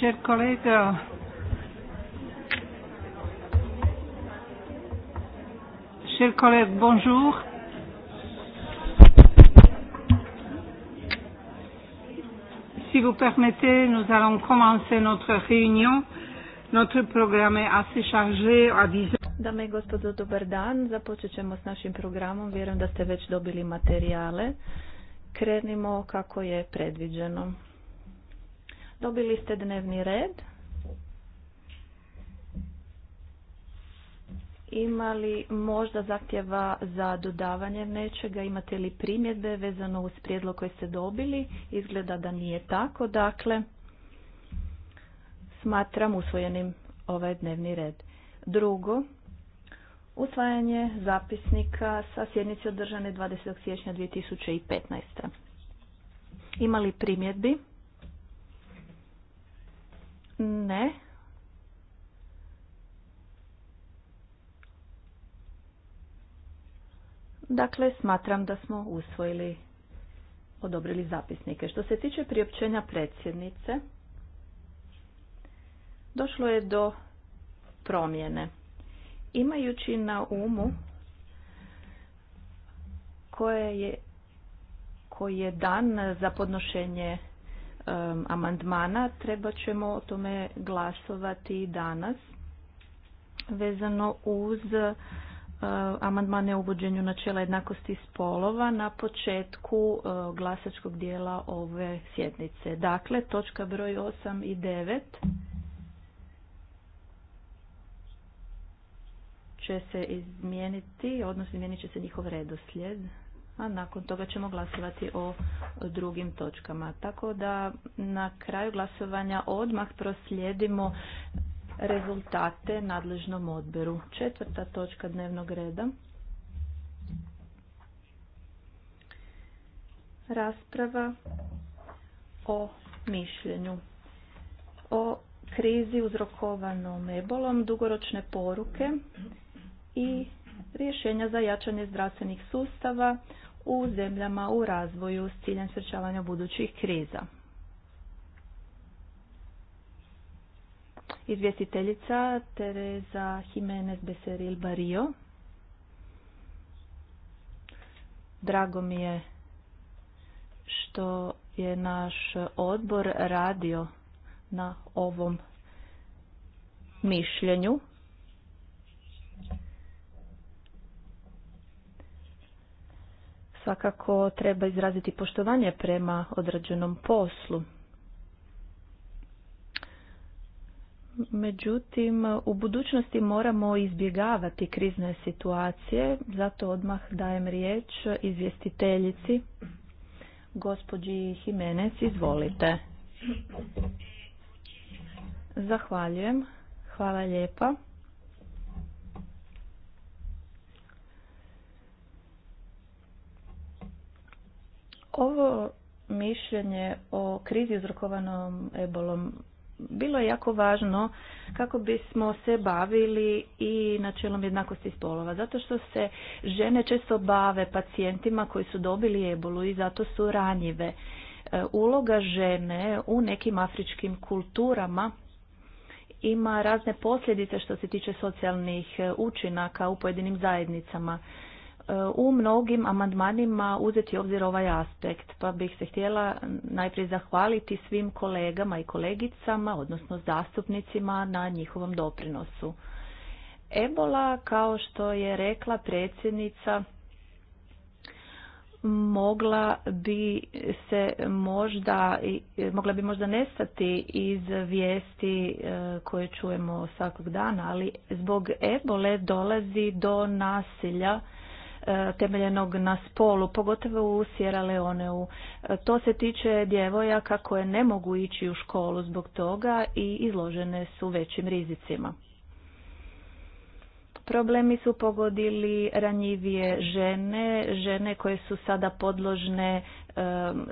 Cher kolega, cher collègue, bonjour. Si vous permettez, nous allons commencer notre réunion. Notre programme est assez chargé à 10 Dame i gospodo, dobar dan. Započet ćemo s našim programom. Vjerujem da ste već dobili materijale. Krenimo kako je predviđeno. Dobili ste dnevni red. Ima li možda zahtjeva za dodavanje nečega? Imate li primjedbe vezano uz prijedlog koji ste dobili? Izgleda da nije tako, dakle smatram usvojenim ovaj dnevni red. Drugo, usvajanje zapisnika sa sjednice održane 20. siječnja 2015. Ima li primjedbi? Ne. Dakle, smatram da smo usvojili, odobrili zapisnike. Što se tiče priopćenja predsjednice, došlo je do promjene. Imajući na umu koje je, koji je dan za podnošenje amandmana, treba ćemo o tome glasovati danas vezano uz e, amandmane o uvođenju načela jednakosti spolova na početku e, glasačkog dijela ove sjednice. Dakle, točka broj 8 i 9 će se izmijeniti, odnosno izmijenit će se njihov redoslijed a nakon toga ćemo glasovati o drugim točkama. Tako da na kraju glasovanja odmah proslijedimo rezultate nadležnom odboru. Četvrta točka dnevnog reda. Rasprava o mišljenju. O krizi uzrokovanom ebolom, dugoročne poruke i rješenja za jačanje zdravstvenih sustava, u zemljama u razvoju s ciljem sprečavanja budućih kriza. Izvjestiteljica Tereza Jimenez Beseril Barrio. Drago mi je što je naš odbor radio na ovom mišljenju svakako treba izraziti poštovanje prema odrađenom poslu. Međutim, u budućnosti moramo izbjegavati krizne situacije, zato odmah dajem riječ izvjestiteljici. Gospođi Jimenez, izvolite. Zahvaljujem. Hvala lijepa. Ovo mišljenje o krizi uzrokovanom ebolom bilo je jako važno kako bismo se bavili i načelom jednakosti spolova, zato što se žene često bave pacijentima koji su dobili ebolu i zato su ranjive. E, uloga žene u nekim afričkim kulturama ima razne posljedice što se tiče socijalnih e, učinaka u pojedinim zajednicama u mnogim amandmanima uzeti obzir ovaj aspekt, pa bih se htjela najprije zahvaliti svim kolegama i kolegicama, odnosno zastupnicima na njihovom doprinosu. Ebola, kao što je rekla predsjednica, mogla bi se možda, mogla bi možda nestati iz vijesti e, koje čujemo svakog dana, ali zbog ebole dolazi do nasilja E, temeljenog na spolu, pogotovo u Sierra Leoneu. E, to se tiče djevojaka koje ne mogu ići u školu zbog toga i izložene su većim rizicima. Problemi su pogodili ranjivije žene, žene koje su sada podložne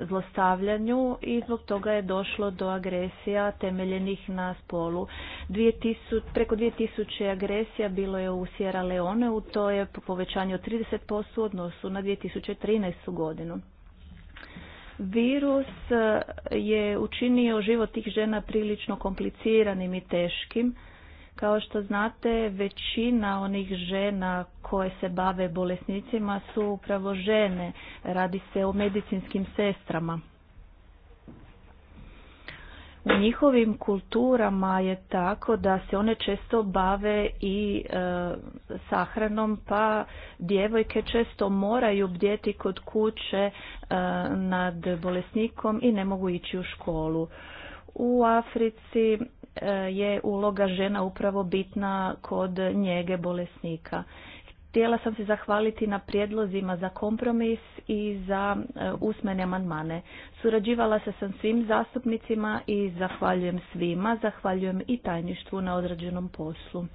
zlostavljanju i zbog toga je došlo do agresija temeljenih na spolu. 2000, preko 2000 agresija bilo je u Sierra Leone, u to je povećanje od 30% u odnosu na 2013. godinu. Virus eh, je učinio život tih žena prilično kompliciranim i teškim kao što znate, većina onih žena koje se bave bolesnicima su upravo žene. Radi se o medicinskim sestrama. U njihovim kulturama je tako da se one često bave i e, sahranom, pa djevojke često moraju bdjeti kod kuće e, nad bolesnikom i ne mogu ići u školu. U Africi E, je uloga žena upravo bitna kod njege bolesnika. Htjela sam se zahvaliti na prijedlozima za kompromis i za e, usmene amandmane. Surađivala se sam svim zastupnicima i zahvaljujem svima, zahvaljujem i tajništvu na odrađenom poslu.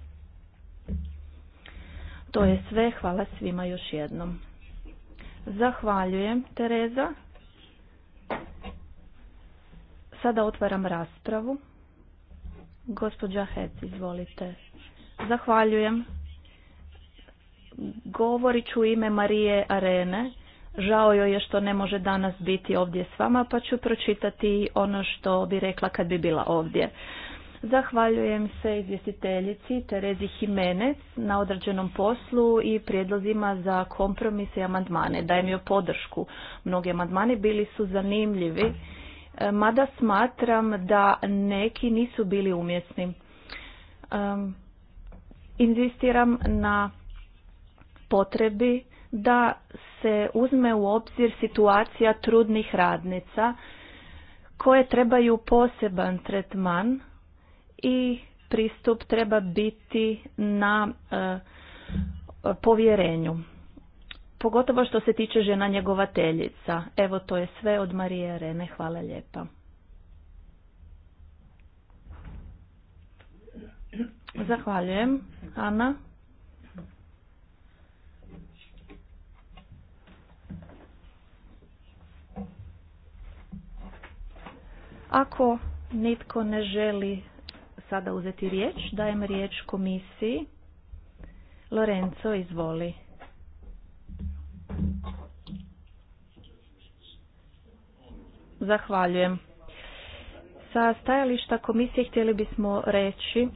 To je sve, hvala svima još jednom. Zahvaljujem, Tereza. Sada otvaram raspravu. Gospođa Hec, izvolite. Zahvaljujem. Govorit ću ime Marije Arene. Žao joj je što ne može danas biti ovdje s vama, pa ću pročitati ono što bi rekla kad bi bila ovdje. Zahvaljujem se izvjestiteljici Terezi Jimenez na određenom poslu i prijedlozima za kompromise i amandmane. Dajem joj podršku. Mnogi amandmani bili su zanimljivi mada smatram da neki nisu bili umjesni. inzistiram na potrebi da se uzme u obzir situacija trudnih radnica koje trebaju poseban tretman i pristup treba biti na eh, povjerenju pogotovo što se tiče žena njegovateljica. Evo to je sve od Marije Rene, hvala lijepa. Zahvaljujem, Ana. Ako nitko ne želi sada uzeti riječ, dajem riječ komisiji. Lorenzo, izvoli. Zahvaljujem. Sa stajališta komisije htjeli bismo reći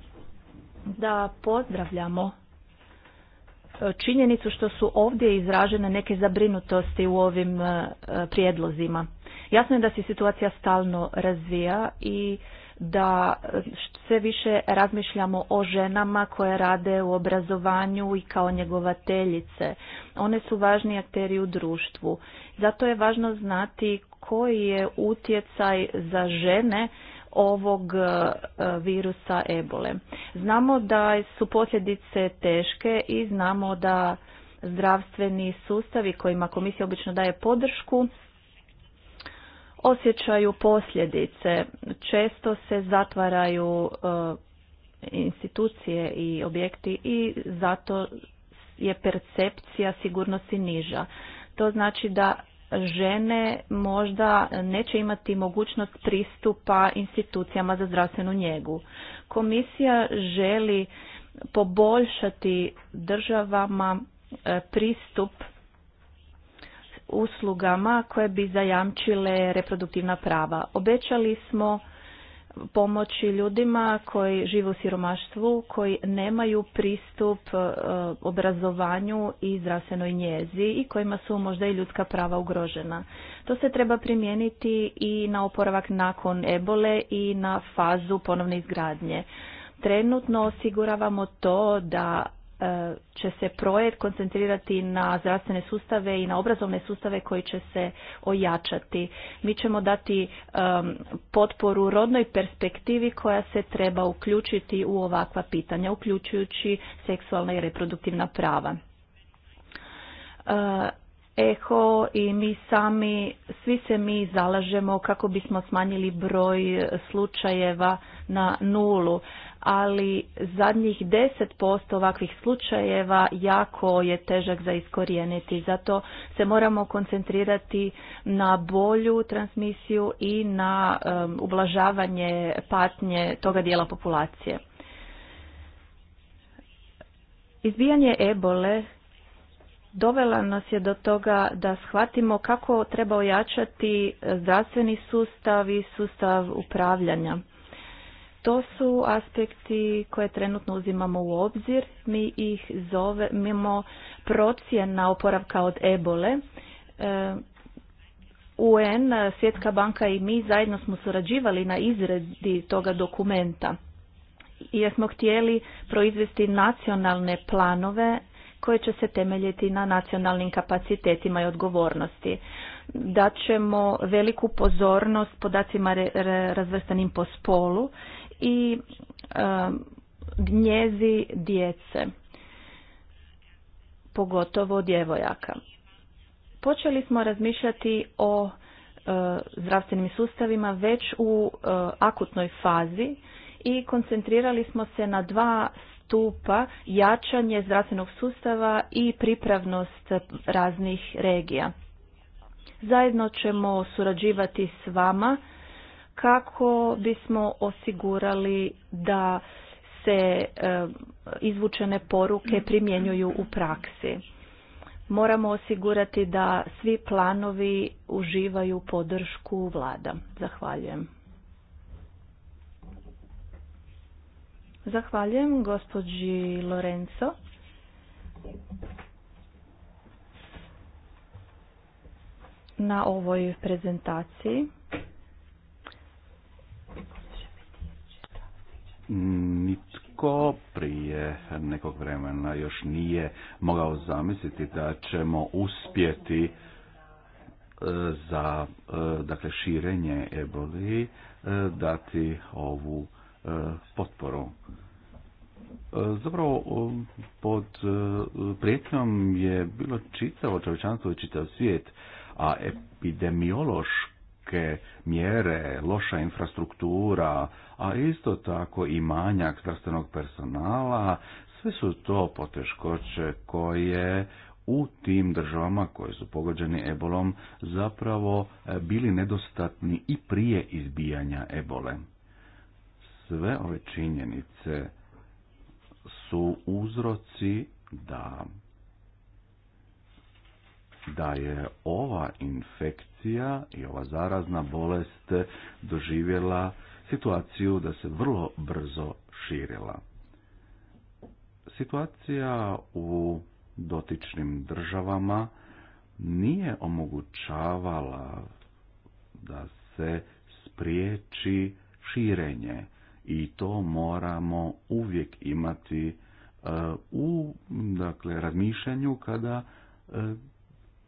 da pozdravljamo e, činjenicu što su ovdje izražene neke zabrinutosti u ovim e, prijedlozima. Jasno je da se situacija stalno razvija i da e, sve više razmišljamo o ženama koje rade u obrazovanju i kao njegovateljice. One su važni akteri u društvu. Zato je važno znati koji je utjecaj za žene ovog e, virusa ebole. Znamo da su posljedice teške i znamo da zdravstveni sustavi kojima komisija obično daje podršku osjećaju posljedice. Često se zatvaraju e, institucije i objekti i zato je percepcija sigurnosti niža. To znači da žene možda neće imati mogućnost pristupa institucijama za zdravstvenu njegu. Komisija želi poboljšati državama e, pristup uslugama koje bi zajamčile reproduktivna prava. Obećali smo pomoći ljudima koji žive u siromaštvu, koji nemaju pristup e, obrazovanju i zdravstvenoj njezi i kojima su možda i ljudska prava ugrožena. To se treba primijeniti i na oporavak nakon ebole i na fazu ponovne izgradnje. Trenutno osiguravamo to da E, će se projekt koncentrirati na zdravstvene sustave i na obrazovne sustave koji će se ojačati. Mi ćemo dati potporu rodnoj perspektivi koja se treba uključiti u ovakva pitanja, uključujući seksualna i reproduktivna prava. E, eho i mi sami, svi se mi zalažemo kako bismo smanjili broj slučajeva na nulu ali zadnjih 10% ovakvih slučajeva jako je težak za iskorijeniti. Zato se moramo koncentrirati na bolju transmisiju i na um, ublažavanje patnje toga dijela populacije. Izbijanje ebole dovela nas je do toga da shvatimo kako treba ojačati zdravstveni sustav i sustav upravljanja. To su aspekti koje trenutno uzimamo u obzir. Mi ih zovemo procjena oporavka od ebole. E, UN, Svjetska banka i mi zajedno smo surađivali na izredi toga dokumenta jer smo htjeli proizvesti nacionalne planove koje će se temeljiti na nacionalnim kapacitetima i odgovornosti. Daćemo veliku pozornost podacima razvrstanim po spolu i e, gnjezi djece, pogotovo djevojaka. Počeli smo razmišljati o e, zdravstvenim sustavima već u e, akutnoj fazi i koncentrirali smo se na dva stupa, jačanje zdravstvenog sustava i pripravnost raznih regija. Zajedno ćemo surađivati s vama kako bismo osigurali da se e, izvučene poruke primjenjuju u praksi. Moramo osigurati da svi planovi uživaju podršku vlada. Zahvaljujem. Zahvaljujem gospođi Lorenzo. Na ovoj prezentaciji nitko prije nekog vremena još nije mogao zamisliti da ćemo uspjeti e, za e, dakle širenje eboli e, dati ovu potporu. Zapravo pod prijetnjom je bilo čitavo čovječanstvo i čitav svijet, a epidemiološ mjere, loša infrastruktura, a isto tako i manjak zdravstvenog personala, sve su to poteškoće koje u tim državama koje su pogođeni ebolom zapravo e, bili nedostatni i prije izbijanja ebole. Sve ove činjenice su uzroci da da je ova infekcija i ova zarazna bolest doživjela situaciju da se vrlo brzo širila. Situacija u dotičnim državama nije omogućavala da se spriječi širenje i to moramo uvijek imati e, u dakle razmišljanju kada e,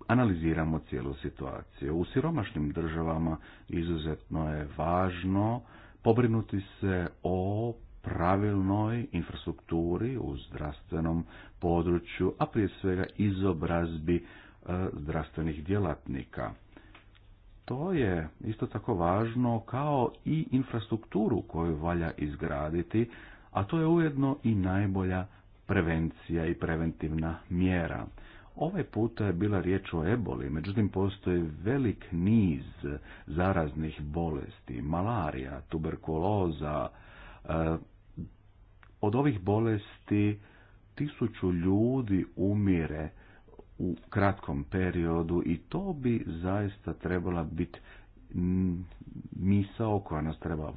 analiziramo cijelu situaciju. U siromašnim državama izuzetno je važno pobrinuti se o pravilnoj infrastrukturi u zdravstvenom području, a prije svega izobrazbi e, zdravstvenih djelatnika. To je isto tako važno kao i infrastrukturu koju valja izgraditi, a to je ujedno i najbolja prevencija i preventivna mjera. Ovaj puta je bila riječ o eboli, međutim postoji velik niz zaraznih bolesti, malarija, tuberkuloza. Eh, od ovih bolesti tisuću ljudi umire u kratkom periodu i to bi zaista trebala biti misao koja nas treba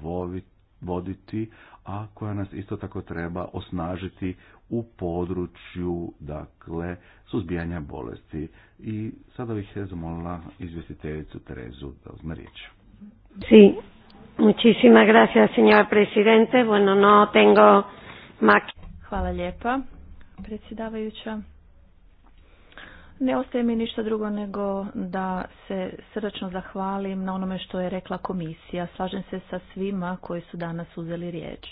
voditi, a koja nas isto tako treba osnažiti u području dakle suzbijanja bolesti. I sada bih je zamolila izvjestiteljicu Terezu da uzme riječ. Sí, muchísimas gracias, señor presidente. Bueno, no tengo Hvala lijepa, predsjedavajuća. Ne ostaje mi ništa drugo nego da se srdačno zahvalim na onome što je rekla komisija. Slažem se sa svima koji su danas uzeli riječ.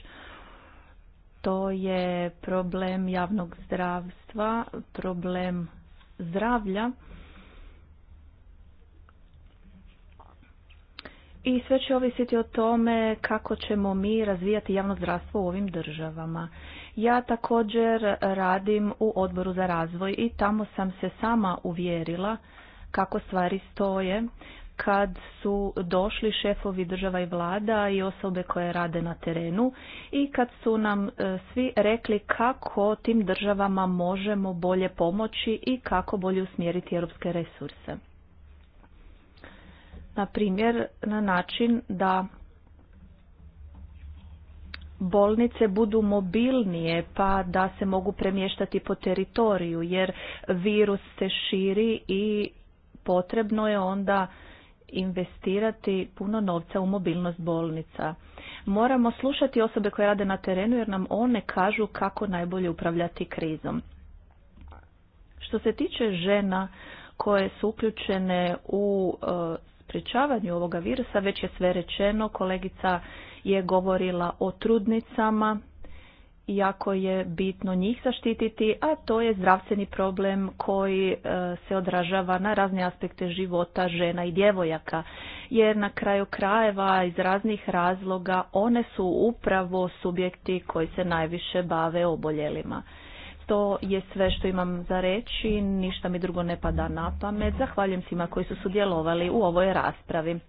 To je problem javnog zdravstva, problem zdravlja. I sve će ovisiti o tome kako ćemo mi razvijati javno zdravstvo u ovim državama. Ja također radim u odboru za razvoj i tamo sam se sama uvjerila kako stvari stoje kad su došli šefovi država i vlada i osobe koje rade na terenu i kad su nam e, svi rekli kako tim državama možemo bolje pomoći i kako bolje usmjeriti europske resurse. Na primjer, na način da bolnice budu mobilnije pa da se mogu premještati po teritoriju jer virus se širi i potrebno je onda investirati puno novca u mobilnost bolnica. Moramo slušati osobe koje rade na terenu jer nam one kažu kako najbolje upravljati krizom. Što se tiče žena koje su uključene u e, sprječavanju ovoga virusa, već je sve rečeno, kolegica je govorila o trudnicama, jako je bitno njih zaštititi, a to je zdravstveni problem koji e, se odražava na razne aspekte života žena i djevojaka. Jer na kraju krajeva iz raznih razloga one su upravo subjekti koji se najviše bave oboljelima. To je sve što imam za reći, ništa mi drugo ne pada na pamet. Zahvaljujem svima koji su sudjelovali u ovoj raspravi.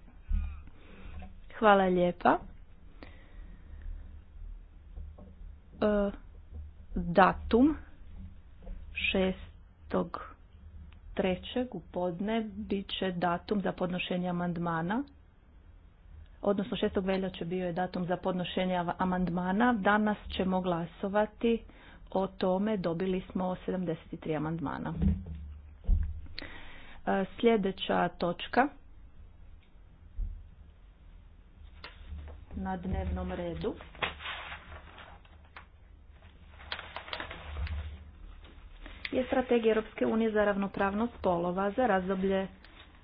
Hvala lijepa. E, datum 6.3. u podne bit će datum za podnošenje amandmana. Odnosno 6. će bio je datum za podnošenje amandmana. Danas ćemo glasovati o tome. Dobili smo 73 amandmana. E, sljedeća točka na dnevnom redu. je strategija Europske unije za ravnopravnost polova za razdoblje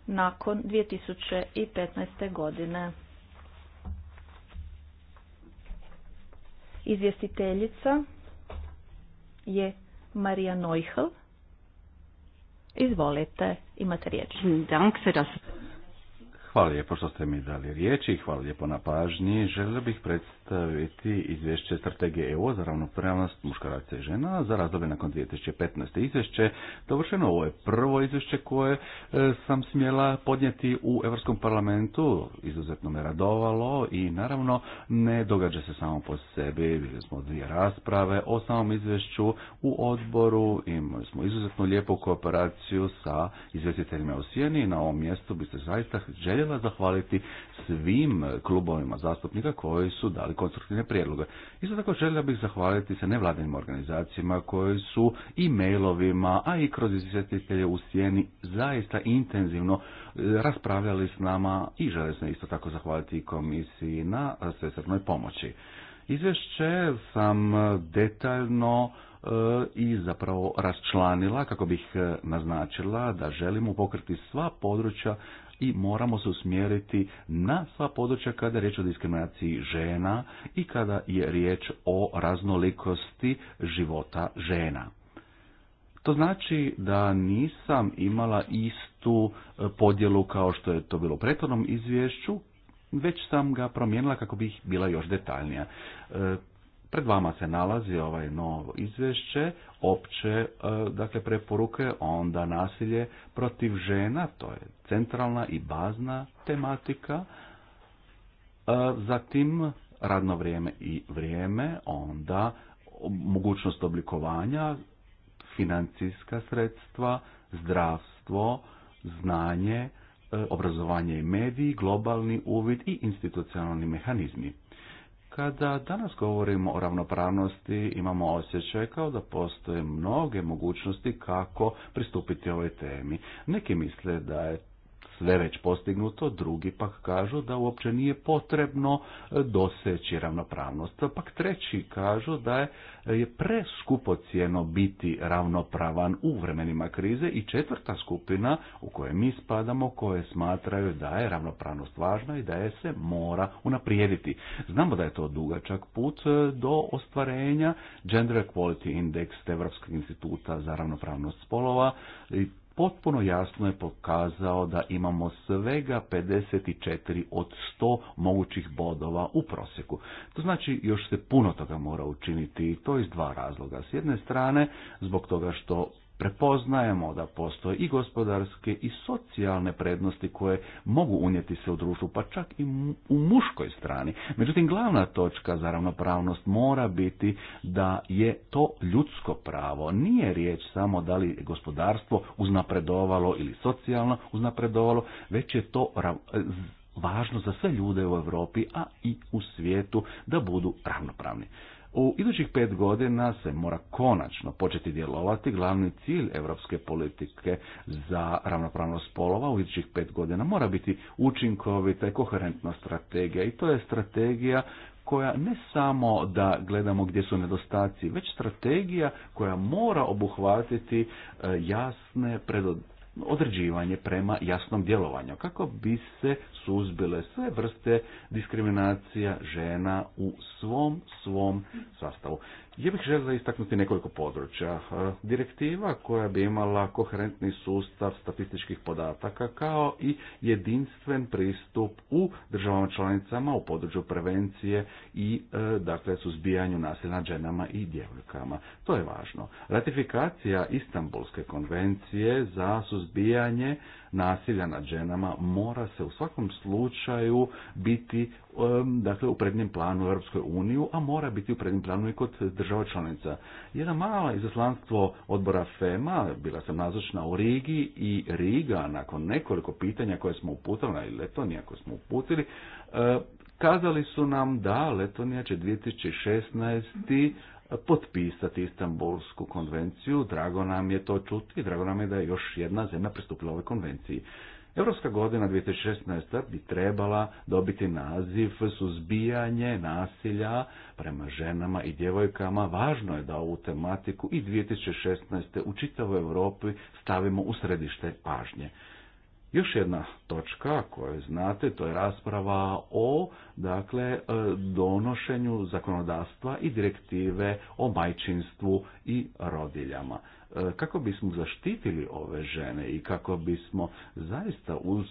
nakon 2015. godine. Izvjestiteljica je Marija Neuhl. Izvolite, imate riječ. Dank Hvala lijepo što ste mi dali riječi i hvala lijepo na pažnji. Želio bih predstaviti izvješće strategije EU za ravnopravnost muškaraca i žena za razdoblje nakon 2015. izvješće. Dovršeno ovo je prvo izvješće koje e, sam smjela podnijeti u Europskom parlamentu. Izuzetno me radovalo i naravno ne događa se samo po sebi. Bili smo dvije rasprave o samom izvješću u odboru. Imali smo izuzetno lijepu kooperaciju sa izvjestiteljima u Sjeni. Na ovom mjestu bi se zaista željeli željela zahvaliti svim klubovima zastupnika koji su dali konstruktivne prijedloge. Isto tako želio bih zahvaliti se nevladinim organizacijama koji su i mailovima, a i kroz izvjetitelje u sjeni zaista intenzivno e, raspravljali s nama i žele se isto tako zahvaliti komisiji na svesrpnoj pomoći. Izvješće sam detaljno e, i zapravo raščlanila kako bih e, naznačila da želimo pokriti sva područja i moramo se usmjeriti na sva područja kada je riječ o diskriminaciji žena i kada je riječ o raznolikosti života žena. To znači da nisam imala istu e, podjelu kao što je to bilo u prethodnom izvješću, već sam ga promijenila kako bih bila još detaljnija. E, Pred vama se nalazi ovaj novo izvješće, opće e, dakle preporuke, onda nasilje protiv žena, to je centralna i bazna tematika. E, zatim radno vrijeme i vrijeme, onda mogućnost oblikovanja, financijska sredstva, zdravstvo, znanje, e, obrazovanje i mediji, globalni uvid i institucionalni mehanizmi. Kada danas govorimo o ravnopravnosti, imamo osjećaj kao da postoje mnoge mogućnosti kako pristupiti ovoj temi. Neki misle da je sve već postignuto, drugi pak kažu da uopće nije potrebno e, doseći ravnopravnost. Pak treći kažu da je, je preskupo cijeno biti ravnopravan u vremenima krize i četvrta skupina u kojoj mi spadamo, koje smatraju da je ravnopravnost važna i da je se mora unaprijediti. Znamo da je to dugačak put e, do ostvarenja Gender Equality Index Evropskog instituta za ravnopravnost spolova i potpuno jasno je pokazao da imamo svega 54 od 100 mogućih bodova u prosjeku. To znači još se puno toga mora učiniti i to iz dva razloga. S jedne strane zbog toga što prepoznajemo da postoje i gospodarske i socijalne prednosti koje mogu unijeti se u društvu, pa čak i u muškoj strani. Međutim, glavna točka za ravnopravnost mora biti da je to ljudsko pravo. Nije riječ samo da li gospodarstvo uznapredovalo ili socijalno uznapredovalo, već je to važno za sve ljude u Europi, a i u svijetu da budu ravnopravni. U idućih pet godina se mora konačno početi djelovati glavni cilj europske politike za ravnopravnost spolova u idućih pet godina mora biti učinkovita i koherentna strategija i to je strategija koja ne samo da gledamo gdje su nedostaci, već strategija koja mora obuhvatiti e, jasne određivanje prema jasnom djelovanju kako bi se suzbile sve vrste diskriminacija žena u svom svom sastavu. Ja bih želio istaknuti nekoliko područja. E, direktiva koja bi imala koherentni sustav statističkih podataka kao i jedinstven pristup u državama članicama u području prevencije i e, dakle suzbijanju nasilja nad ženama i djevojkama. To je važno. Ratifikacija Istanbulske konvencije za suzbijanje nasilja nad ženama mora se u svakom slučaju biti dakle u prednjem planu Europskoj uniju, a mora biti u prednjem planu i kod država članica. Jedna mala izaslanstvo odbora FEMA, bila sam nazočna u Rigi i Riga, nakon nekoliko pitanja koje smo uputili, i Letonija koje smo uputili, e, kazali su nam da Letonija će 2016 potpisati Istanbulsku konvenciju. Drago nam je to čuti, drago nam je da je još jedna zemlja pristupila ovoj konvenciji. Europska godina 2016. bi trebala dobiti naziv suzbijanje nasilja prema ženama i djevojkama. Važno je da ovu tematiku i 2016. u čitavoj Europi stavimo u središte pažnje. Još jedna točka koju znate, to je rasprava o dakle, e, donošenju zakonodavstva i direktive o majčinstvu i rodiljama. E, kako bismo zaštitili ove žene i kako bismo zaista uz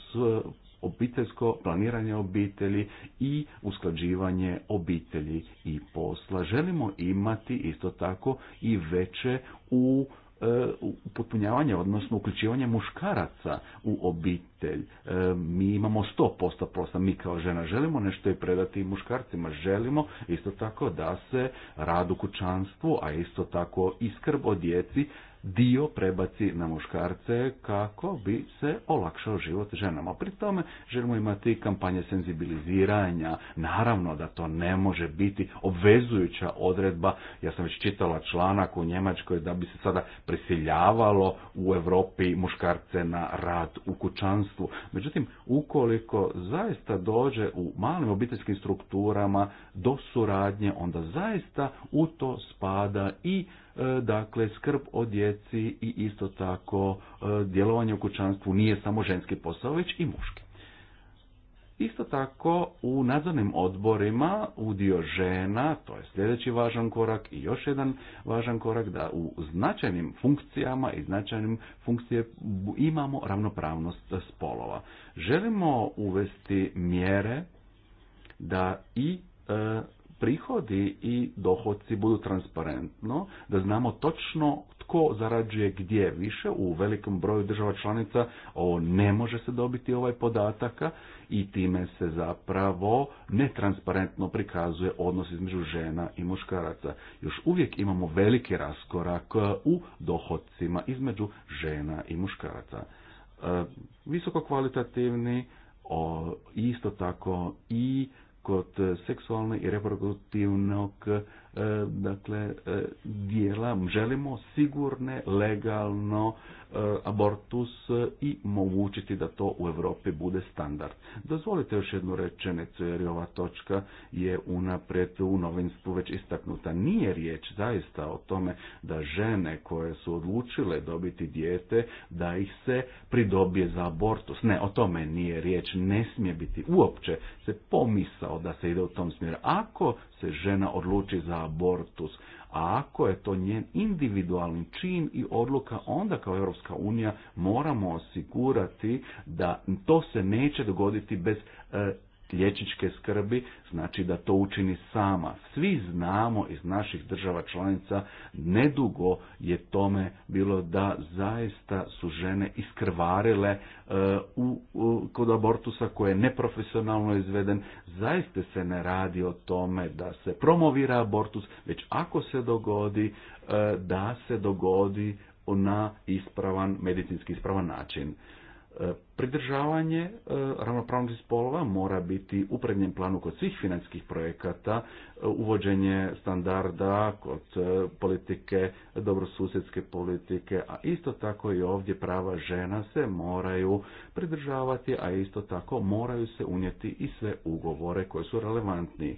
obiteljsko planiranje obitelji i usklađivanje obitelji i posla. Želimo imati isto tako i veće u E, upotpunjavanje, odnosno uključivanje muškaraca u obitelj. E, mi imamo 100% prosta, mi kao žena želimo nešto i predati muškarcima. Želimo isto tako da se rad u kućanstvu, a isto tako i skrb o djeci dio prebaci na muškarce kako bi se olakšao život ženama. Pri tome želimo imati kampanje senzibiliziranja. Naravno da to ne može biti obvezujuća odredba. Ja sam već čitala članak u Njemačkoj da bi se sada prisiljavalo u Europi muškarce na rad u kućanstvu. Međutim, ukoliko zaista dođe u malim obiteljskim strukturama do suradnje, onda zaista u to spada i E, dakle skrb o djeci i isto tako e, djelovanje u kućanstvu nije samo ženski posao, već i muški. Isto tako u nadzornim odborima udio žena, to je sljedeći važan korak i još jedan važan korak da u značajnim funkcijama i značajnim funkcije imamo ravnopravnost spolova. Želimo uvesti mjere da i e, prihodi i dohodci budu transparentno, da znamo točno tko zarađuje gdje više u velikom broju država članica, ovo ne može se dobiti ovaj podataka i time se zapravo netransparentno prikazuje odnos između žena i muškaraca. Još uvijek imamo veliki raskorak u dohodcima između žena i muškaraca. E, visoko kvalitativni, isto tako i kod e, seksualne i reproduktivnog e, dakle e, dijela želimo sigurne, legalno Eh, abortus eh, i mogućiti da to u Europi bude standard. Dozvolite još jednu rečenicu jer je ova točka je unaprijed u novinstvu već istaknuta. Nije riječ zaista o tome da žene koje su odlučile dobiti dijete da ih se pridobije za abortus. Ne, o tome nije riječ. Ne smije biti uopće se pomisao da se ide u tom smjeru. Ako se žena odluči za abortus, a ako je to njen individualni čin i odluka, onda kao Europska unija moramo osigurati da to se neće dogoditi bez e, liječničke skrbi, znači da to učini sama. Svi znamo iz naših država članica, nedugo je tome bilo da zaista su žene iskrvarile e, u, kod abortusa koji je neprofesionalno izveden. Zaista se ne radi o tome da se promovira abortus, već ako se dogodi, e, da se dogodi na ispravan, medicinski ispravan način. E, pridržavanje e, ravnopravnosti spolova mora biti u prednjem planu kod svih financijskih projekata, e, uvođenje standarda kod politike, dobrosusjedske politike, a isto tako i ovdje prava žena se moraju pridržavati, a isto tako moraju se unijeti i sve ugovore koji su relevantni.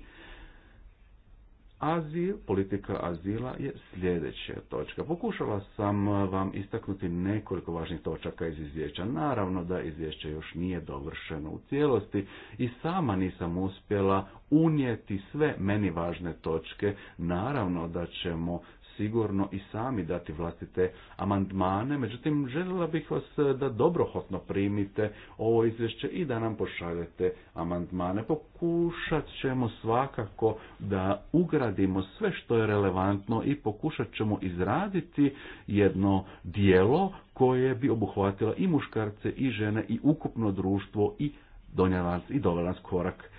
Azil, politika azila je sljedeća točka. Pokušala sam vam istaknuti nekoliko važnih točaka iz izvješća. Naravno da izvješće još nije dovršeno u cijelosti i sama nisam uspjela unijeti sve meni važne točke. Naravno da ćemo sigurno i sami dati vlastite amandmane, međutim željela bih vas eh, da dobrohotno primite ovo izvješće i da nam pošaljete amandmane. Pokušat ćemo svakako da ugradimo sve što je relevantno i pokušat ćemo izraditi jedno dijelo koje bi obuhvatilo i muškarce i žene i ukupno društvo i donijela i dovela nas korak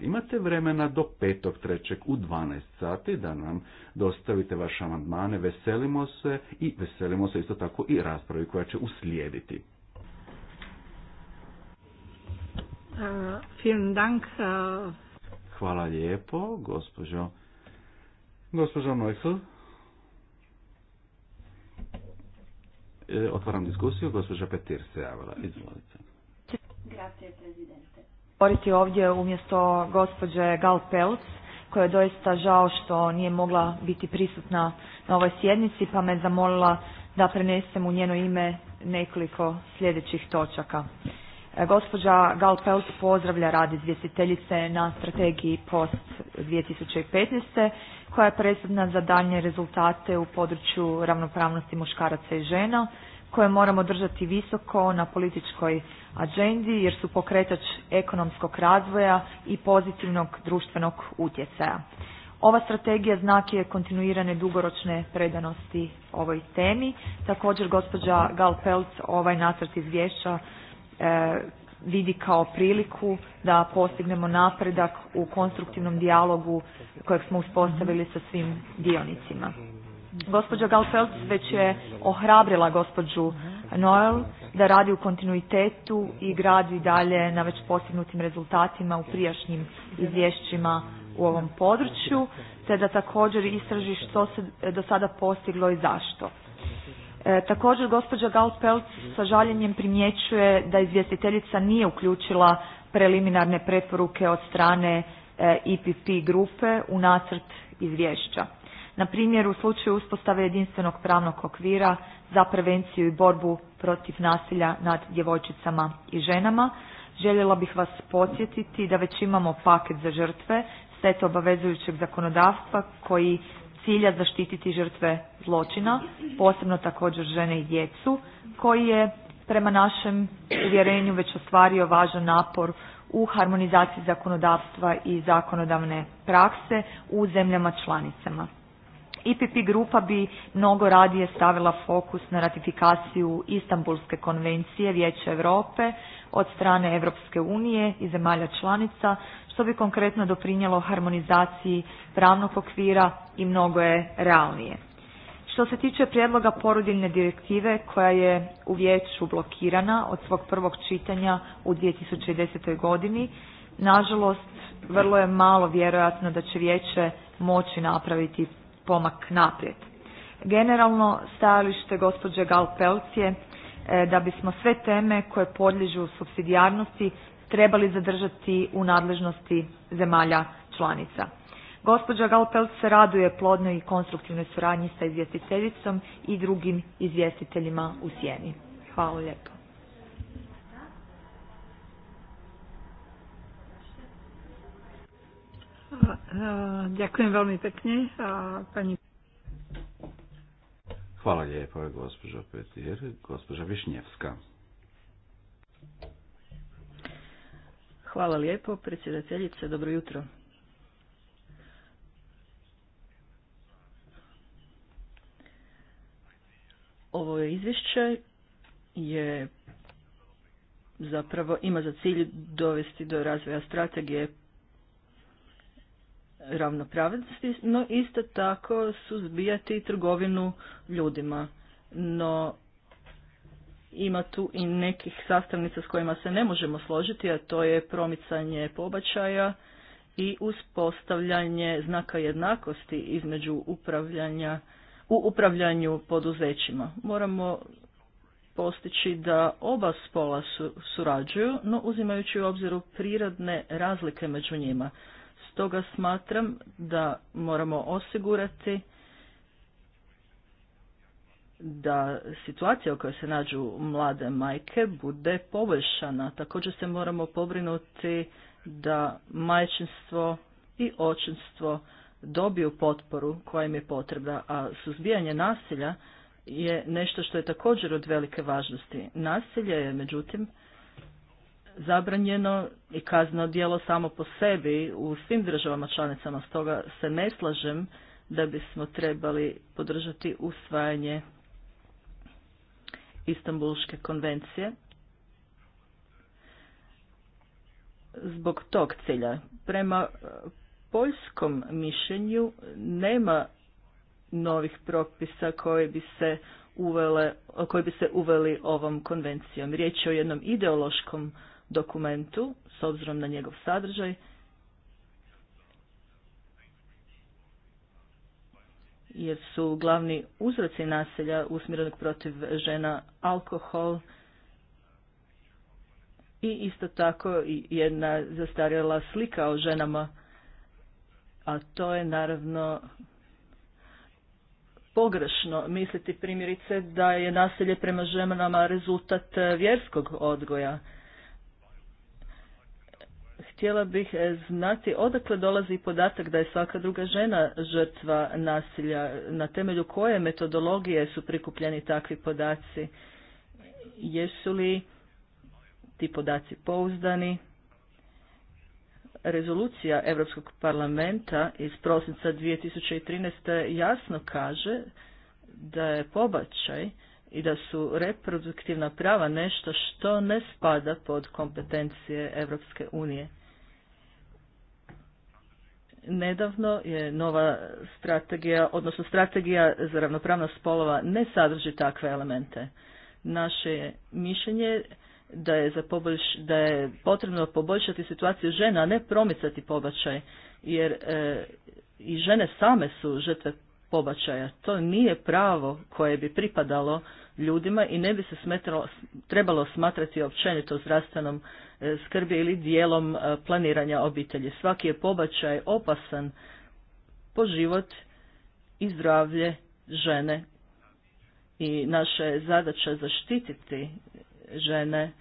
Imate vremena do petog trećeg u 12 sati da nam dostavite vaše amandmane. Veselimo se i veselimo se isto tako i raspravi koja će uslijediti. Hvala lijepo, gospođo. Gospođo e, Otvaram diskusiju, gospođa Petir se javila. Izvolite. Grazie, Presidente govoriti ovdje umjesto gospođe Gal Pelc koja je doista žao što nije mogla biti prisutna na ovoj sjednici pa me zamolila da prenesem u njeno ime nekoliko sljedećih točaka. E, gospođa Gal Pelc pozdravlja rad izvjestiteljice na strategiji POST 2015. koja je presudna za daljnje rezultate u području ravnopravnosti muškaraca i žena koje moramo držati visoko na političkoj agendi jer su pokretač ekonomskog razvoja i pozitivnog društvenog utjecaja. Ova strategija znak je kontinuirane dugoročne predanosti ovoj temi. Također gospođa Gal Pelc ovaj nacrt izvješća e, vidi kao priliku da postignemo napredak u konstruktivnom dijalogu kojeg smo uspostavili sa svim dionicima. Gospođa Galfeld već je ohrabrila gospođu Noel da radi u kontinuitetu i gradi dalje na već postignutim rezultatima u prijašnjim izvješćima u ovom području, te da također istraži što se do sada postiglo i zašto. E, također gospođa Galpelt sa žaljenjem primjećuje da izvjestiteljica nije uključila preliminarne preporuke od strane e, IPP grupe u nacrt izvješća. Na primjer, u slučaju uspostave jedinstvenog pravnog okvira za prevenciju i borbu protiv nasilja nad djevojčicama i ženama, željela bih vas podsjetiti da već imamo paket za žrtve, set obavezujućeg zakonodavstva koji cilja zaštititi žrtve zločina, posebno također žene i djecu, koji je prema našem uvjerenju već ostvario važan napor u harmonizaciji zakonodavstva i zakonodavne prakse u zemljama članicama. IPP grupa bi mnogo radije stavila fokus na ratifikaciju Istanbulske konvencije Vijeća Europe od strane Europske unije i zemalja članica, što bi konkretno doprinijelo harmonizaciji pravnog okvira i mnogo je realnije. Što se tiče prijedloga porodiljne direktive koja je u vijeću blokirana od svog prvog čitanja u 2010. godini, nažalost vrlo je malo vjerojatno da će vijeće moći napraviti pomak naprijed. Generalno stajalište gospođe Gal Pelc je e, da bismo sve teme koje podliježu supsidijarnosti trebali zadržati u nadležnosti zemalja članica. Gospođa Pelc se raduje plodnoj i konstruktivnoj suradnji sa izvjestiteljicom i drugim izvjestiteljima u sjeni. Hvala lijepo. Eh, ďakujem veľmi pekne. Eh, pani... Hvala lijepo, gospođo Petir. Gospođa Višnjevska. Hvala lijepo, predsjedateljice. Dobro jutro. Ovo je izvješće je zapravo ima za cilj dovesti do razvoja strategije ravnopravnosti, no isto tako suzbijati trgovinu ljudima. No ima tu i nekih sastavnica s kojima se ne možemo složiti, a to je promicanje pobačaja i uspostavljanje znaka jednakosti između upravljanja u upravljanju poduzećima. Moramo postići da oba spola surađuju, no uzimajući u obziru prirodne razlike među njima. Stoga smatram da moramo osigurati da situacija u kojoj se nađu mlade majke bude poboljšana. Također se moramo pobrinuti da majčinstvo i očinstvo dobiju potporu koja im je potrebna, a suzbijanje nasilja je nešto što je također od velike važnosti. Nasilje je međutim zabranjeno i kazno djelo samo po sebi u svim državama članicama, stoga se ne slažem da bismo trebali podržati usvajanje Istanbulske konvencije zbog tog cilja. Prema poljskom mišljenju nema novih propisa koje bi se uvele, koji bi se uveli ovom konvencijom. Riječ je o jednom ideološkom dokumentu s obzirom na njegov sadržaj jer su glavni uzroci nasilja usmjerenog protiv žena alkohol i isto tako jedna zastarjela slika o ženama, a to je naravno pogrešno misliti primjerice da je nasilje prema ženama rezultat vjerskog odgoja htjela bih e, znati odakle dolazi podatak da je svaka druga žena žrtva nasilja, na temelju koje metodologije su prikupljeni takvi podaci, jesu li ti podaci pouzdani. Rezolucija Europskog parlamenta iz prosinca 2013. jasno kaže da je pobačaj i da su reproduktivna prava nešto što ne spada pod kompetencije Europske unije. Nedavno je nova strategija, odnosno strategija za ravnopravnost spolova ne sadrži takve elemente. Naše je mišljenje da je, za poboljš, da je potrebno poboljšati situaciju žena, a ne promicati pobačaj, jer e, i žene same su žrtve pobačaja. To nije pravo koje bi pripadalo ljudima i ne bi se smetralo, trebalo smatrati općenito zdravstvenom E, skrbi ili dijelom e, planiranja obitelji. Svaki je pobačaj opasan po život i zdravlje žene i naša je zadaća zaštititi žene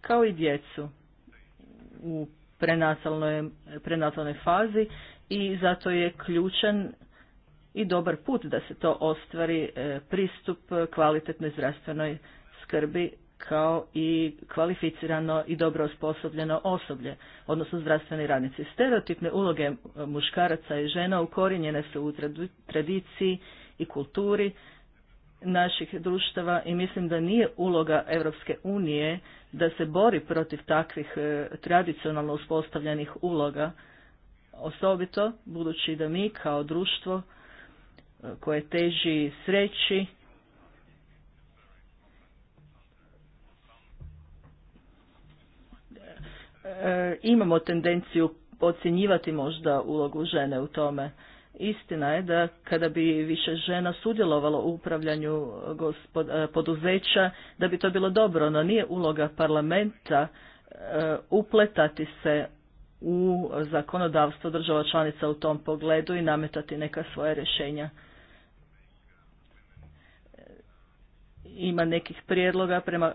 kao i djecu u prenatalnoj, prenatalnoj fazi i zato je ključan i dobar put da se to ostvari e, pristup kvalitetnoj zdravstvenoj skrbi kao i kvalificirano i dobro osposobljeno osoblje, odnosno zdravstveni radnici. Stereotipne uloge muškaraca i žena ukorinjene su u tradiciji i kulturi naših društava i mislim da nije uloga Europske unije da se bori protiv takvih e, tradicionalno uspostavljenih uloga, osobito budući da mi kao društvo e, koje teži sreći E, imamo tendenciju ocjenjivati možda ulogu žene u tome. Istina je da kada bi više žena sudjelovalo u upravljanju e, e, poduzeća, da bi to bilo dobro, no nije uloga parlamenta upletati se u zakonodavstvo država članica u tom pogledu i nametati neka svoja rješenja. Ima nekih prijedloga prema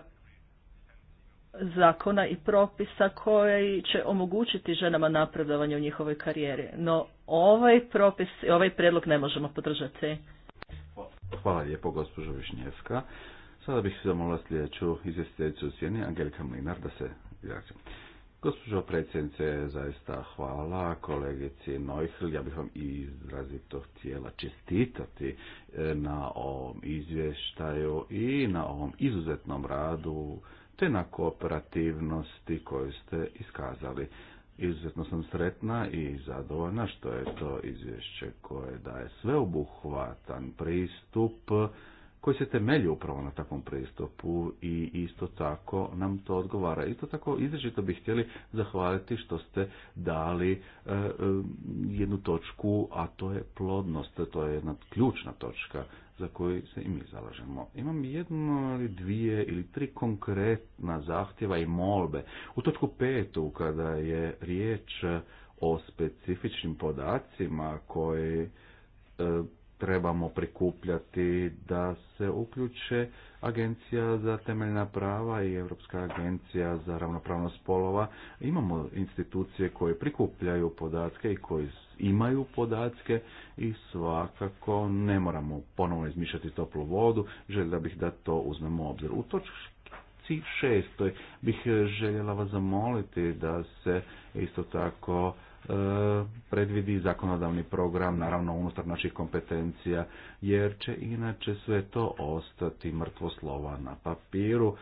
zakona i propisa koji će omogućiti ženama napredovanje u njihovoj karijeri. No ovaj propis i ovaj predlog ne možemo podržati. Hvala lijepo gospođo Višnjevska. Sada bih se zamolila sljedeću izvjestiteljicu u sjeni Angelika Mlinar da se izrazi. Gospođo predsjednice, zaista hvala kolegici Neuhl. Ja bih vam izrazito htjela čestitati eh, na ovom izvještaju i na ovom izuzetnom radu te na kooperativnosti koju ste iskazali. Izuzetno sam sretna i zadovoljna što je to izvješće koje daje sveobuhvatan pristup koji se temelji upravo na takvom pristupu i isto tako nam to odgovara. Isto tako izrečito bih htjeli zahvaliti što ste dali e, e, jednu točku, a to je plodnost, to je jedna ključna točka za koji se i mi zalažemo. Imam jedno ili dvije ili tri konkretna zahtjeva i molbe. U točku petu, kada je riječ o specifičnim podacima koji e, trebamo prikupljati da se uključe Agencija za temeljna prava i Europska agencija za ravnopravnost spolova. Imamo institucije koje prikupljaju podatke i koji imaju podatke i svakako ne moramo ponovno izmišljati toplu vodu. Želim bih da to uzmemo u obzir. U točci šestoj bih željela vas zamoliti da se isto tako E, predvidi zakonodavni program, naravno unutar naših kompetencija, jer će inače sve to ostati mrtvo slova na papiru.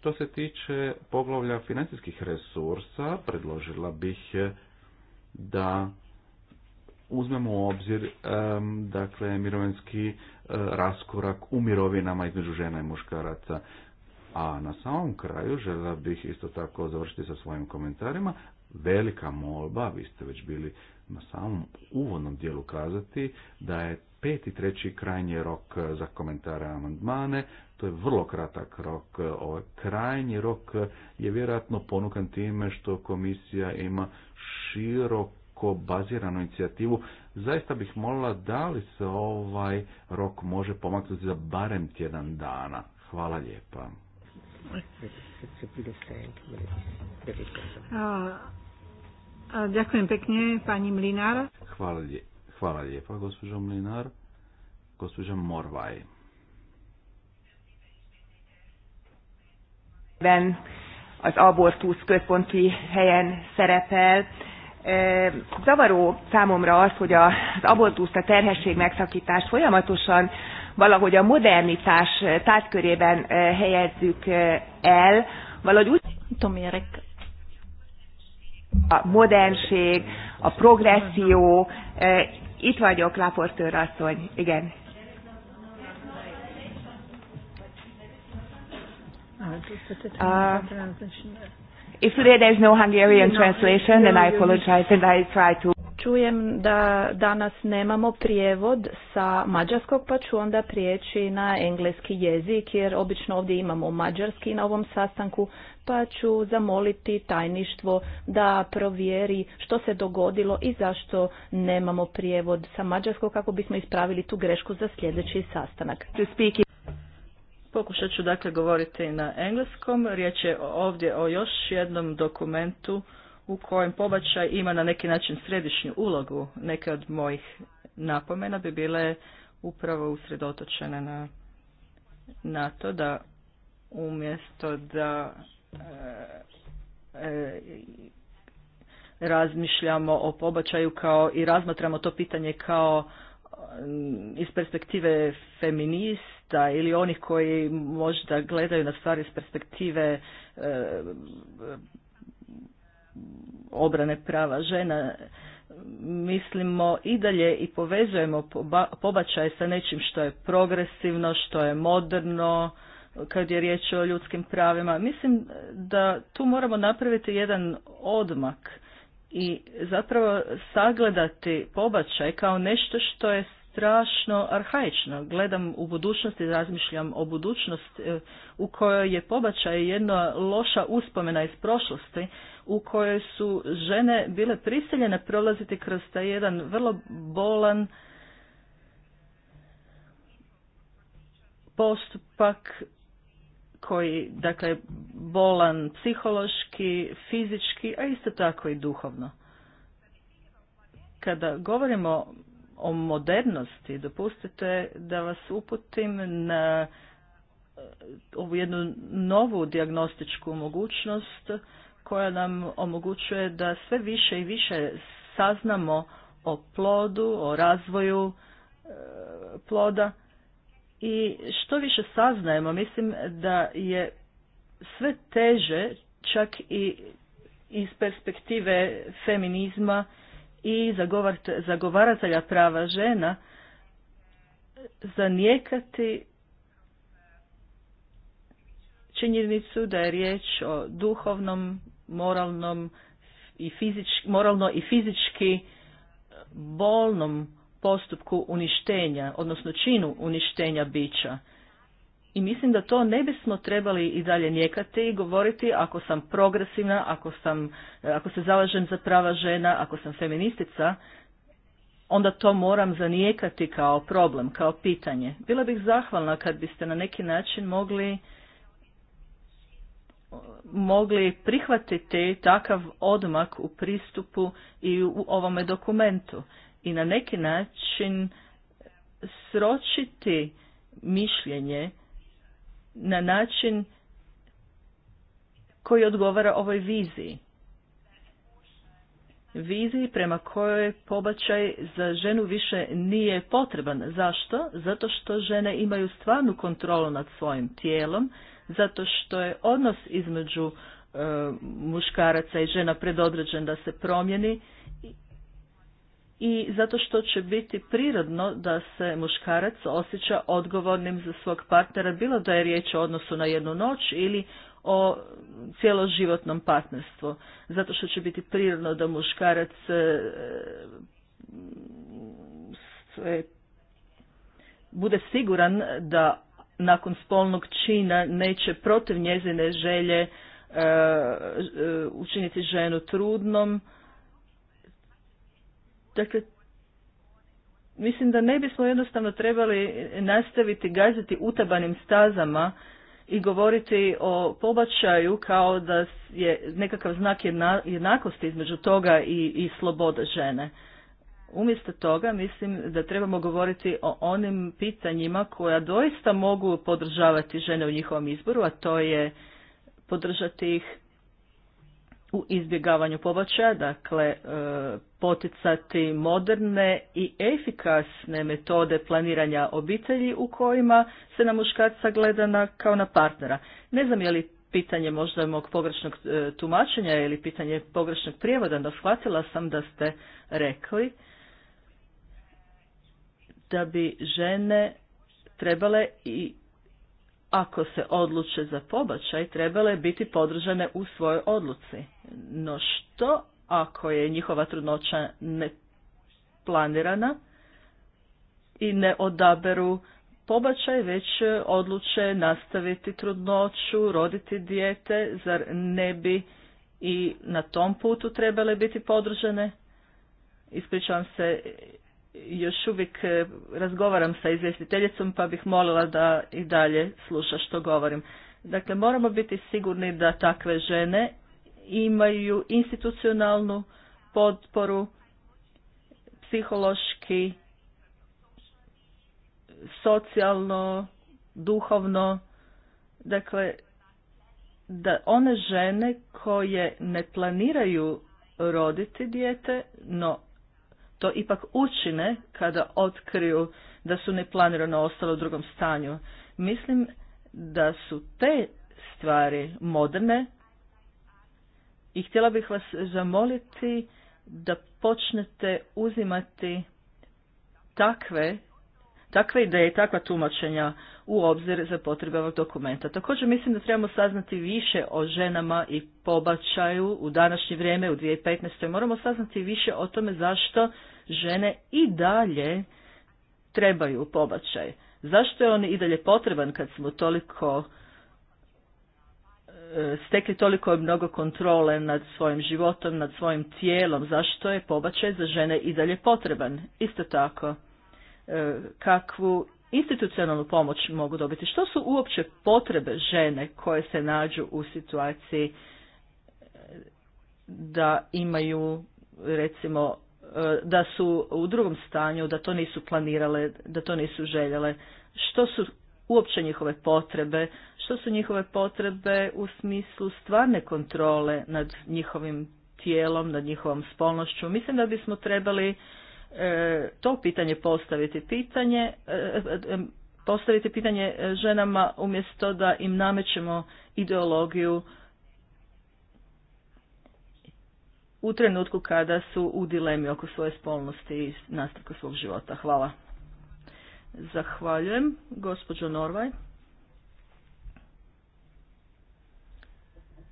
Što se tiče poglavlja financijskih resursa, predložila bih da uzmemo u obzir dakle mirovinski e, raskorak u mirovinama između žena i muškaraca. A na samom kraju žela bih isto tako završiti sa svojim komentarima, velika molba, vi ste već bili na samom uvodnom dijelu kazati, da je peti treći krajnji rok za komentare amandmane, to je vrlo kratak rok. Ovaj krajnji rok je vjerojatno ponukan time što komisija ima široko baziranu inicijativu. Zaista bih molila da li se ovaj rok može pomaknuti za barem tjedan dana. Hvala lijepa. Ďakujem pekne, pani Mlinár. Hvala, hvala lijepa, gospođo Mlinár. Gospođa Morvaj. Ben, az abortusz központi helyen szerepel. E, zavaró számomra az, hogy az abortusz a terhesség megszakítás folyamatosan valahogy a modernitás tárgykörében e, helyezzük e, el. Valahogy úgy... Tomirek a modernség, a progresszió. E, itt vagyok, Laportőr asszony. Igen. Ah, uh, if there is no Hungarian translation, then I apologize and I try to Čujem da danas nemamo prijevod sa mađarskog, pa ću onda prijeći na engleski jezik, jer obično ovdje imamo mađarski na ovom sastanku, pa ću zamoliti tajništvo da provjeri što se dogodilo i zašto nemamo prijevod sa mađarskog, kako bismo ispravili tu grešku za sljedeći sastanak. Pokušat ću dakle govoriti na engleskom. Riječ je ovdje o još jednom dokumentu u kojem pobačaj ima na neki način središnju ulogu, neke od mojih napomena bi bile upravo usredotočene na, na to da umjesto da e, e razmišljamo o pobačaju kao i razmatramo to pitanje kao mm, iz perspektive feminista ili onih koji možda gledaju na stvari iz perspektive e, obrane prava žena mislimo i dalje i povezujemo pobačaj sa nečim što je progresivno, što je moderno, kad je riječ o ljudskim pravima. Mislim da tu moramo napraviti jedan odmak i zapravo sagledati pobačaj kao nešto što je strašno arhaično. Gledam u budućnosti razmišljam o budućnosti e, u kojoj je pobačaj jedna loša uspomena iz prošlosti u kojoj su žene bile prisiljene prolaziti kroz taj jedan vrlo bolan postupak koji, dakle, bolan psihološki, fizički, a isto tako i duhovno. Kada govorimo o modernosti, dopustite da vas uputim na eh, ovu jednu novu dijagnostičku mogućnost koja nam omogućuje da sve više i više saznamo o plodu, o razvoju e, ploda i što više saznajemo, mislim da je sve teže čak i iz perspektive feminizma i zagovaratelja prava žena zanijekati činjenicu da je riječ o duhovnom moralnom i moralno i fizički bolnom postupku uništenja, odnosno činu uništenja bića. I mislim da to ne bismo trebali i dalje njekati i govoriti ako sam progresivna, ako, sam, ako se zalažem za prava žena, ako sam feministica, onda to moram zanijekati kao problem, kao pitanje. Bila bih zahvalna kad biste na neki način mogli mogli prihvatiti takav odmak u pristupu i u ovome dokumentu i na neki način sročiti mišljenje na način koji odgovara ovoj viziji. Viziji prema kojoj pobačaj za ženu više nije potreban. Zašto? Zato što žene imaju stvarnu kontrolu nad svojim tijelom, zato što je odnos između e, muškaraca i žena predodređen da se promijeni i zato što će biti prirodno da se muškarac osjeća odgovornim za svog partnera, bilo da je riječ o odnosu na jednu noć ili o cijeloživotnom partnerstvu. Zato što će biti prirodno da muškarac e, bude siguran da nakon spolnog čina neće protiv njezine želje e, e, učiniti ženu trudnom. Dakle, mislim da ne bismo jednostavno trebali nastaviti gaziti utabanim stazama i govoriti o pobačaju kao da je nekakav znak jednakosti između toga i, i sloboda žene. Umjesto toga mislim da trebamo govoriti o onim pitanjima koja doista mogu podržavati žene u njihovom izboru, a to je podržati ih u izbjegavanju pobačaja, dakle e, poticati moderne i efikasne metode planiranja obitelji u kojima se na muškarca gleda na, kao na partnera. Ne znam je li pitanje možda mog pogrešnog e, tumačenja ili pitanje pogrešnog prijevoda, da shvatila sam da ste rekli da bi žene trebale i ako se odluče za pobačaj, trebale biti podržane u svojoj odluci. No što ako je njihova trudnoća ne planirana i ne odaberu pobačaj, već odluče nastaviti trudnoću, roditi dijete, zar ne bi i na tom putu trebale biti podržane? Ispričavam se, još uvijek e, razgovaram sa izvjestiteljicom pa bih molila da i dalje sluša što govorim. Dakle, moramo biti sigurni da takve žene imaju institucionalnu potporu, psihološki, socijalno, duhovno, dakle, da one žene koje ne planiraju roditi dijete, no to ipak učine kada otkriju da su neplanirano ostale u drugom stanju. Mislim da su te stvari moderne i htjela bih vas zamoliti da počnete uzimati takve, takve ideje, takva tumačenja u obzir za potrebe ovog dokumenta. Također mislim da trebamo saznati više o ženama i pobačaju u današnje vrijeme, u 2015. Moramo saznati više o tome zašto žene i dalje trebaju pobačaj. Zašto je on i dalje potreban kad smo toliko e, stekli toliko mnogo kontrole nad svojim životom, nad svojim tijelom, zašto je pobačaj za žene i dalje potreban. Isto tako, e, kakvu institucionalnu pomoć mogu dobiti. Što su uopće potrebe žene koje se nađu u situaciji e, da imaju recimo E, da su u drugom stanju, da to nisu planirale, da to nisu željele. Što su uopće njihove potrebe, što su njihove potrebe u smislu stvarne kontrole nad njihovim tijelom, nad njihovom spolnošću. Mislim da bismo trebali e, to pitanje postaviti pitanje, e, postaviti pitanje ženama umjesto da im namećemo ideologiju u trenutku kada su u dilemi oko svoje spolnosti i nastavka svog života. Hvala. Zahvaljujem. Gospođo Norvaj.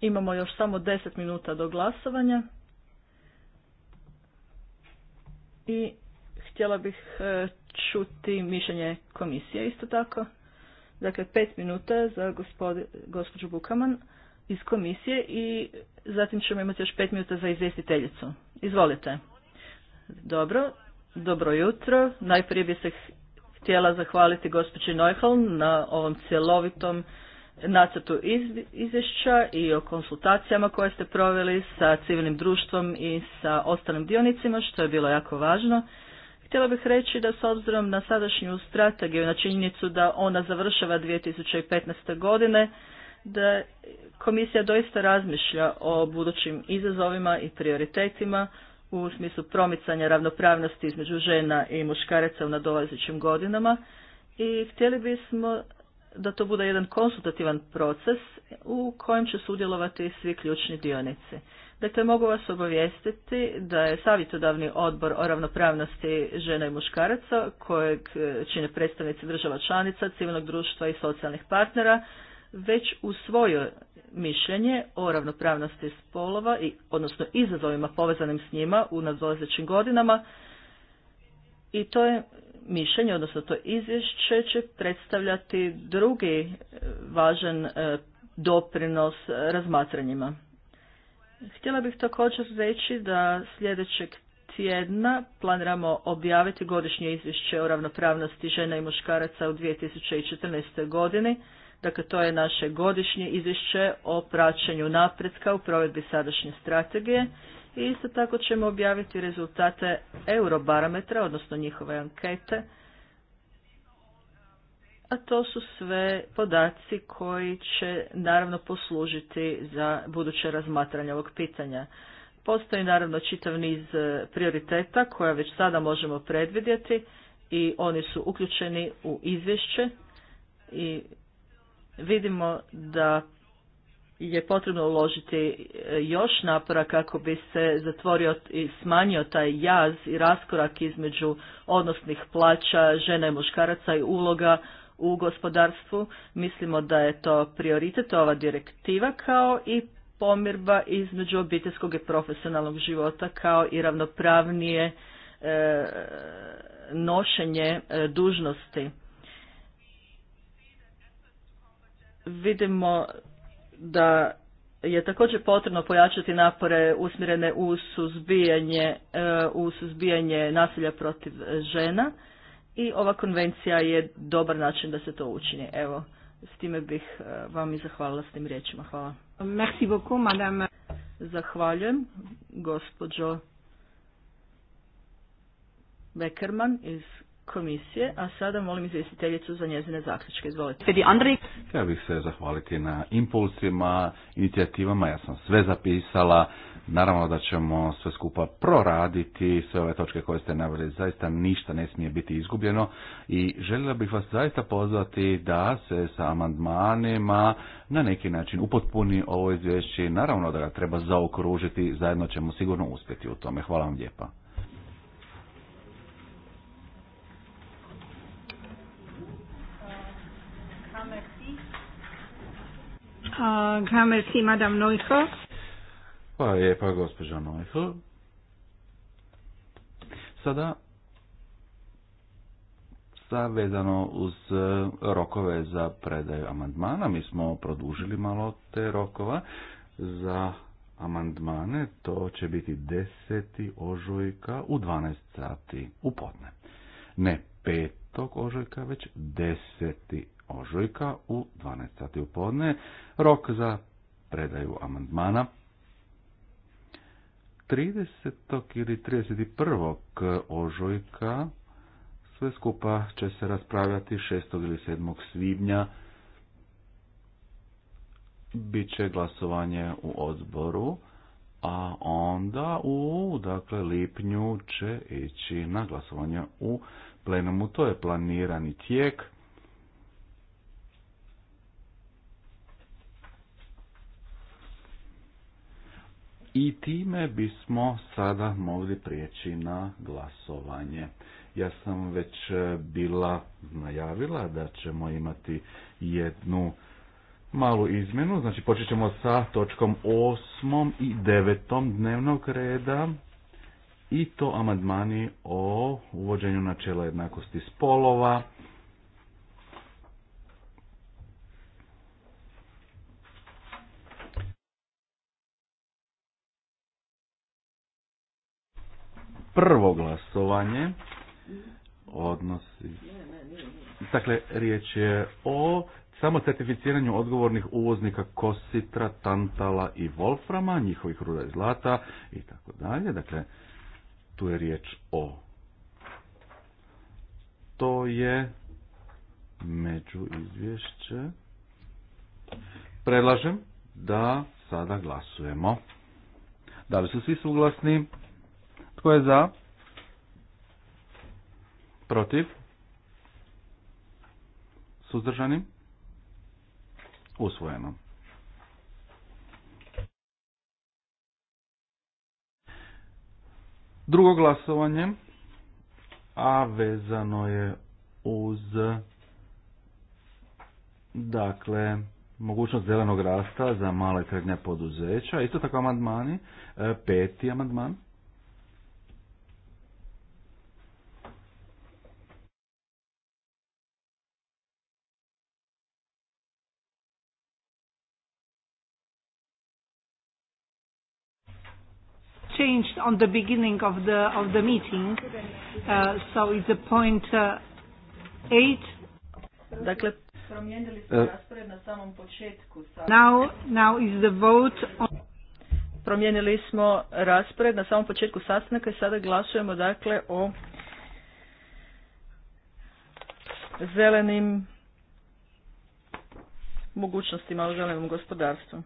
Imamo još samo 10 minuta do glasovanja. I htjela bih e, čuti mišljenje komisije isto tako. Dakle, pet minuta za gospođu Bukaman, iz komisije i zatim ćemo imati još pet minuta za izvjestiteljicu. Izvolite. Dobro, dobro jutro. Najprije bih se htjela zahvaliti gospođi Neuhal na ovom cjelovitom nacrtu izvješća i o konsultacijama koje ste proveli sa civilnim društvom i sa ostalim dionicima, što je bilo jako važno. Htjela bih reći da s obzirom na sadašnju strategiju, na činjenicu da ona završava 2015. godine, da komisija doista razmišlja o budućim izazovima i prioritetima u smislu promicanja ravnopravnosti između žena i muškaraca u nadolazećim godinama i htjeli bismo da to bude jedan konsultativan proces u kojem će sudjelovati svi ključni dionici. Dakle, mogu vas obavijestiti da je savjetodavni odbor o ravnopravnosti žena i muškaraca, kojeg čine predstavnici država članica, civilnog društva i socijalnih partnera, već u svoje mišljenje o ravnopravnosti spolova i odnosno izazovima povezanim s njima u nadolazećim godinama i to je mišljenje, odnosno to izvješće će predstavljati drugi e, važan e, doprinos razmatranjima. Htjela bih također reći da sljedećeg tjedna planiramo objaviti godišnje izvješće o ravnopravnosti žena i muškaraca u 2014. godini Dakle, to je naše godišnje izvješće o praćenju napretka u provedbi sadašnje strategije i isto tako ćemo objaviti rezultate eurobarometra, odnosno njihove ankete, a to su sve podaci koji će naravno poslužiti za buduće razmatranje ovog pitanja. Postoji naravno čitav niz e, prioriteta koja već sada možemo predvidjeti i oni su uključeni u izvješće i Vidimo da je potrebno uložiti e, još napora kako bi se zatvorio i smanjio taj jaz i raskorak između odnosnih plaća žena i muškaraca i uloga u gospodarstvu. Mislimo da je to prioritet ova direktiva kao i pomirba između obiteljskog i profesionalnog života kao i ravnopravnije e, nošenje e, dužnosti vidimo da je također potrebno pojačati napore usmjerene u suzbijanje, e, u suzbijanje nasilja protiv žena i ova konvencija je dobar način da se to učini. Evo, s time bih e, vam i zahvalila s tim riječima. Hvala. Merci beaucoup, madame. Zahvaljujem, gospođo Beckerman iz komisije, a sada molim izvjestiteljicu za njezine zaključke. Izvolite. Ja bih se zahvaliti na impulsima, inicijativama, ja sam sve zapisala. Naravno da ćemo sve skupa proraditi, sve ove točke koje ste naveli, zaista ništa ne smije biti izgubljeno i željela bih vas zaista pozvati da se sa amandmanima na neki način upotpuni ovo izvješće. Naravno da ga treba zaokružiti, zajedno ćemo sigurno uspjeti u tome. Hvala vam lijepa. Madame Hvala lijepa, gospođa Neuhl. Sada vezano uz e, rokove za predaju amandmana. Mi smo produžili malo te rokova za amandmane. To će biti 10. ožujka u 12 sati u Ne 5. ožujka, već 10 ožujka u 12 sati u podne. Rok za predaju amandmana 30. ili 31. ožujka sve skupa će se raspravljati 6. ili 7. svibnja. Biće glasovanje u odboru, a onda u dakle, lipnju će ići na glasovanje u plenumu. To je planirani tijek. I time bismo sada mogli prijeći na glasovanje. Ja sam već e, bila najavila da ćemo imati jednu malu izmjenu. Znači počet ćemo sa točkom 8. i devetom dnevnog reda i to amandmani o uvođenju načela jednakosti spolova prvo glasovanje odnosi... Dakle, riječ je o samo certificiranju odgovornih uvoznika kositra, tantala i volframa, njihovih ruda i zlata i tako dalje. Dakle, tu je riječ o. To je među izvješće. Predlažem da sada glasujemo. Da li su svi suglasni? Tko je za? Protiv? Suzdržani? Usvojeno. Drugo glasovanje, a vezano je uz dakle mogućnost zelenog rasta za male i srednje poduzeća. Isto tako amandmani, e, peti amandman. changed on the beginning of the of the meeting. Uh, so it's a point uh, eight. Dakle, promijenili smo e. raspored na samom početku. Now, now is the vote on Promijenili smo raspored na samom početku sastanka i sada glasujemo dakle o zelenim mogućnostima u zelenom gospodarstvu.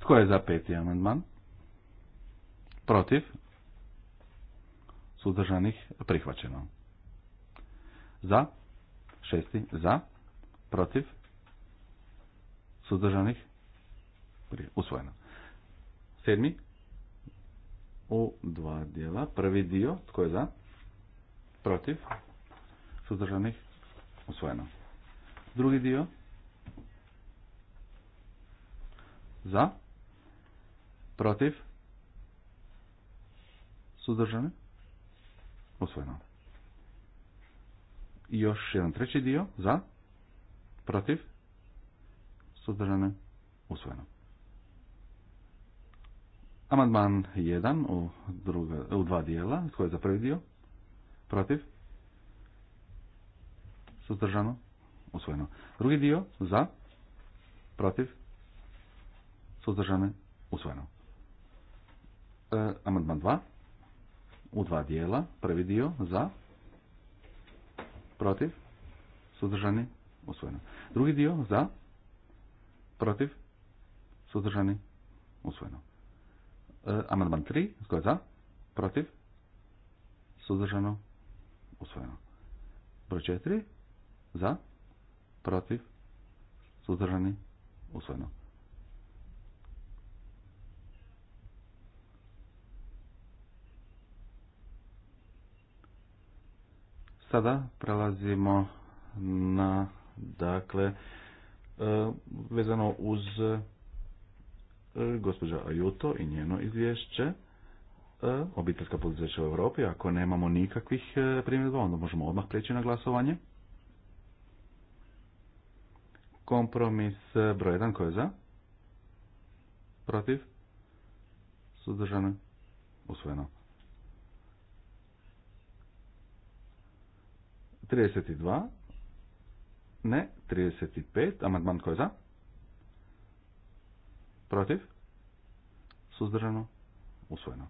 Tko je za peti amandman? Protiv? Suzdržanih? Prihvaćeno. Za? Šesti. Za? Protiv? Suzdržanih? Usvojeno. Sedmi? U dva dijela. Prvi dio. Tko je za? Protiv? Suzdržanih? Usvojeno. Drugi dio? Za? Protiv? Suzdržani? Usvojeno. I još jedan treći dio. Za? Protiv? Suzdržani? Usvojeno. Amandman 1 u, druga, u dva dijela. Tko je za prvi dio? Protiv? Suzdržano? Usvojeno. Drugi dio? Za? Protiv? Suzdržane? Usvojeno. E, amandman 2 u dva dijela. Prvi dio za, protiv, suzdržani, usvojeno. Drugi dio za, protiv, suzdržani, usvojeno. E, amandman 3, tko je za, protiv, suzdržano, usvojeno. Broj 4, za, protiv, suzdržani, usvojeno. Sada prelazimo na, dakle, e, vezano uz e, gospođa Ajuto i njeno izvješće e, obiteljska poduzeća u Europi. Ako nemamo nikakvih primjedba, onda možemo odmah preći na glasovanje. Kompromis broj 1, ko je za? Protiv? Sudržano? Usvojeno. 32. Ne. 35. Amandman tko je za? Protiv? Suzdržano? Usvojeno.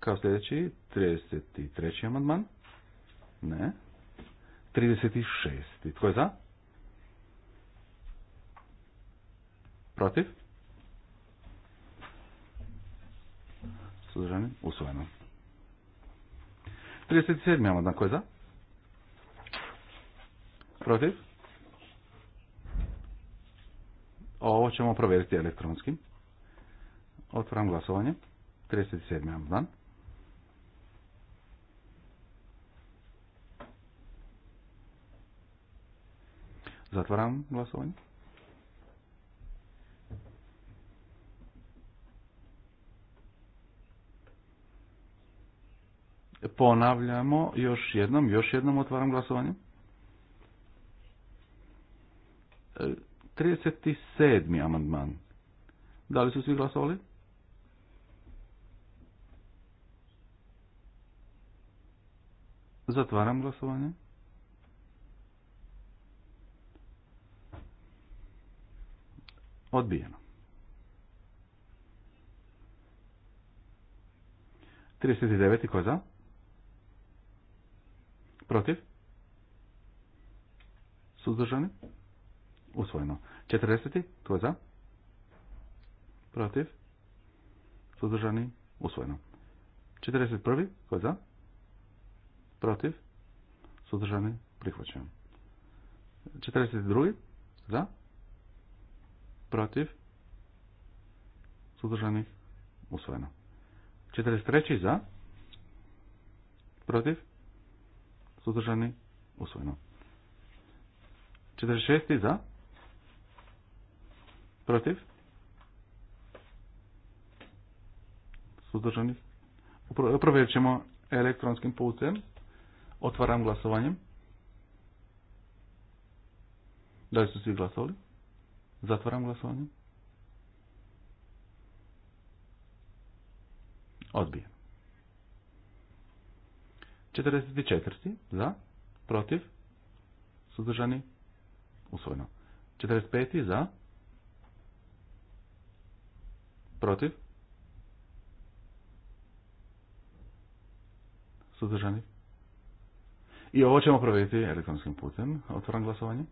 Kao sljedeći, 33. amandman. Ne. 36. Tko je za? Protiv? Suzdržani? Usvojeno. 37. amandman koji je za? Protiv? Ovo ćemo provjeriti elektronskim, Otvaram glasovanje. 37. amandman. Zatvaram glasovanje. Ponavljamo još jednom, još jednom otvaram glasovanje. 37. E, amandman. Da li su svi glasovali? Zatvaram glasovanje. Odbijeno. 39. ko je za? Protiv? Suzdržani? Usvojeno. 40. Tko je za? Protiv? Suzdržani? Usvojeno. 41. Tko je za? Protiv? Suzdržani? Prihvaćen. 42. Za? Protiv? suzdržani Usvojeno. treći. Za? Protiv? suzdržani, usvojeno. 46. za, protiv, suzdržani. Provjerit ćemo elektronskim putem. Otvaram glasovanjem. Da li su svi glasovali? Zatvaram glasovanjem. Odbijem. 44. za, protiv, suzdržani, usvojeno. 45. za, protiv, suzdržani. I ovo ćemo provjeriti elektronskim putem. Otvoram glasovanje.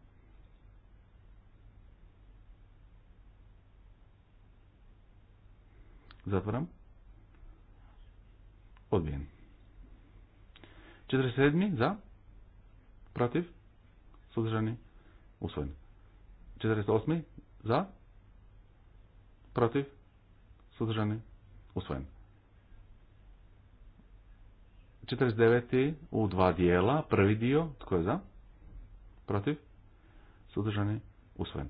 Zatvoram. Odbijen. 47. za, protiv, suzdržani, usvojen. 48. za, protiv, suzdržani, usvojen. 49. u dva dijela, prvi dio, tko je za, protiv, suzdržani, usvojen.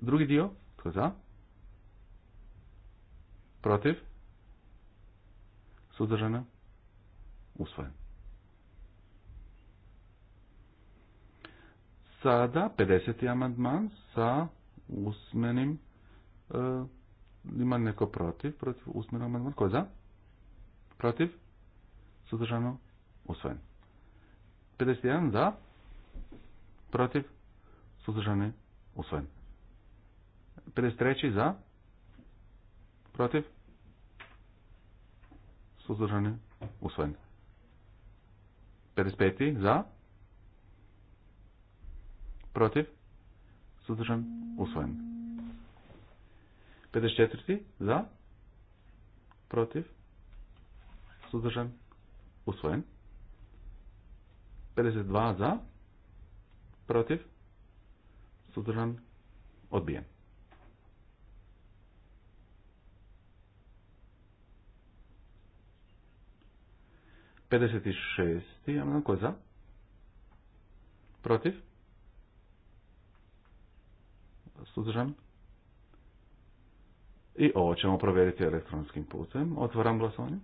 Drugi dio, tko je za, protiv, suzdržana, usvojen. Sada 50. amandman sa usmenim e, ima neko protiv, protiv usmenog amandman, Ko je za? Protiv? Suzdržano? Usvojen. 51 za? Protiv? Suzdržani? Usvojen. 53 za? Protiv? Suzdržani? Usvojen. 55 za? Protiv? Suzdržan? Usvojen. 54. Za? Protiv? Suzdržan? Usvojen. 52. Za? Protiv? Suzdržan? Odbijen. Pedeset imam ja za? Protiv? Suzdržan? I ovo ćemo provjeriti elektronskim putem. Otvaram glasovanje.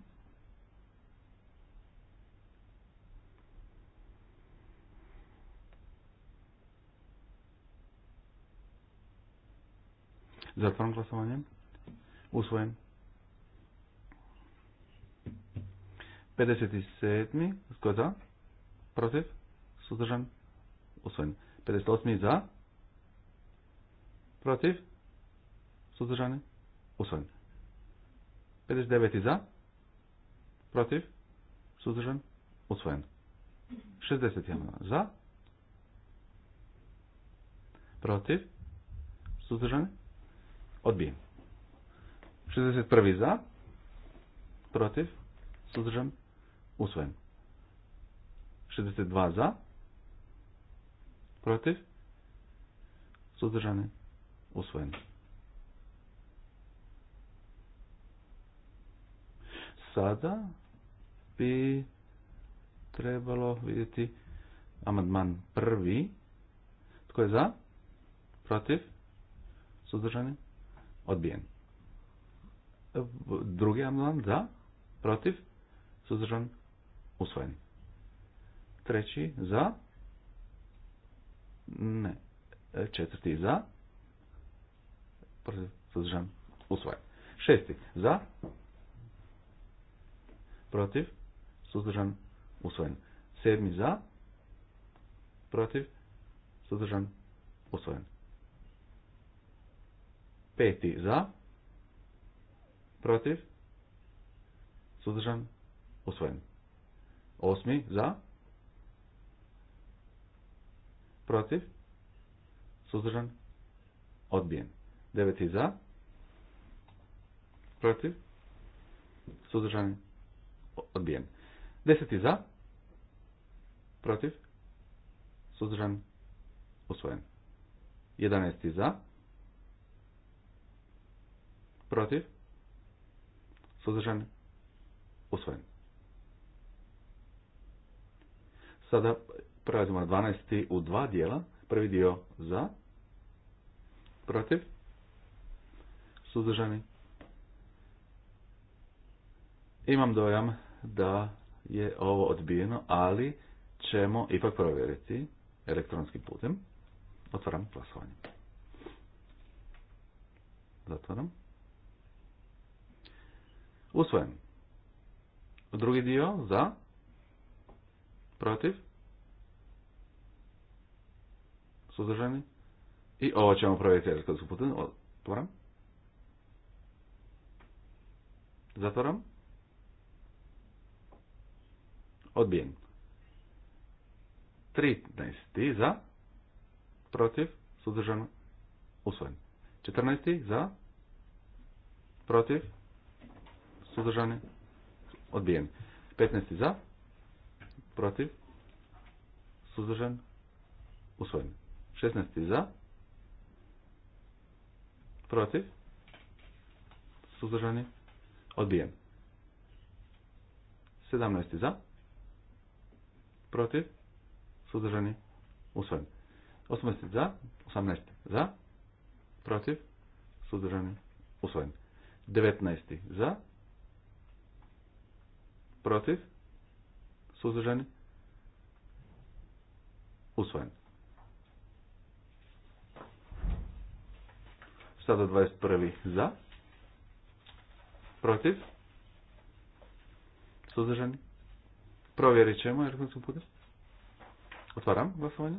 Zatvaram glasovanje. Usvojen. 57. Tko je za? Protiv? Suzdržan? Usvojen. 58. za? Protiv? Suzdržani? Usvojen. 59. za? Protiv? Suzdržan? Usvojen. 60. za? Protiv? Suzdržan? Odbijen. 61. za? Protiv? Suzdržan? Usvojen. 62 za? Protiv? usvojen usvojeni. Sada bi trebalo vidjeti amandman prvi. Tko je za? Protiv? Suzdržani? Odbijen. Drugi amandman za? Protiv? Suzdržan? Usvojen. Treći za? Ne. Četvrti za? suzdržan, usvojen. Šesti, za, protiv, suzdržan, usvojen. Sedmi, za, protiv, suzdržan, usvojen. Peti, za, protiv, suzdržan, usvojen. Osmi, za, protiv, suzdržan, odbijen. Deveti za. Protiv. Suzdržani. Odbijen. Deseti za. Protiv. Suzdržan. Usvojen. Jedanesti za. Protiv. Suzdržan. Usvojen. Sada prelazimo na 12. u dva dijela. Prvi dio za, protiv, suzdržani. Imam dojam da je ovo odbijeno, ali ćemo ipak provjeriti elektronskim putem. Otvaram glasovanje. Zatvaram. Usvojen. Drugi dio za. Protiv. Suzdržani. I ovo ćemo provjeriti elektronskim putem. Otvaram. zatvorom? Odbijen. 13. za. Protiv. Suzdržano. Usvojen. 14. za. Protiv. Suzdržani. Odbijen. 15. za. Protiv. Suzdržan. Usvojen. 16. za. Protiv. Suzdržani. Odbijem. 17. za. Protiv. Suzdržani. Usvojen. 18. za. 18. za. Protiv. Suzdržani. Usvojen. 19. za. Protiv. Suzdržani. Usvojen. Sada 21. za. Protiv? Suzdržani? Provjerit ćemo elektronskom putem. Otvaram glasovanje.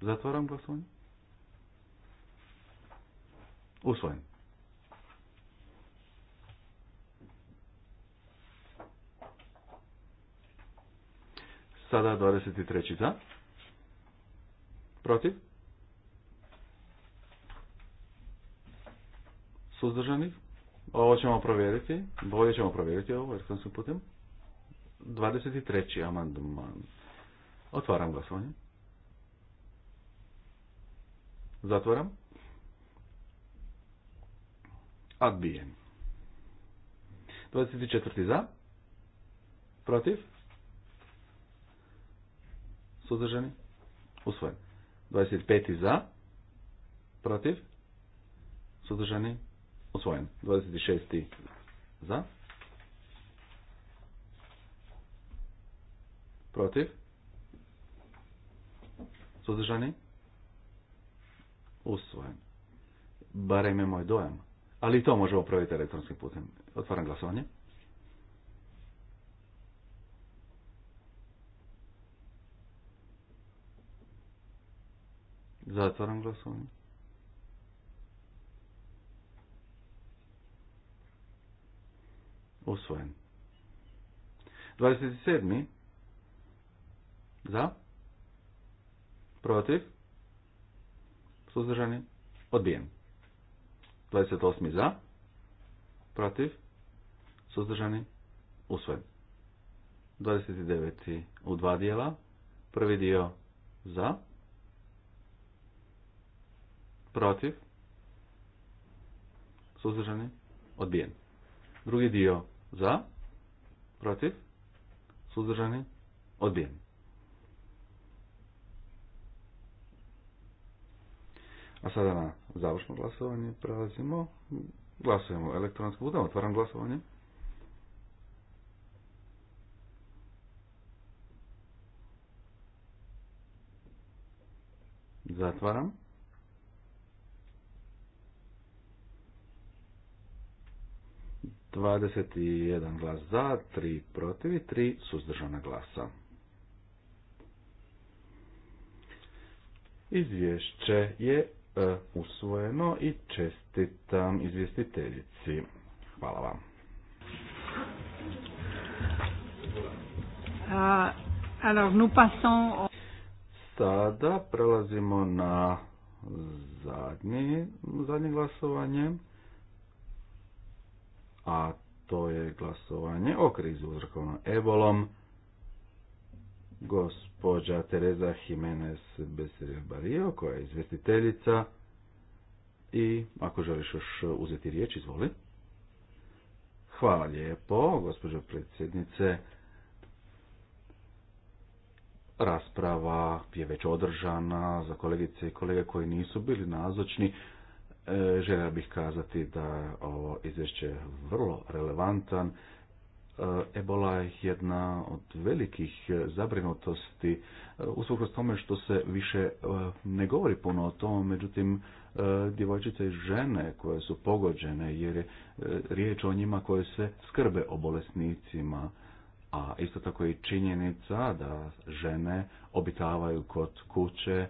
Zatvaram glasovanje. Usvojen. Sada 23. za. Protiv? Suzdržanih? Ovo ćemo provjeriti. Bolje ćemo provjeriti ovo se putem. 23. amandman. Otvaram glasovanje. Zatvaram. Odbijen. 24. za. Protiv. Suzdržani. Usvojen. 25. za. Protiv. Suzdržani šest 26. za. Protiv. Suzdržani. Usvojen. Barem je moj dojam. Ali i to možemo provjeriti elektronskim putem. Otvaram glasovanje. Zatvaram glasovanje. Usvojen. 27. Za. Protiv. Suzdržani. Odbijen. 28. Za. Protiv. Suzdržani. Usvojen. 29. U dva dijela. Prvi dio za. Protiv. Suzdržani. Odbijen. Drugi dio za? Protiv? Suzdržani? Odbijen. A sada na završno glasovanje prelazimo. Glasujemo elektronsko budemo, Otvaram glasovanje. Zatvaram. 21 glas za, 3 protiv i 3 suzdržana glasa. Izvješće je e, usvojeno i čestitam izvjestiteljici. Hvala vam. A, alors, nous passons... Sada prelazimo na zadnje, zadnje glasovanje a to je glasovanje o krizi uzrokovanom ebolom. Gospođa Tereza Jimenez Becerril Barrio, koja je izvestiteljica. I ako želiš još uzeti riječ, izvoli. Hvala lijepo, gospođo predsjednice. Rasprava je već održana za kolegice i kolege koji nisu bili nazočni. E, želja bih kazati da je ovo izvješće vrlo relevantan. E, Ebola je jedna od velikih zabrinutosti e, usprkos tome što se više ne govori puno o tom, međutim djevojčice i žene koje su pogođene jer je riječ o njima koje se skrbe o bolesnicima, a isto tako i činjenica da žene obitavaju kod kuće,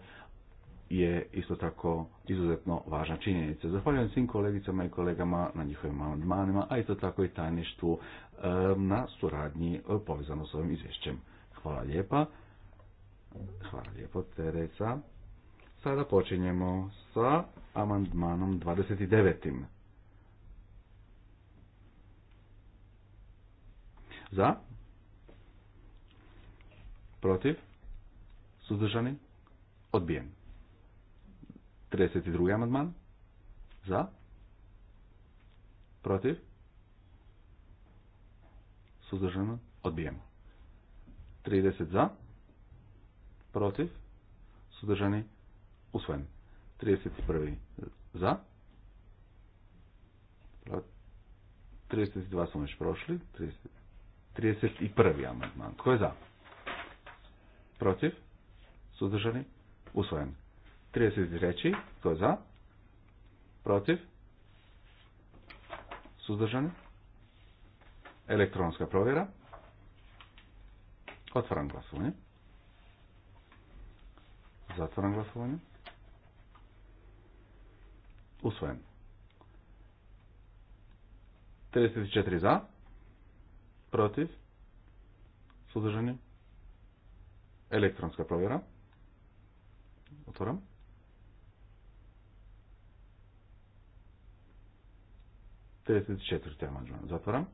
je isto tako izuzetno važna činjenica. Zahvaljujem svim kolegicama i kolegama na njihovim amandmanima, a isto tako i tajništvu e, na suradnji e, povezano s ovim izvješćem. Hvala lijepa. Hvala lijepo, Teresa. Sada počinjemo sa amandmanom 29. Za? Protiv? Suzdržani? Odbijen. 32. amandman. Za. Protiv. Suzdržano. Odbijemo. 30 za. Protiv. Suzdržani. Usvojen. 31. Za. 32 smo već prošli. 31. amandman. Tko je za? Protiv? Suzdržani? Usvojen reći, Tko je za? Protiv? Suzdržani? Elektronska provjera. Otvaram glasovanje. Zatvaram glasovanje. Usvojen. 34 za. Protiv. Suzdržani. Elektronska provjera. Otvaram. 34 amandman. Zatvoram.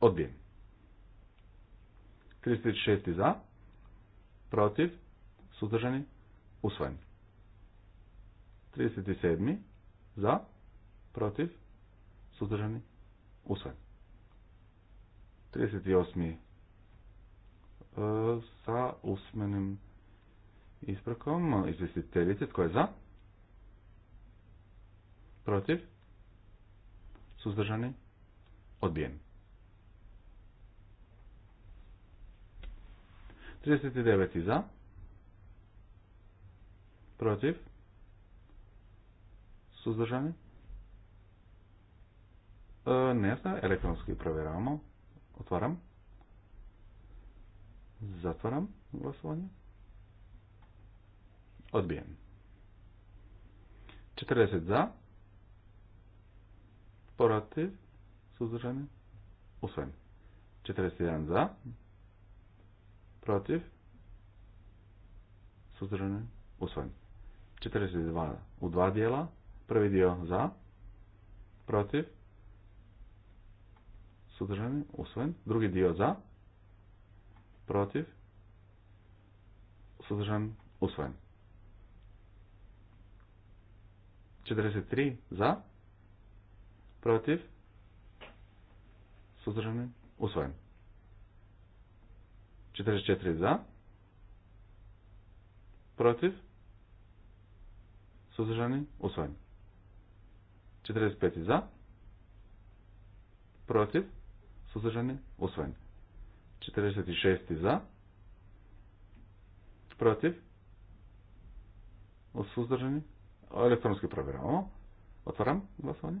Odbijem. 36. za. Protiv. Sudržani. Usvojen. 37. za. Protiv. Sudržani. Usvojen. 38. E, sa usmenim isprakom Izvestiteljice. Tko je za? Protiv? Suzdržani? Odbijen. 39. za. Protiv? Suzdržani? E, ne znam, elektronski provjeravamo. Otvaram. Zatvaram glasovanje. Odbijen. 40 za. Protiv? Suzdržani? Usvojen. 41 za. Protiv? Suzdržani? Usvojen. 42 u dva dijela. Prvi dio za. Protiv? Suzdržani? Usvojen. Drugi dio za. Protiv? Suzdržan? Usvojen. 43 za. Protiv? Suzdržani? Usvojen. 44 za. Protiv? Suzdržani? Usvojen. 45 za. Protiv? Suzdržani? Usvojen. 46 za. Protiv? Suzdržani? Elektronski provjeravamo. Otvaram glasovanje.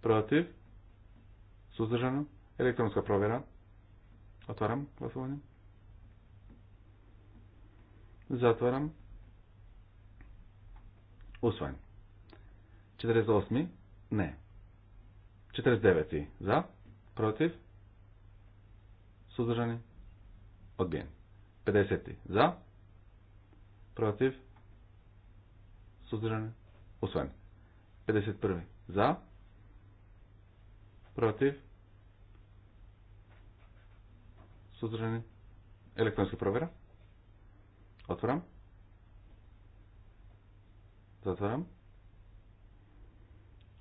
protiv, suzdržano, elektronska provjera. Otvaram glasovanje. Zatvaram. Usvojen. 48. Ne. 49. Za. Protiv. Suzdržani. Odbijen. 50. Za. Protiv. Suzdržani. Usvojen. 51. Za. Protiv? Suzdržani? Elektronski provjera. Otvoram. Zatvoram.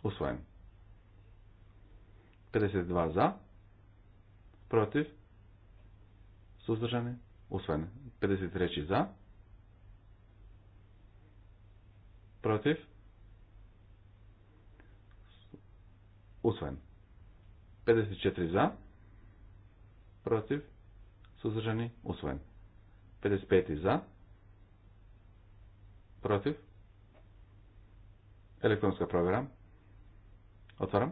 Usvojen. 52 za. Protiv. Suzdržani. Usvojen. 53 za. Protiv. Usvojen. 54 za, protiv, suzdržani, usvojen. 55 za, protiv, elektronska provjera, otvaram,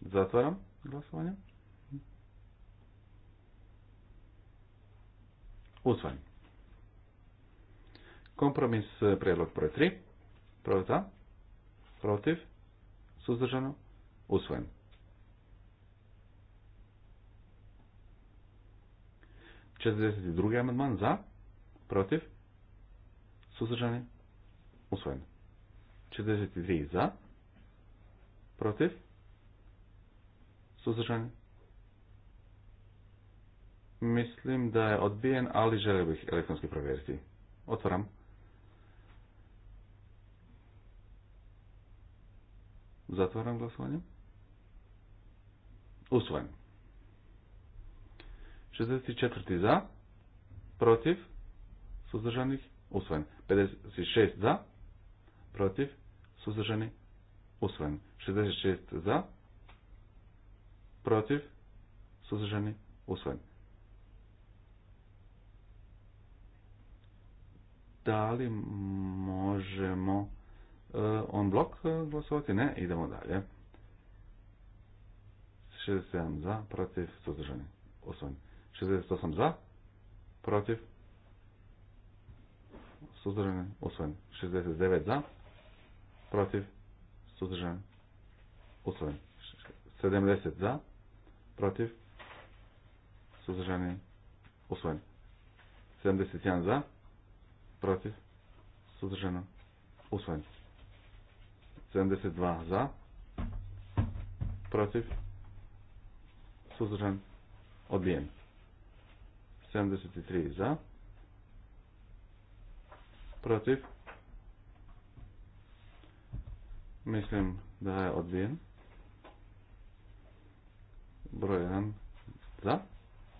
zatvaram glasovanje, usvojen. Kompromis eh, prijedlog broj 3, prvo za, protiv, Suzdržano? Usvojen. Četrdeset drugi amandman za? Protiv? Suzdržani? Usvojen. 43 za? Protiv? Suzdržani? Mislim da je odbijen, ali želio bih elektronski provjeriti. Otvaram. Zatvaram glasovanje. Usvojen. 64 za, protiv, suzdržanih, usvojen. 56 za, protiv, suzdržani, usvojen. 66 za, protiv, suzdržani, usvojen. Da li možemo Eh, on blok eh, glasovati? Ne, idemo dalje. 67 za, protiv, suzdržani. 68 za, protiv, suzdržani, osvojen. 69 za, protiv, suzdržani, usvojen. 70 za, protiv, suzdržani, osvojen. 71 za, protiv, suzdržano, usvojen. 72 za, protiv, suzdržan, odbijen. 73 za, protiv, mislim da je odbijen. Broj 1 za,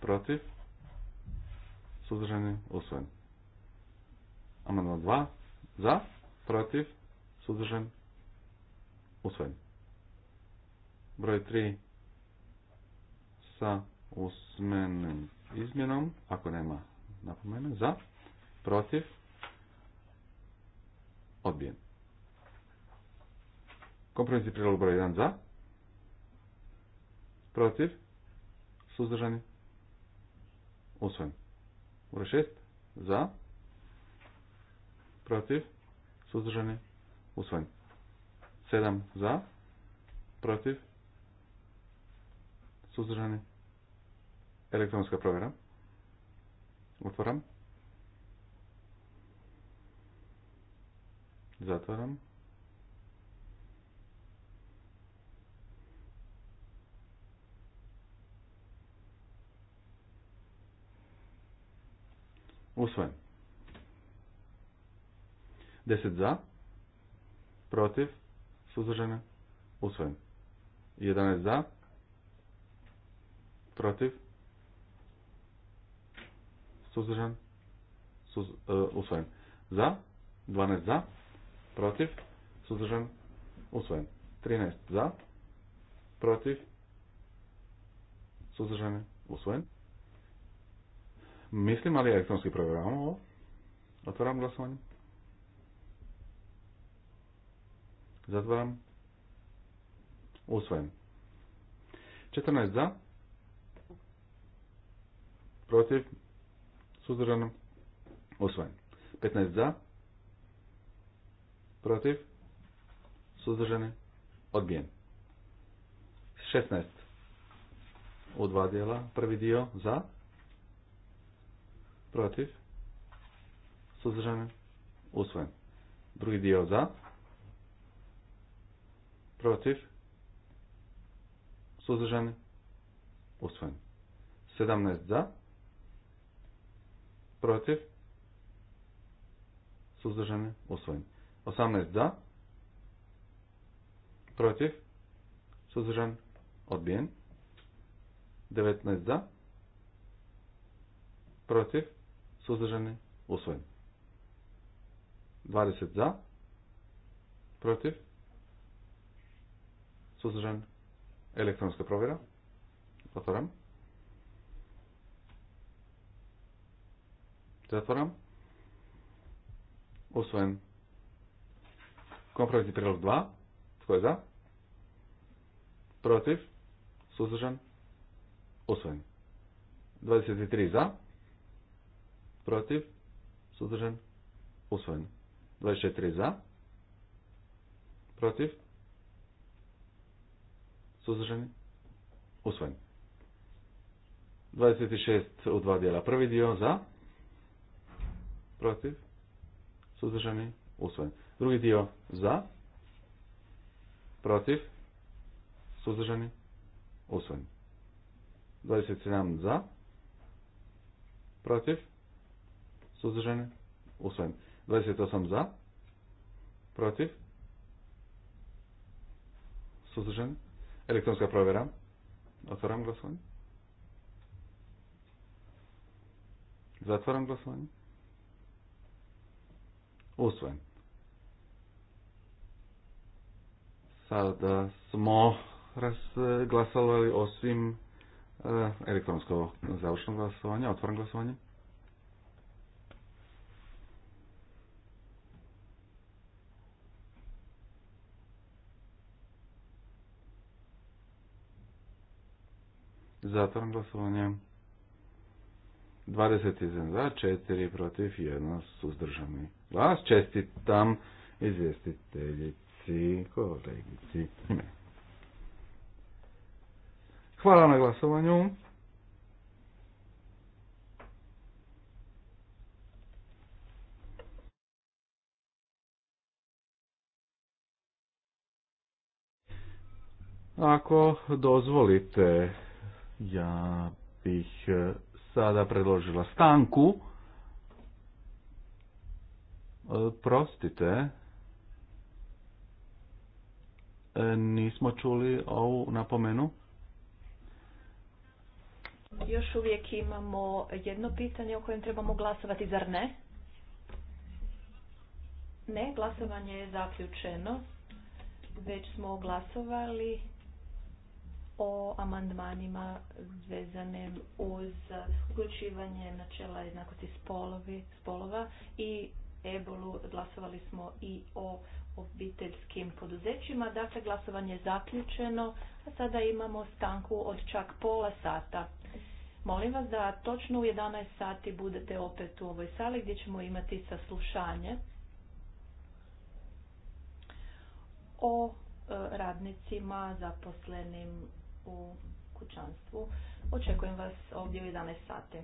protiv, suzdržani, usvojen. Amandman 2 za, protiv, suzdržan, usvojen. Broj 3 sa usmenim izmjenom, ako nema napomene, za, protiv, odbijen. Kompromisni prilog broj 1 za, protiv, suzdržani, usvojen. Broj 6 za, protiv, suzdržani, usvojen. Sedam za, protiv, suzdržani, elektronska provjera. Otvaram. Zatvaram. Usvojen. Deset za, protiv, suzdržane, usvojen. 11 za, protiv, suzdržan, suz, e, usvojen. Za, 12 za, protiv, suzdržan, usvojen. 13 za, protiv, suzdržan, usvojen. Mislim, ali elektronski program ovo. Otvaram glasovanje. Zatvaram. Usvojen. 14 za. Protiv. Suzdržano. Usvojen. 15 za. Protiv. Suzdržani. Odbijen. 16 u dva dijela. Prvi dio za. Protiv. Suzdržani. Usvojen. Drugi dio za. Protiv? Suzdržani? Usvojen. 17 za. Protiv? Suzdržani? Usvojen. 18 za. Protiv? Suzdržan? Odbijen. 19 za. Protiv? Suzdržani? Usvojen. 20 za. Protiv? suzdržan, elektronska provjera, otvaram, zatvaram, usvojen, kompromisni prilog 2, tko je za, protiv, suzdržan, usvojen, 23 za, protiv, suzdržan, usvojen, 24 za, protiv, Suzdržani? Usvojen. 26 u dva dijela. Prvi dio za? Protiv? Suzdržani? Usvojen. Drugi dio za? Protiv? Suzdržani? Usvojen. 27 za? Protiv? Suzdržani? Usvojen. 28 za? Protiv? Suzdržani? Elektronska provera. Otvaram glasovanje. Zatvaram glasovanje. Usvojen. Sada smo glasovali osim eh, elektronskog završnog glasovanja. Otvaram glasovanje. Zatvorim glasovanje. 21 za, 4 protiv, 1 suzdržani glas. Čestitam izvjestiteljici, kolegici. Hvala na glasovanju. Ako dozvolite, ja bih e, sada predložila stanku. E, prostite, e, nismo čuli ovu napomenu. Još uvijek imamo jedno pitanje o kojem trebamo glasovati, zar ne? Ne, glasovanje je zaključeno. Već smo glasovali o amandmanima vezanim uz uključivanje načela jednakosti spolovi, spolova i ebolu glasovali smo i o obiteljskim poduzećima. Dakle, glasovanje je zaključeno, a sada imamo stanku od čak pola sata. Molim vas da točno u 11 sati budete opet u ovoj sali gdje ćemo imati saslušanje o e, radnicima zaposlenim u kućanstvu. Očekujem vas ovdje u 11 sati.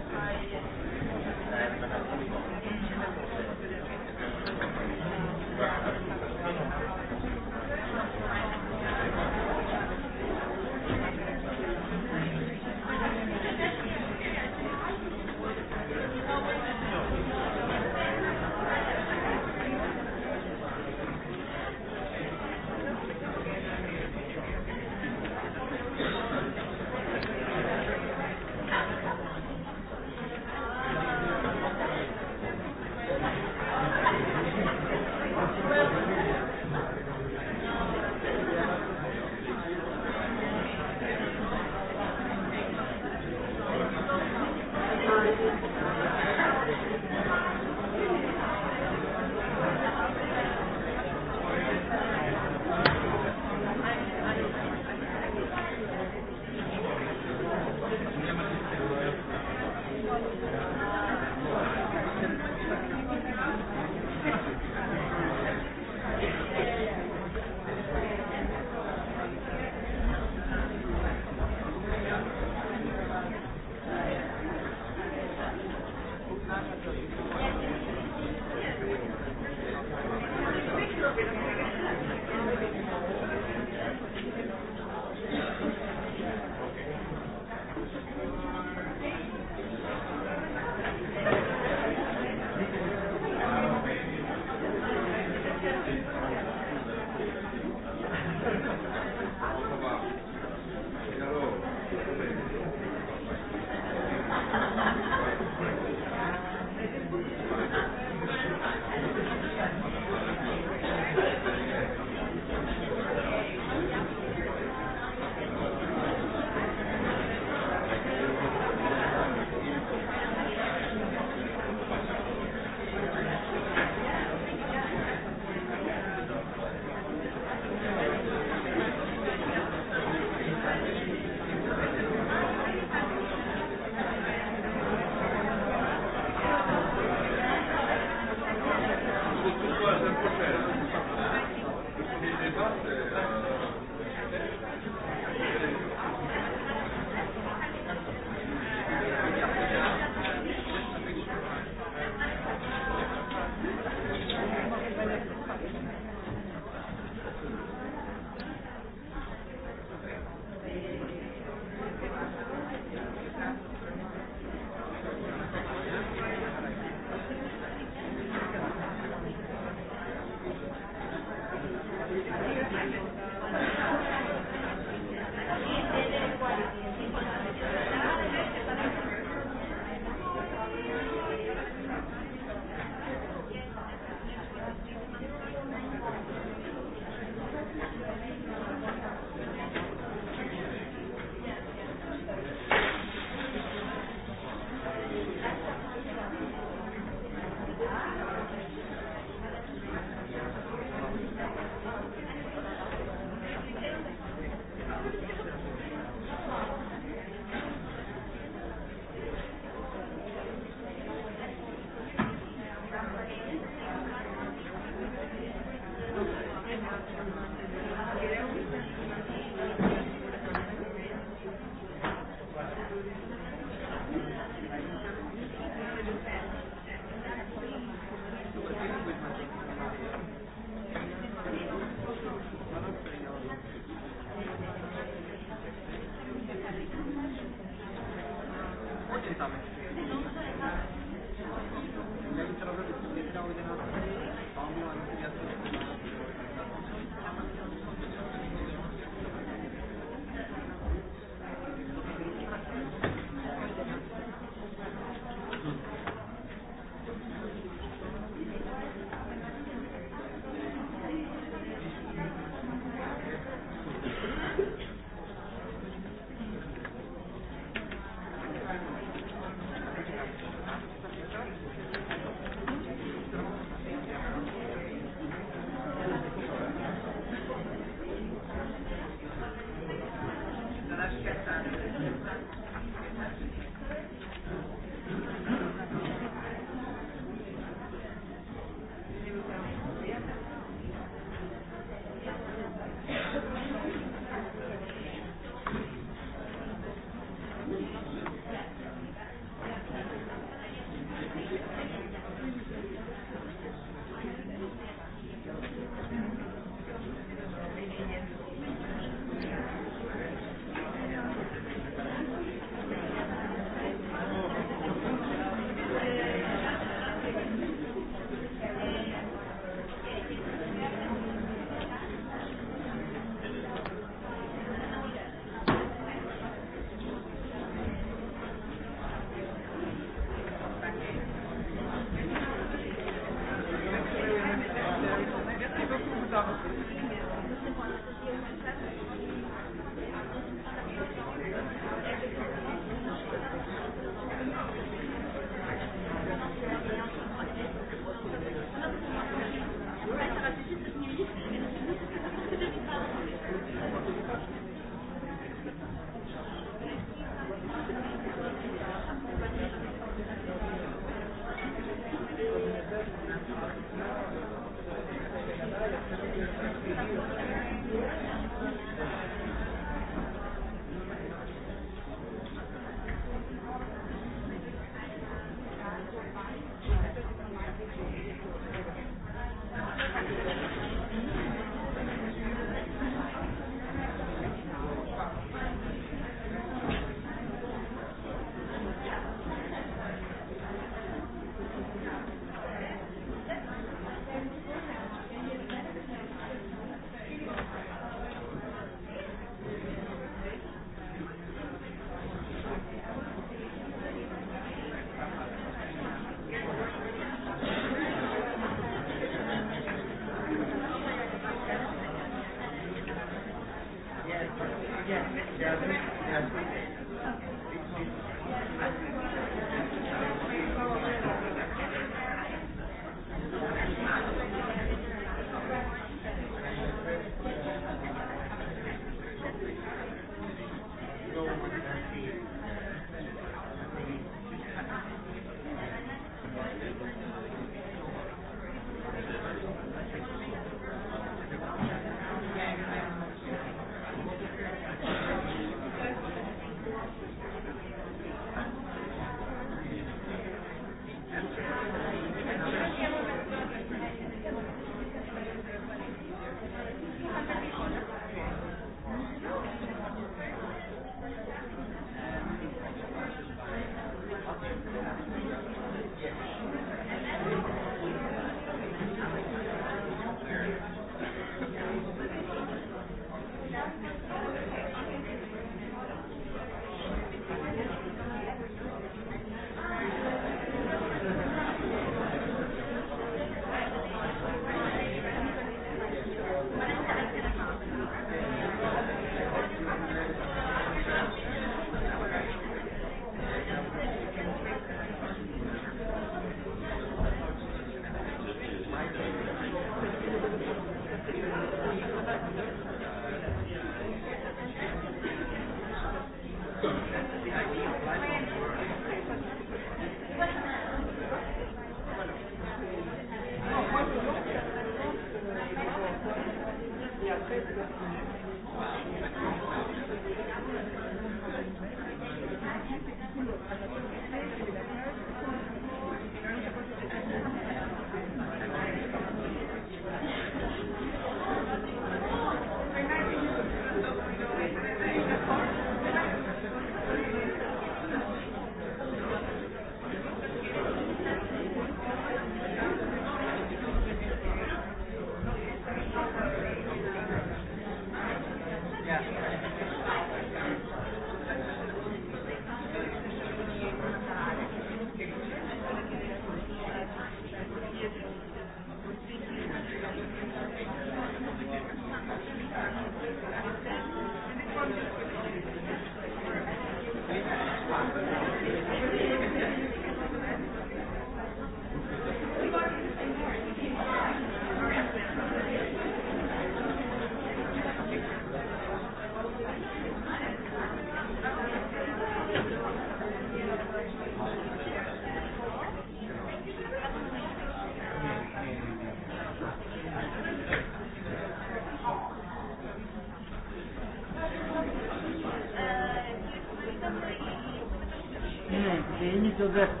to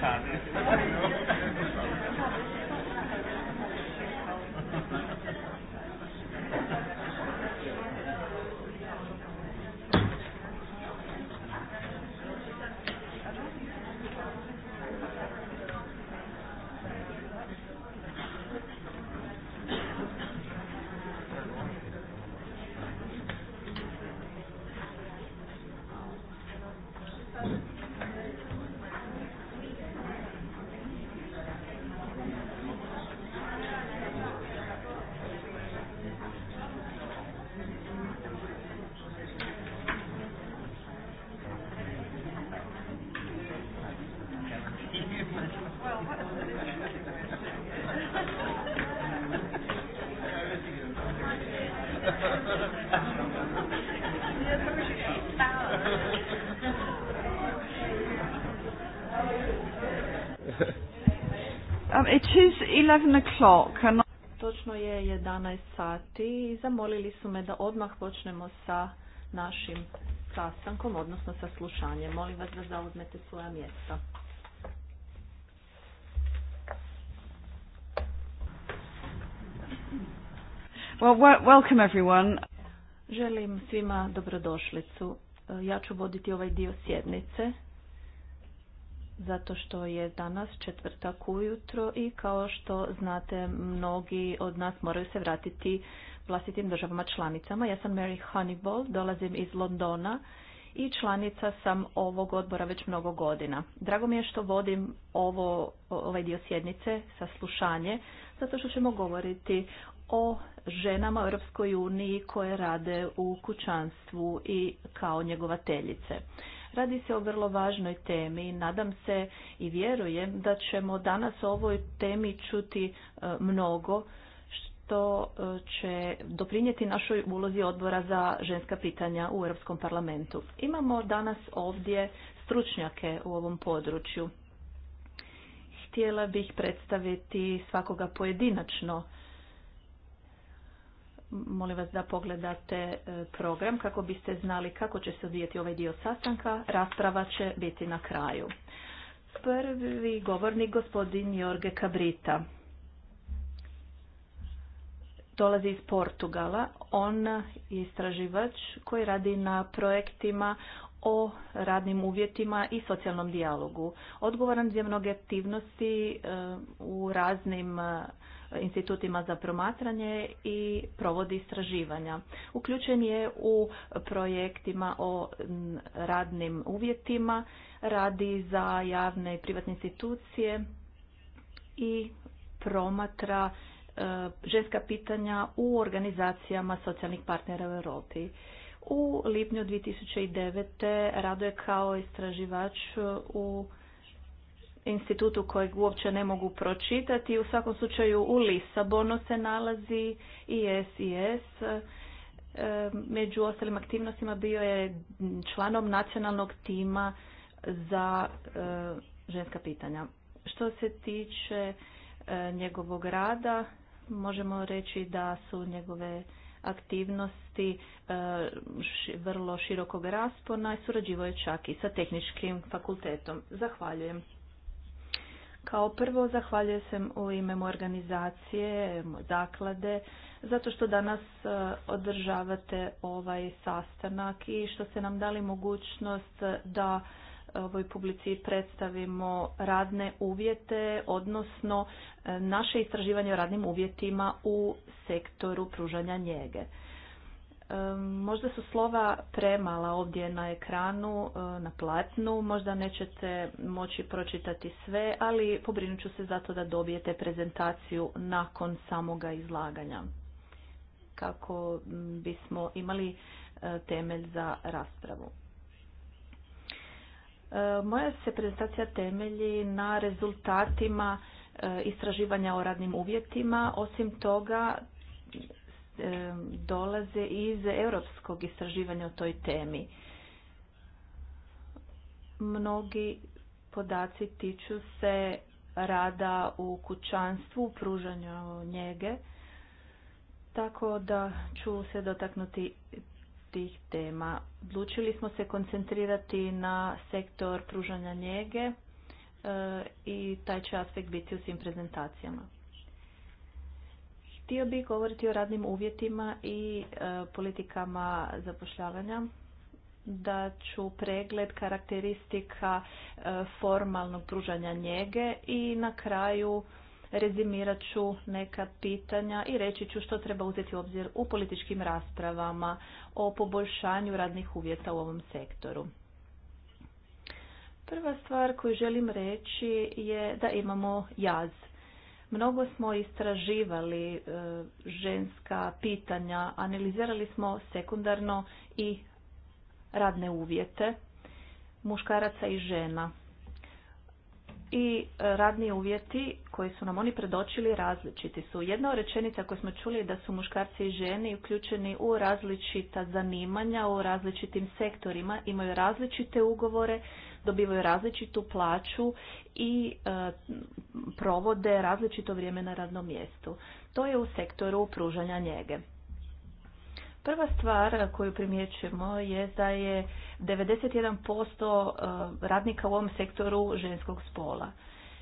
kad 11 Točno je 11 sati i zamolili su me da odmah počnemo sa našim sastankom, odnosno sa slušanjem. Molim vas da zauzmete svoja mjesta. Well, welcome everyone. Želim svima dobrodošlicu. E, ja ću voditi ovaj dio sjednice zato što je danas četvrtak ujutro i kao što znate mnogi od nas moraju se vratiti vlastitim državama članicama. Ja sam Mary Honeyball, dolazim iz Londona i članica sam ovog odbora već mnogo godina. Drago mi je što vodim ovo, ovaj dio sjednice, saslušanje, zato što ćemo govoriti o ženama u Europskoj uniji koje rade u kućanstvu i kao njegovateljice. Radi se o vrlo važnoj temi. Nadam se i vjerujem da ćemo danas o ovoj temi čuti e, mnogo što e, će doprinijeti našoj ulozi odbora za ženska pitanja u Europskom parlamentu. Imamo danas ovdje stručnjake u ovom području. Htjela bih predstaviti svakoga pojedinačno Molim vas da pogledate e, program kako biste znali kako će se odvijeti ovaj dio sastanka. Rasprava će biti na kraju. Prvi govornik gospodin Jorge Cabrita. Dolazi iz Portugala. On je istraživač koji radi na projektima o radnim uvjetima i socijalnom dijalogu. Odgovoran za mnoge aktivnosti e, u raznim institutima za promatranje i provodi istraživanja. Uključen je u projektima o radnim uvjetima, radi za javne i privatne institucije i promatra e, ženska pitanja u organizacijama socijalnih partnera u Europi. U lipnju 2009. rado je kao istraživač u institutu kojeg uopće ne mogu pročitati. U svakom slučaju u Lisabonu se nalazi i SIS. E, među ostalim aktivnostima bio je članom nacionalnog tima za e, ženska pitanja. Što se tiče e, njegovog rada, možemo reći da su njegove aktivnosti vrlo širokog raspona i surađivo je čak i sa tehničkim fakultetom. Zahvaljujem. Kao prvo zahvaljujem se u ime organizacije, zaklade, zato što danas e, održavate ovaj sastanak i što ste nam dali mogućnost da e, ovoj publici predstavimo radne uvjete, odnosno e, naše istraživanje o radnim uvjetima u sektoru pružanja njege. Možda su slova premala ovdje na ekranu, e, na platnu, možda nećete moći pročitati sve, ali pobrinuću ću se zato da dobijete prezentaciju nakon samoga izlaganja kako bismo imali e, temelj za raspravu. E, moja se prezentacija temelji na rezultatima istraživanja o radnim uvjetima. Osim toga, dolaze iz europskog istraživanja o toj temi. Mnogi podaci tiču se rada u kućanstvu, pružanju njege, tako da ću se dotaknuti tih tema. Odlučili smo se koncentrirati na sektor pružanja njege e, i taj će aspekt biti u svim prezentacijama. Htio bih govoriti o radnim uvjetima i e, politikama zapošljavanja da ću pregled karakteristika e, formalnog pružanja njege i na kraju rezimirat ću neka pitanja i reći ću što treba uzeti u obzir u političkim raspravama o poboljšanju radnih uvjeta u ovom sektoru. Prva stvar koju želim reći je da imamo jaz Mnogo smo istraživali e, ženska pitanja, analizirali smo sekundarno i radne uvjete muškaraca i žena. I radni uvjeti koji su nam oni predočili različiti su. Jedna od rečenica koju smo čuli je da su muškarci i ženi uključeni u različita zanimanja, u različitim sektorima, imaju različite ugovore, dobivaju različitu plaću i e, provode različito vrijeme na radnom mjestu. To je u sektoru pružanja njege. Prva stvar koju primjećujemo je da je 91% e, radnika u ovom sektoru ženskog spola.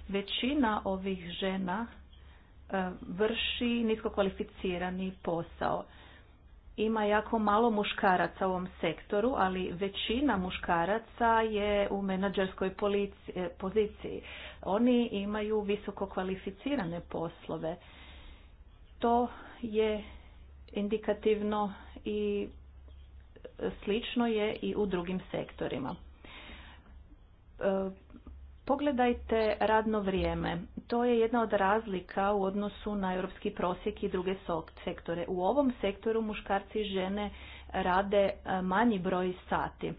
Većina ovih žena e, vrši nisko kvalificirani posao ima jako malo muškaraca u ovom sektoru, ali većina muškaraca je u menadžerskoj e, poziciji. Oni imaju visoko kvalificirane poslove. To je indikativno i slično je i u drugim sektorima. E, Pogledajte radno vrijeme. To je jedna od razlika u odnosu na europski prosjek i druge sektore. U ovom sektoru muškarci i žene rade e, manji broj sati.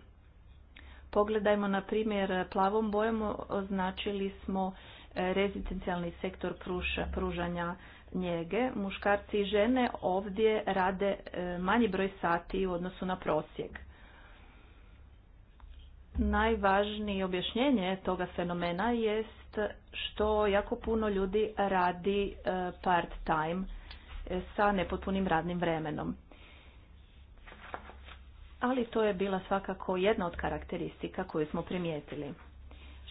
Pogledajmo na primjer plavom bojem označili smo e, rezidencijalni sektor pružanja njege. Muškarci i žene ovdje rade e, manji broj sati u odnosu na prosjek najvažnije objašnjenje toga fenomena jest što jako puno ljudi radi e, part time e, sa nepotpunim radnim vremenom. Ali to je bila svakako jedna od karakteristika koju smo primijetili.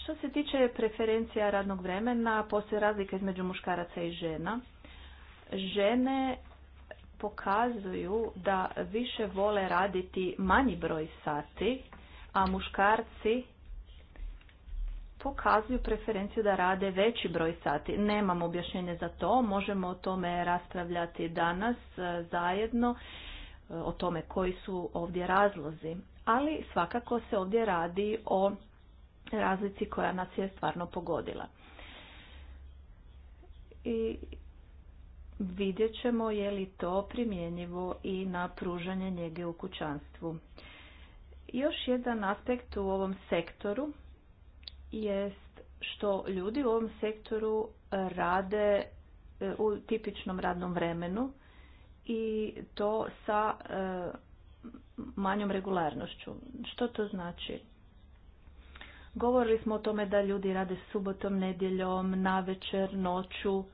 Što se tiče preferencija radnog vremena, postoje razlika između muškaraca i žena. Žene pokazuju da više vole raditi manji broj sati a muškarci pokazuju preferenciju da rade veći broj sati. Nemam objašnjenje za to, možemo o tome raspravljati danas e, zajedno, e, o tome koji su ovdje razlozi. Ali svakako se ovdje radi o razlici koja nas je stvarno pogodila. I vidjet ćemo je li to primjenjivo i na pružanje njege u kućanstvu. Još jedan aspekt u ovom sektoru jest što ljudi u ovom sektoru rade e, u tipičnom radnom vremenu i to sa e, manjom regularnošću. Što to znači? Govorili smo o tome da ljudi rade subotom, nedjeljom, navečer, noću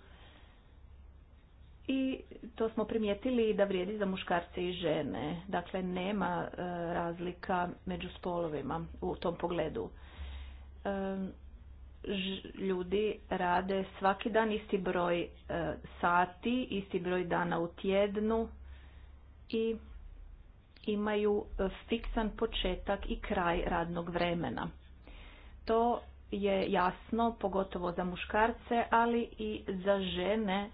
i to smo primijetili da vrijedi za muškarce i žene. Dakle, nema e, razlika među spolovima u tom pogledu. E, ljudi rade svaki dan isti broj e, sati, isti broj dana u tjednu i imaju fiksan početak i kraj radnog vremena. To je jasno pogotovo za muškarce, ali i za žene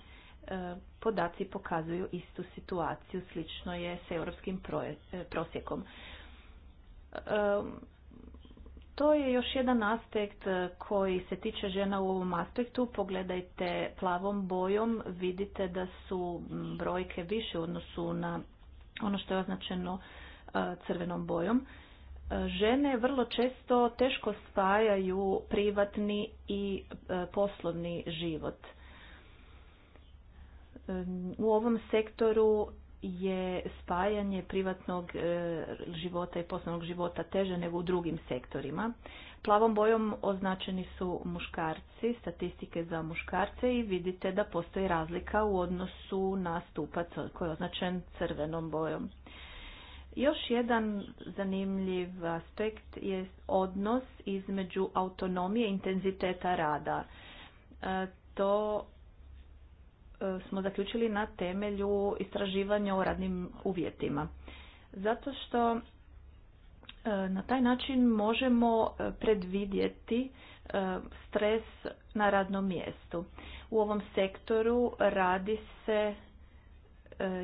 podaci pokazuju istu situaciju, slično je s europskim e, prosjekom. To je još jedan aspekt e, koji se tiče žena u ovom aspektu. Pogledajte plavom bojom, vidite da su brojke više u odnosu na ono što je označeno e, crvenom bojom. Žene vrlo često teško spajaju privatni i poslovni život u ovom sektoru je spajanje privatnog e, života i poslovnog života teže nego u drugim sektorima. Plavom bojom označeni su muškarci, statistike za muškarce i vidite da postoji razlika u odnosu na stupac koji je označen crvenom bojom. Još jedan zanimljiv aspekt je odnos između autonomije i intenziteta rada. E, to E, smo zaključili na temelju istraživanja o radnim uvjetima. Zato što e, na taj način možemo e, predvidjeti stres na radnom mjestu. U ovom sektoru radi se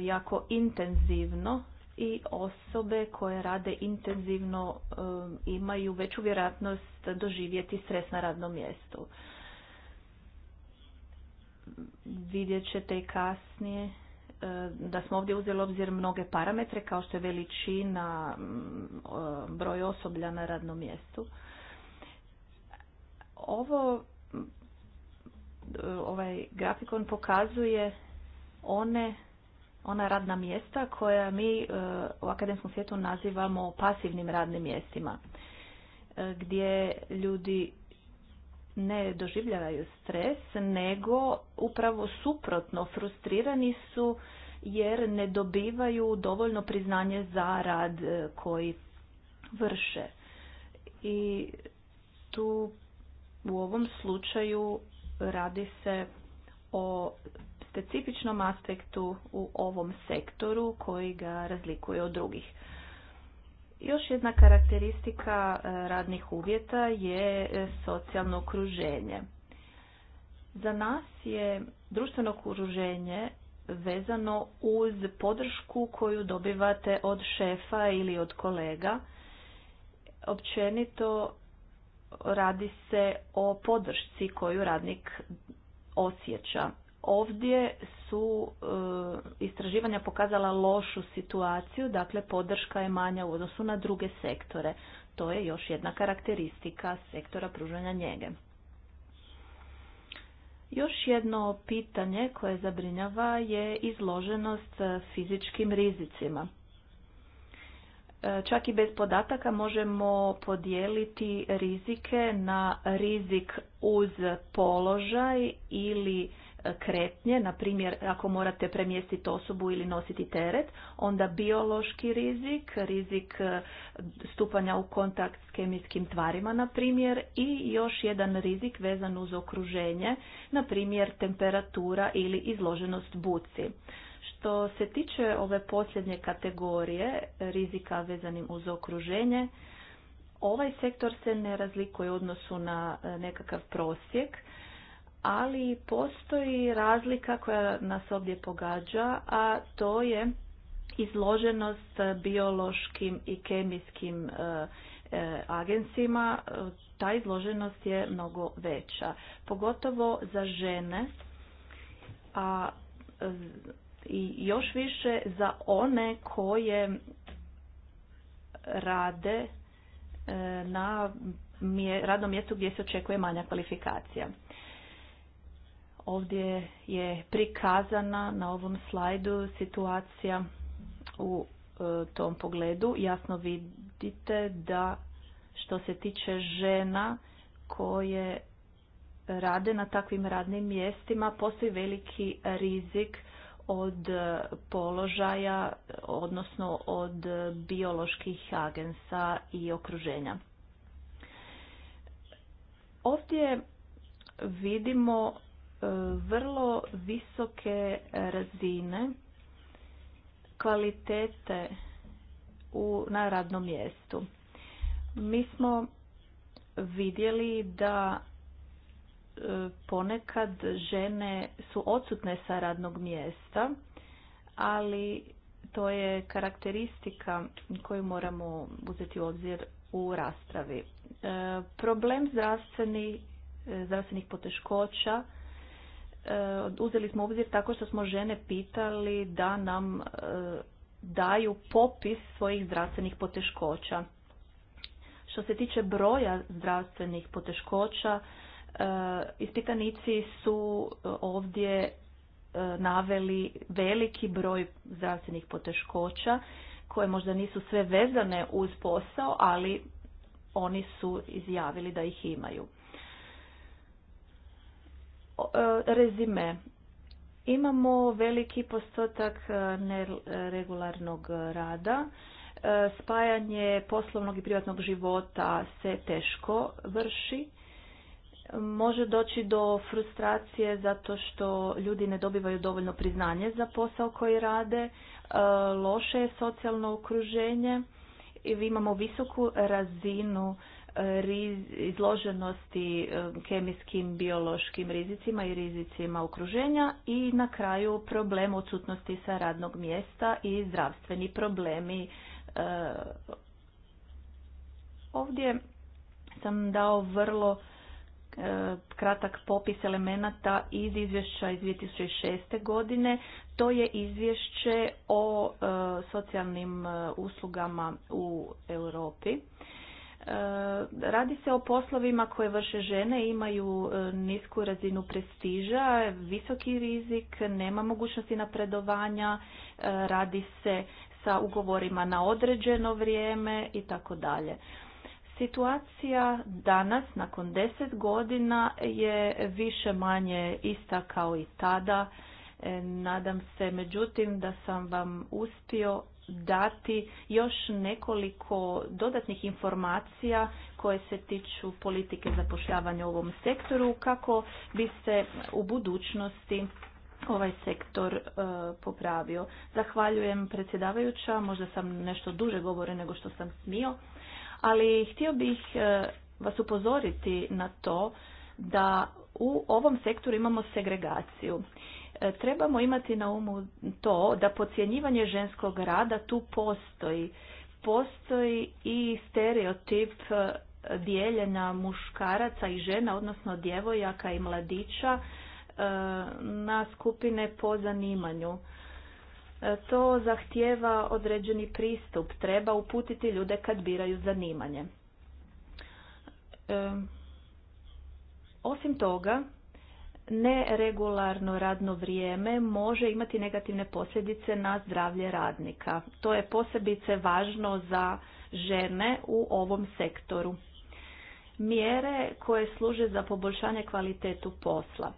jako intenzivno i osobe koje rade intenzivno imaju veću vjerojatnost doživjeti stres na radnom mjestu vidjet ćete i kasnije e, da smo ovdje uzeli obzir mnoge parametre kao što je veličina, e, broj osoblja na radnom mjestu. Ovo, e, ovaj grafikon pokazuje one ona radna mjesta koja mi u akademskom svijetu nazivamo pasivnim radnim mjestima, gdje ljudi ne doživljavaju stres, nego upravo suprotno frustrirani su jer ne dobivaju dovoljno priznanje za rad e, koji vrše. I tu u ovom slučaju radi se o specifičnom aspektu u ovom sektoru koji ga razlikuje od drugih. Još jedna karakteristika e, radnih uvjeta je e, socijalno okruženje. Za nas je društveno okruženje vezano uz podršku koju dobivate od šefa ili od kolega. Općenito radi se o podršci koju radnik osjeća Ovdje su e, istraživanja pokazala lošu situaciju, dakle podrška je manja u odnosu na druge sektore. To je još jedna karakteristika sektora pružanja njege. Još jedno pitanje koje zabrinjava je izloženost fizičkim rizicima. E, čak i bez podataka možemo podijeliti rizike na rizik uz položaj ili kretnje, na primjer ako morate premjestiti osobu ili nositi teret, onda biološki rizik, rizik e, stupanja u kontakt s kemijskim tvarima na primjer i još jedan rizik vezan uz okruženje, na primjer temperatura ili izloženost buci. Što se tiče ove posljednje kategorije rizika vezanim uz okruženje, ovaj sektor se ne razlikuje u odnosu na e, nekakav prosjek ali postoji razlika koja nas ovdje pogađa, a to je izloženost biološkim i kemijskim e, e, agencima. Ta izloženost je mnogo veća, pogotovo za žene, a i još više za one koje rade e, na radnom mjestu gdje se očekuje manja kvalifikacija. Ovdje je prikazana na ovom slajdu situacija u e, tom pogledu. Jasno vidite da što se tiče žena koje rade na takvim radnim mjestima postoji veliki rizik od položaja, odnosno od bioloških agensa i okruženja. Ovdje vidimo E, vrlo visoke razine kvalitete u, na radnom mjestu. Mi smo vidjeli da e, ponekad žene su odsutne sa radnog mjesta, ali to je karakteristika koju moramo uzeti u obzir u raspravi. E, problem zdravstveni, zdravstvenih poteškoća E, uzeli smo obzir tako što smo žene pitali da nam e, daju popis svojih zdravstvenih poteškoća. Što se tiče broja zdravstvenih poteškoća, e, ispitanici su ovdje naveli veliki broj zdravstvenih poteškoća koje možda nisu sve vezane uz posao, ali oni su izjavili da ih imaju. E, rezime. Imamo veliki postotak e, neregularnog rada. E, spajanje poslovnog i privatnog života se teško vrši. Može doći do frustracije zato što ljudi ne dobivaju dovoljno priznanje za posao koji rade, loše je socijalno okruženje i imamo visoku razinu izloženosti kemijskim, biološkim rizicima i rizicima okruženja i na kraju problem odsutnosti sa radnog mjesta i zdravstveni problemi. Eh, ovdje sam dao vrlo eh, kratak popis elemenata iz izvješća iz 2006. godine. To je izvješće o eh, socijalnim uslugama u Europi. E, radi se o poslovima koje vrše žene, imaju e, nisku razinu prestiža, visoki rizik, nema mogućnosti napredovanja, e, radi se sa ugovorima na određeno vrijeme i tako dalje. Situacija danas, nakon deset godina, je više manje ista kao i tada. Nadam se, međutim, da sam vam uspio dati još nekoliko dodatnih informacija koje se tiču politike zapošljavanja u ovom sektoru kako bi se u budućnosti ovaj sektor e, popravio. Zahvaljujem predsjedavajuća, možda sam nešto duže govore nego što sam smio, ali htio bih e, vas upozoriti na to da u ovom sektoru imamo segregaciju E, trebamo imati na umu to da podcjenjivanje ženskog rada tu postoji. Postoji i stereotip e, dijeljena muškaraca i žena, odnosno djevojaka i mladića e, na skupine po zanimanju. To zahtjeva određeni pristup, treba uputiti ljude kad biraju zanimanje. Osim toga, neregularno radno vrijeme može imati negativne posljedice na zdravlje radnika. To je posebice važno za žene u ovom sektoru. Mjere koje služe za poboljšanje kvalitetu posla.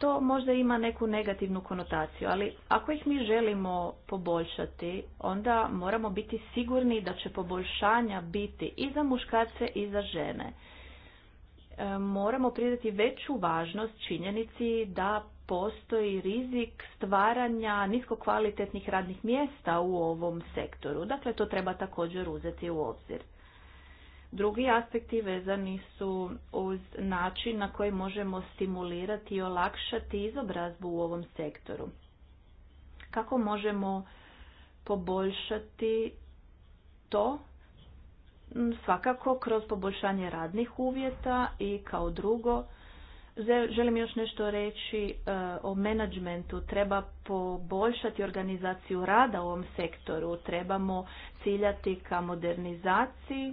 to možda ima neku negativnu konotaciju, ali ako ih mi želimo poboljšati, onda moramo biti sigurni da će poboljšanja biti i za muškarce i za žene. E, moramo pridati veću važnost činjenici da postoji rizik stvaranja niskokvalitetnih radnih mjesta u ovom sektoru. Dakle, to treba također uzeti u obzir. Drugi aspekti vezani su uz način na koji možemo stimulirati i olakšati izobrazbu u ovom sektoru. Kako možemo poboljšati to Mm, svakako kroz poboljšanje radnih uvjeta i kao drugo želim još nešto reći e, o menadžmentu. Treba poboljšati organizaciju rada u ovom sektoru. Trebamo ciljati ka modernizaciji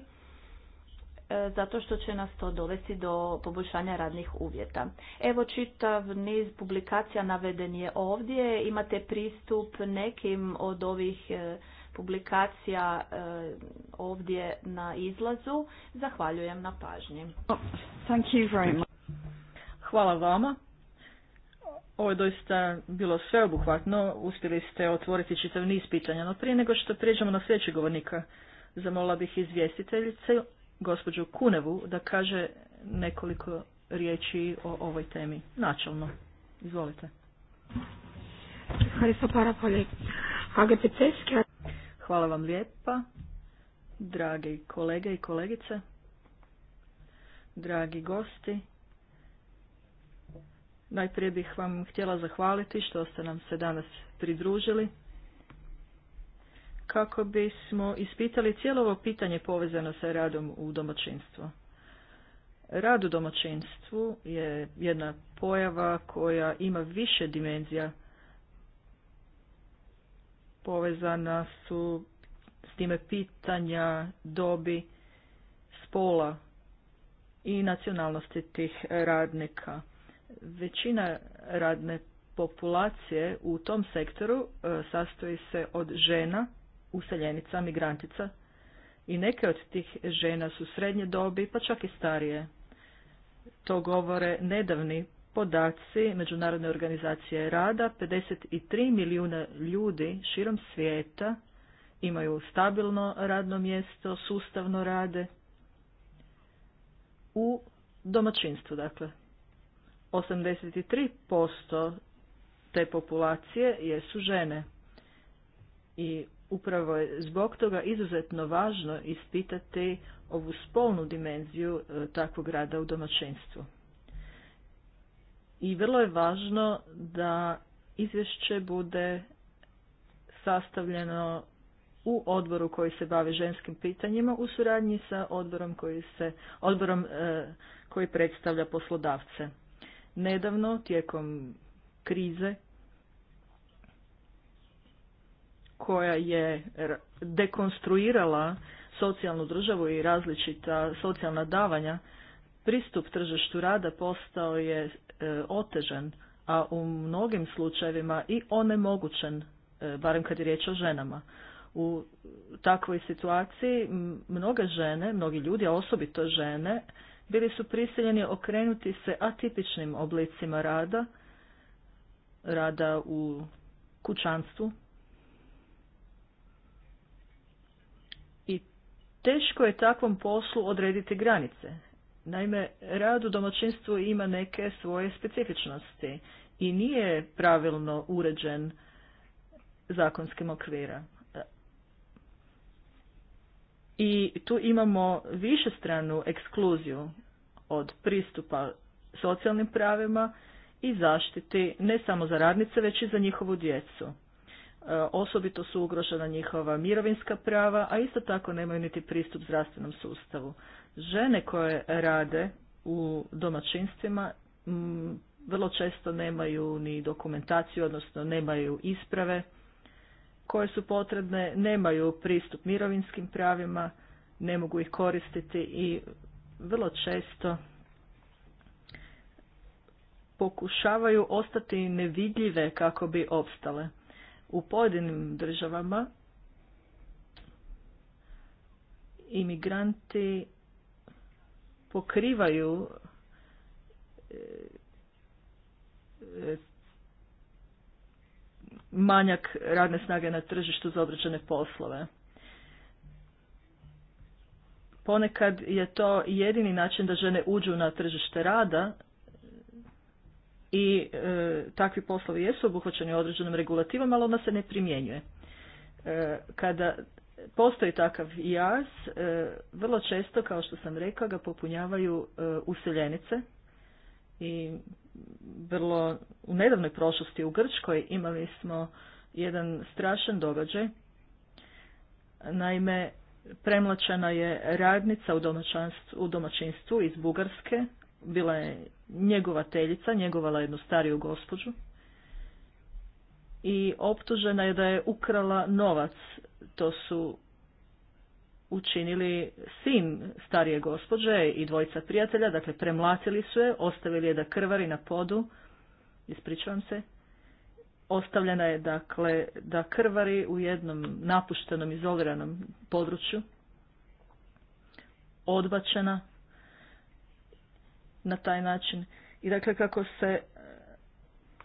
e, zato što će nas to dovesti do poboljšanja radnih uvjeta. Evo čitav niz publikacija naveden je ovdje. Imate pristup nekim od ovih e, publikacija e, ovdje na izlazu. Zahvaljujem na pažnji. Thank Hvala vama. Ovo je doista bilo sveobuhvatno. Uspjeli ste otvoriti čitav niz pitanja. No prije nego što prijeđemo na sljedećeg govornika, zamola bih izvjestiteljice, gospođu Kunevu, da kaže nekoliko riječi o ovoj temi. Načelno. Izvolite. Hvala para Hvala vam lijepa, dragi kolege i kolegice, dragi gosti. Najprije bih vam htjela zahvaliti što ste nam se danas pridružili kako bismo ispitali cijelo ovo pitanje povezano sa radom u domaćinstvu. Rad u domaćinstvu je jedna pojava koja ima više dimenzija povezana su s time pitanja dobi spola i nacionalnosti tih radnika. Većina radne populacije u tom sektoru e, sastoji se od žena, useljenica, migrantica i neke od tih žena su srednje dobi pa čak i starije. To govore nedavni podaci Međunarodne organizacije rada, 53 milijuna ljudi širom svijeta imaju stabilno radno mjesto, sustavno rade u domaćinstvu, dakle. 83% te populacije jesu žene. I upravo je zbog toga izuzetno važno ispitati ovu spolnu dimenziju e, takvog rada u domaćinstvu i vrlo je važno da izvješće bude sastavljeno u odboru koji se bavi ženskim pitanjima u suradnji sa odborom koji se odborom e, koji predstavlja poslodavce. Nedavno tijekom krize koja je dekonstruirala socijalnu državu i različita socijalna davanja Pristup tržištu rada postao je e, otežan, a u mnogim slučajevima i onemogućen, e, barem kad je riječ o ženama. U takvoj situaciji mnoge žene, mnogi ljudi, a osobito žene, bili su prisiljeni okrenuti se atipičnim oblicima rada, rada u kućanstvu. I teško je takvom poslu odrediti granice. Naime, rad u domaćinstvu ima neke svoje specifičnosti i nije pravilno uređen zakonskim okvira. I tu imamo višestranu ekskluziju od pristupa socijalnim pravima i zaštiti ne samo za radnice, već i za njihovu djecu. E, osobito su ugrožena njihova mirovinska prava, a isto tako nemaju niti pristup zdravstvenom sustavu. Žene koje rade u domaćinstvima vrlo često nemaju ni dokumentaciju, odnosno nemaju isprave koje su potrebne, nemaju pristup mirovinskim pravima, ne mogu ih koristiti i vrlo često pokušavaju ostati nevidljive kako bi opstale u pojedinim državama imigranti pokrivaju e, manjak radne snage na tržištu za određene poslove. Ponekad je to jedini način da žene uđu na tržište rada i e, takvi poslovi jesu obuhvaćeni određenom regulativom, ali ona se ne primjenjuje. E, kada postoji takav jaz, e, vrlo često, kao što sam rekla, ga popunjavaju e, useljenice i vrlo u nedavnoj prošlosti u Grčkoj imali smo jedan strašan događaj. Naime, premlačena je radnica u, u domaćinstvu iz Bugarske bila je teljica, njegovala jednu stariju gospođu i optužena je da je ukrala novac. To su učinili sin starije gospođe i dvojica prijatelja, dakle premlatili su je, ostavili je da krvari na podu, ispričavam se, ostavljena je dakle da krvari u jednom napuštenom, izoliranom području, odbačena, na taj način. I dakle kako se e,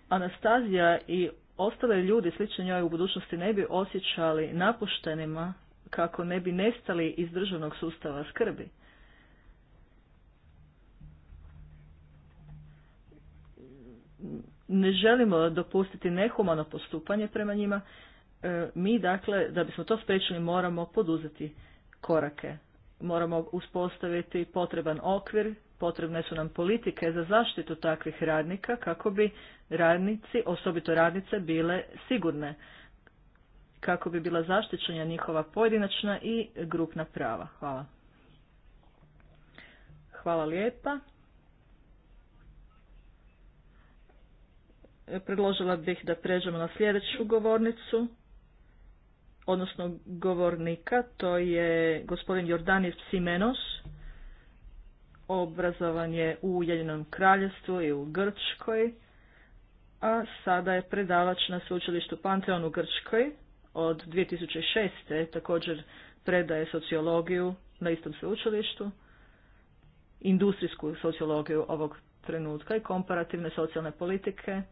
Anastazija i ostale ljudi slični njoj u budućnosti ne bi osjećali napuštenima kako ne bi nestali iz državnog sustava skrbi. Ne želimo dopustiti nehumano postupanje prema njima. E, mi, dakle, da bismo to spriječili, moramo poduzeti korake. Moramo uspostaviti potreban okvir Potrebne su nam politike za zaštitu takvih radnika kako bi radnici, osobito radnice, bile sigurne, kako bi bila zaštićena njihova pojedinačna i grupna prava. Hvala. Hvala lijepa. Predložila bih da pređemo na sljedeću govornicu, odnosno govornika, to je gospodin Jordanis Simenos obrazovan je u Ujedinjenom kraljevstvu i u Grčkoj, a sada je predavač na sveučilištu Panteon u Grčkoj. Od 2006. također predaje sociologiju na istom sveučilištu, industrijsku sociologiju ovog trenutka i komparativne socijalne politike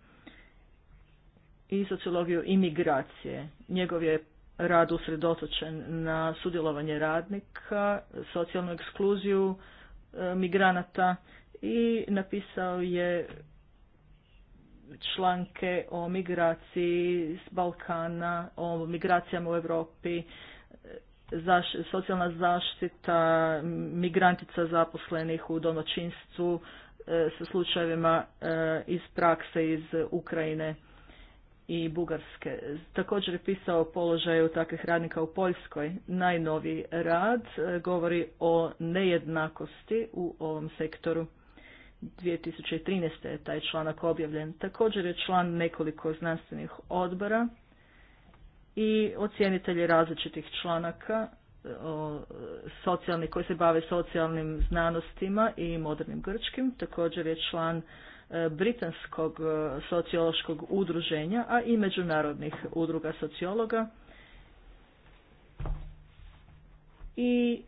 i sociologiju imigracije. Njegov je rad usredotočen na sudjelovanje radnika, socijalnu ekskluziju, E, migranata i napisao je članke o migraciji s Balkana, o migracijama u Europi, e, zaš, socijalna zaštita, migrantica zaposlenih u domaćinstvu, e, sa slučajevima iz prakse iz Ukrajine i Bugarske. Također je pisao o položaju takvih radnika u Poljskoj. Najnoviji rad e, govori o nejednakosti u ovom sektoru. 2013. je taj članak objavljen. Također je član nekoliko znanstvenih odbora i ocjenitelji različitih članaka e, socijalni, koji se bave socijalnim znanostima i modernim grčkim. Također je član E, britanskog e, sociološkog udruženja, a i međunarodnih udruga sociologa. I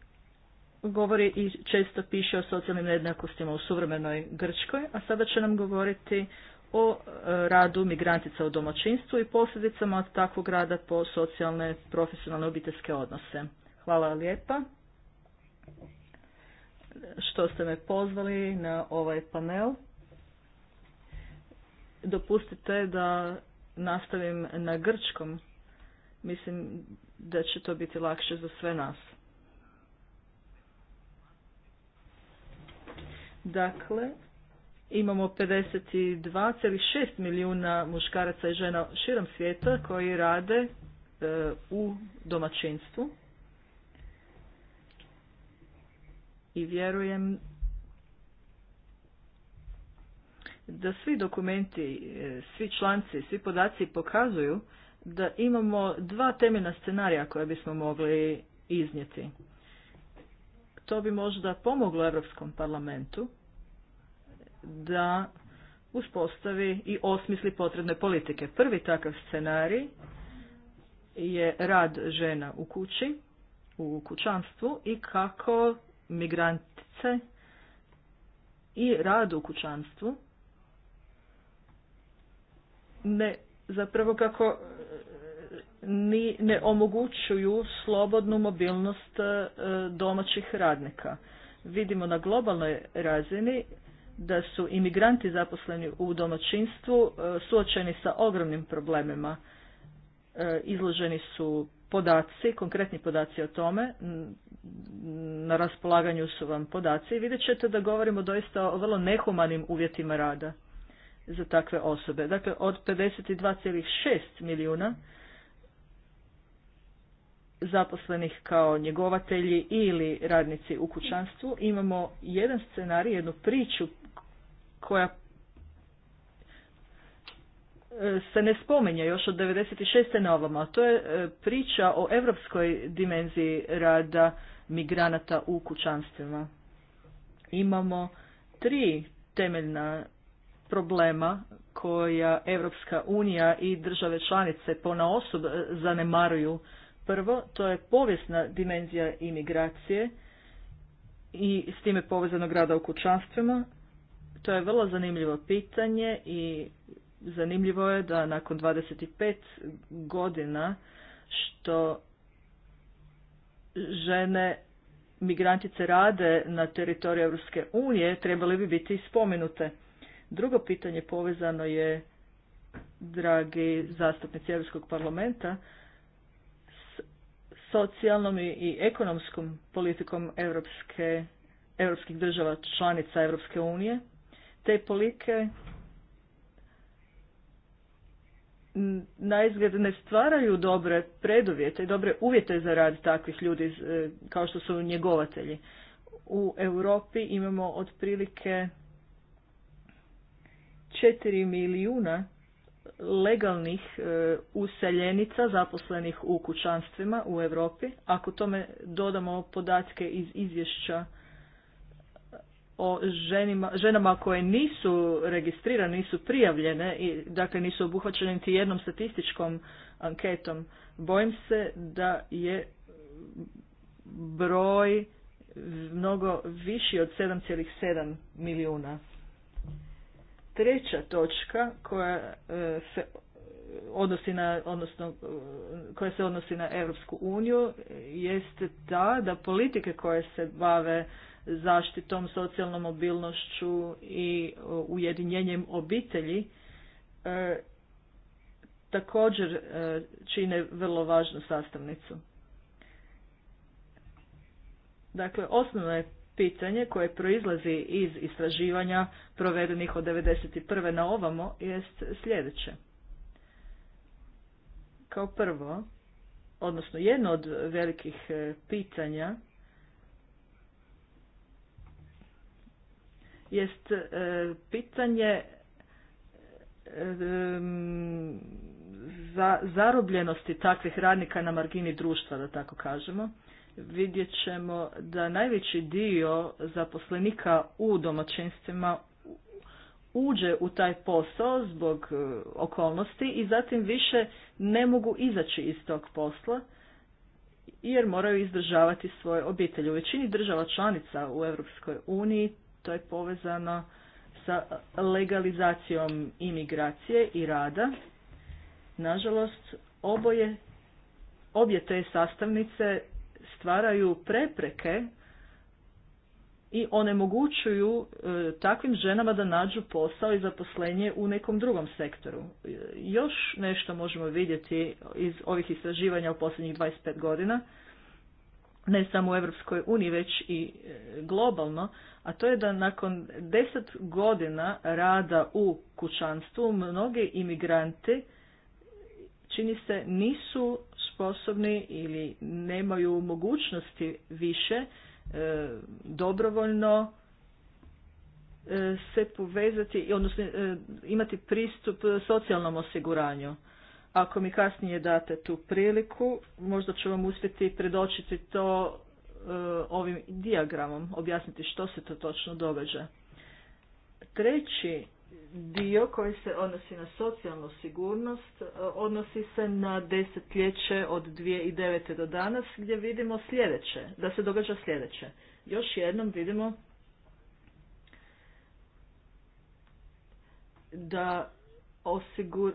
govori i često piše o socijalnim nejednakostima u suvremenoj Grčkoj, a sada će nam govoriti o e, radu migrantica u domaćinstvu i posljedicama takvog rada po socijalne, profesionalne, obiteljske odnose. Hvala lijepa što ste me pozvali na ovaj panel. Dopustite da nastavim na grčkom. Mislim da će to biti lakše za sve nas. Dakle, imamo 52,6 milijuna muškaraca i žena širom svijeta koji rade e, u domaćinstvu. I vjerujem da svi dokumenti, e, svi članci, svi podaci pokazuju da imamo dva temeljna scenarija koja bismo mogli iznijeti. To bi možda pomoglo Europskom parlamentu da uspostavi i osmisli potrebne politike. Prvi takav scenarij je rad žena u kući, u kućanstvu i kako migrantice i rad u kućanstvu ne, zapravo kako e, ni, ne omogućuju slobodnu mobilnost e, domaćih radnika. Vidimo na globalnoj razini da su imigranti zaposleni u domaćinstvu e, suočeni sa ogromnim problemima. Izloženi su podaci, konkretni podaci o tome, na raspolaganju su vam podaci i vidjet ćete da govorimo doista o vrlo nehumanim uvjetima rada za takve osobe. Dakle, od 52,6 milijuna zaposlenih kao njegovatelji ili radnici u kućanstvu, imamo jedan scenarij, jednu priču koja e, se ne spomenja još od 96. na ovamo, a to je e, priča o evropskoj dimenziji rada migranata u kućanstvima. Imamo tri temeljna problema koja Europska unija i države članice ponaosob e, zanemaruju. Prvo, to je povijesna dimenzija imigracije i s time povezanog rada u kućanstvima. To je vrlo zanimljivo pitanje i zanimljivo je da nakon 25 godina što žene migrantice rade na teritoriju Europske unije trebale bi biti spomenute. Drugo pitanje povezano je, dragi zastupnici Europskog parlamenta, s socijalnom i ekonomskom politikom Europske, europskih država članica Europske unije. Te polike na izgled ne stvaraju dobre preduvjete, dobre uvjete za rad takvih ljudi e, kao što su njegovatelji. U Europi imamo otprilike 4 milijuna legalnih e, useljenica zaposlenih u kućanstvima u Europi. Ako tome dodamo podatke iz izvješća e, o ženima, ženama koje nisu registrirane, nisu prijavljene i dakle nisu obuhvaćene niti jednom statističkom anketom, bojim se da je broj mnogo viši od 7,7 milijuna treća točka koja e, se odnosi na, odnosno e, koja se odnosi na Europsku uniju jeste ta da politike koje se bave zaštitom, socijalnom mobilnošću i e, ujedinjenjem obitelji također čine vrlo važnu sastavnicu. Dakle, osnovna je pitanje koje proizlazi iz istraživanja provedenih od 1991. na ovamo jest sljedeće. Kao prvo, odnosno jedno od velikih e, pitanja jest e, pitanje e, za zarobljenosti takvih radnika na margini društva, da tako kažemo vidjet ćemo da najveći dio zaposlenika u domaćinstvima uđe u taj posao zbog e, okolnosti i zatim više ne mogu izaći iz tog posla jer moraju izdržavati svoje obitelji. U većini država članica u Europskoj uniji to je povezano sa legalizacijom imigracije i rada. Nažalost, oboje, obje te sastavnice stvaraju prepreke i onemogućuju e, takvim ženama da nađu posao i zaposlenje u nekom drugom sektoru. E, još nešto možemo vidjeti iz ovih istraživanja u posljednjih 25 godina, ne samo u Europskoj uniji, već i e, globalno, a to je da nakon 10 godina rada u kućanstvu mnogi imigranti čini se nisu sposobni ili nemaju mogućnosti više e, dobrovoljno e, se povezati, odnosno e, imati pristup socijalnom osiguranju. Ako mi kasnije date tu priliku, možda ću vam uspjeti predočiti to ovim dijagramom, objasniti što se to točno događa. Treći dio koji se odnosi na socijalnu sigurnost e, odnosi se na desetljeće od 2009. do danas gdje vidimo sljedeće, da se događa sljedeće. Još jednom vidimo da osigur...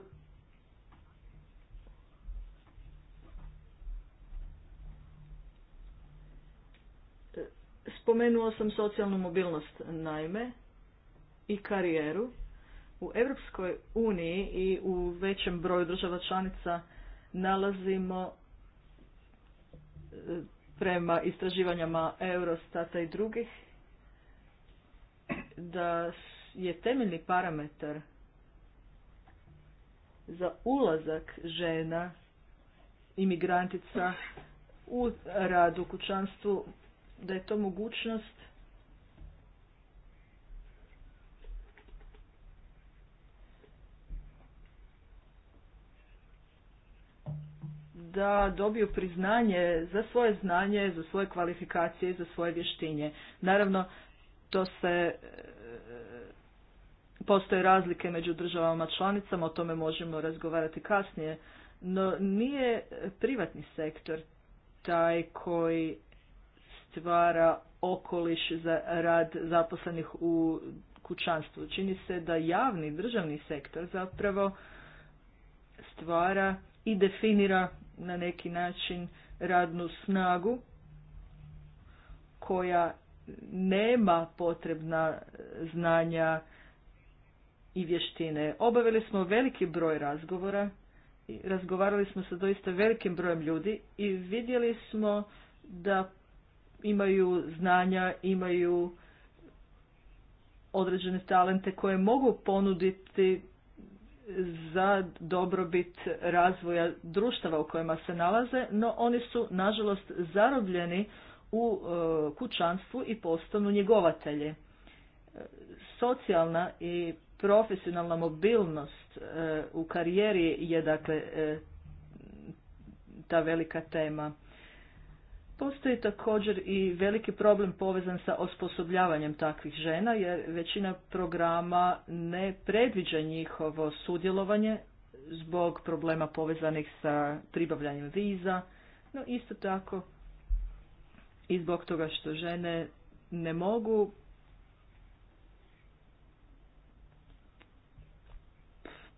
Spomenuo sam socijalnu mobilnost naime i karijeru. U Europskoj uniji i u većem broju država članica nalazimo e, prema istraživanjama Eurostata i drugih da je temeljni parametar za ulazak žena imigrantica u rad u kućanstvu da je to mogućnost da dobiju priznanje za svoje znanje, za svoje kvalifikacije i za svoje vještinje. Naravno, to se e, postoje razlike među državama članicama, o tome možemo razgovarati kasnije, no nije privatni sektor taj koji stvara okoliš za rad zaposlenih u kućanstvu. Čini se da javni državni sektor zapravo stvara i definira na neki način radnu snagu koja nema potrebna znanja i vještine. Obavili smo veliki broj razgovora, razgovarali smo sa doista velikim brojem ljudi i vidjeli smo da imaju znanja, imaju određene talente koje mogu ponuditi za dobrobit razvoja društava u kojima se nalaze, no oni su nažalost zarobljeni u e, kućanstvu i postanu njegovatelji. E, socijalna i profesionalna mobilnost e, u karijeri je dakle ta velika tema. Postoji također i veliki problem povezan sa osposobljavanjem takvih žena, jer većina programa ne predviđa njihovo sudjelovanje zbog problema povezanih sa pribavljanjem viza, no isto tako i zbog toga što žene ne mogu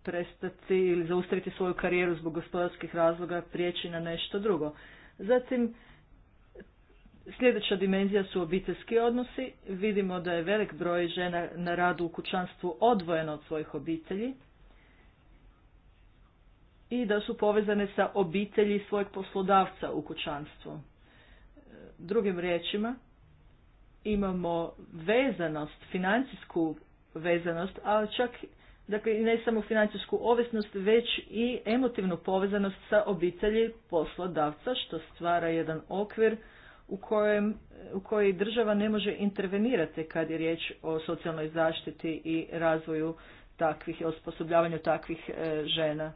prestati ili zaustaviti svoju karijeru zbog gospodarskih razloga, prijeći na nešto drugo. Zatim, Sljedeća dimenzija su obiteljski odnosi. Vidimo da je velik broj žena na radu u kućanstvu odvojeno od svojih obitelji i da su povezane sa obitelji svojeg poslodavca u kućanstvu. Drugim riječima, imamo vezanost, financijsku vezanost, ali čak dakle, ne samo financijsku ovisnost, već i emotivnu povezanost sa obitelji poslodavca, što stvara jedan okvir u, kojem, u kojoj država ne može intervenirati kad je riječ o socijalnoj zaštiti i razvoju takvih i osposobljavanju takvih e, žena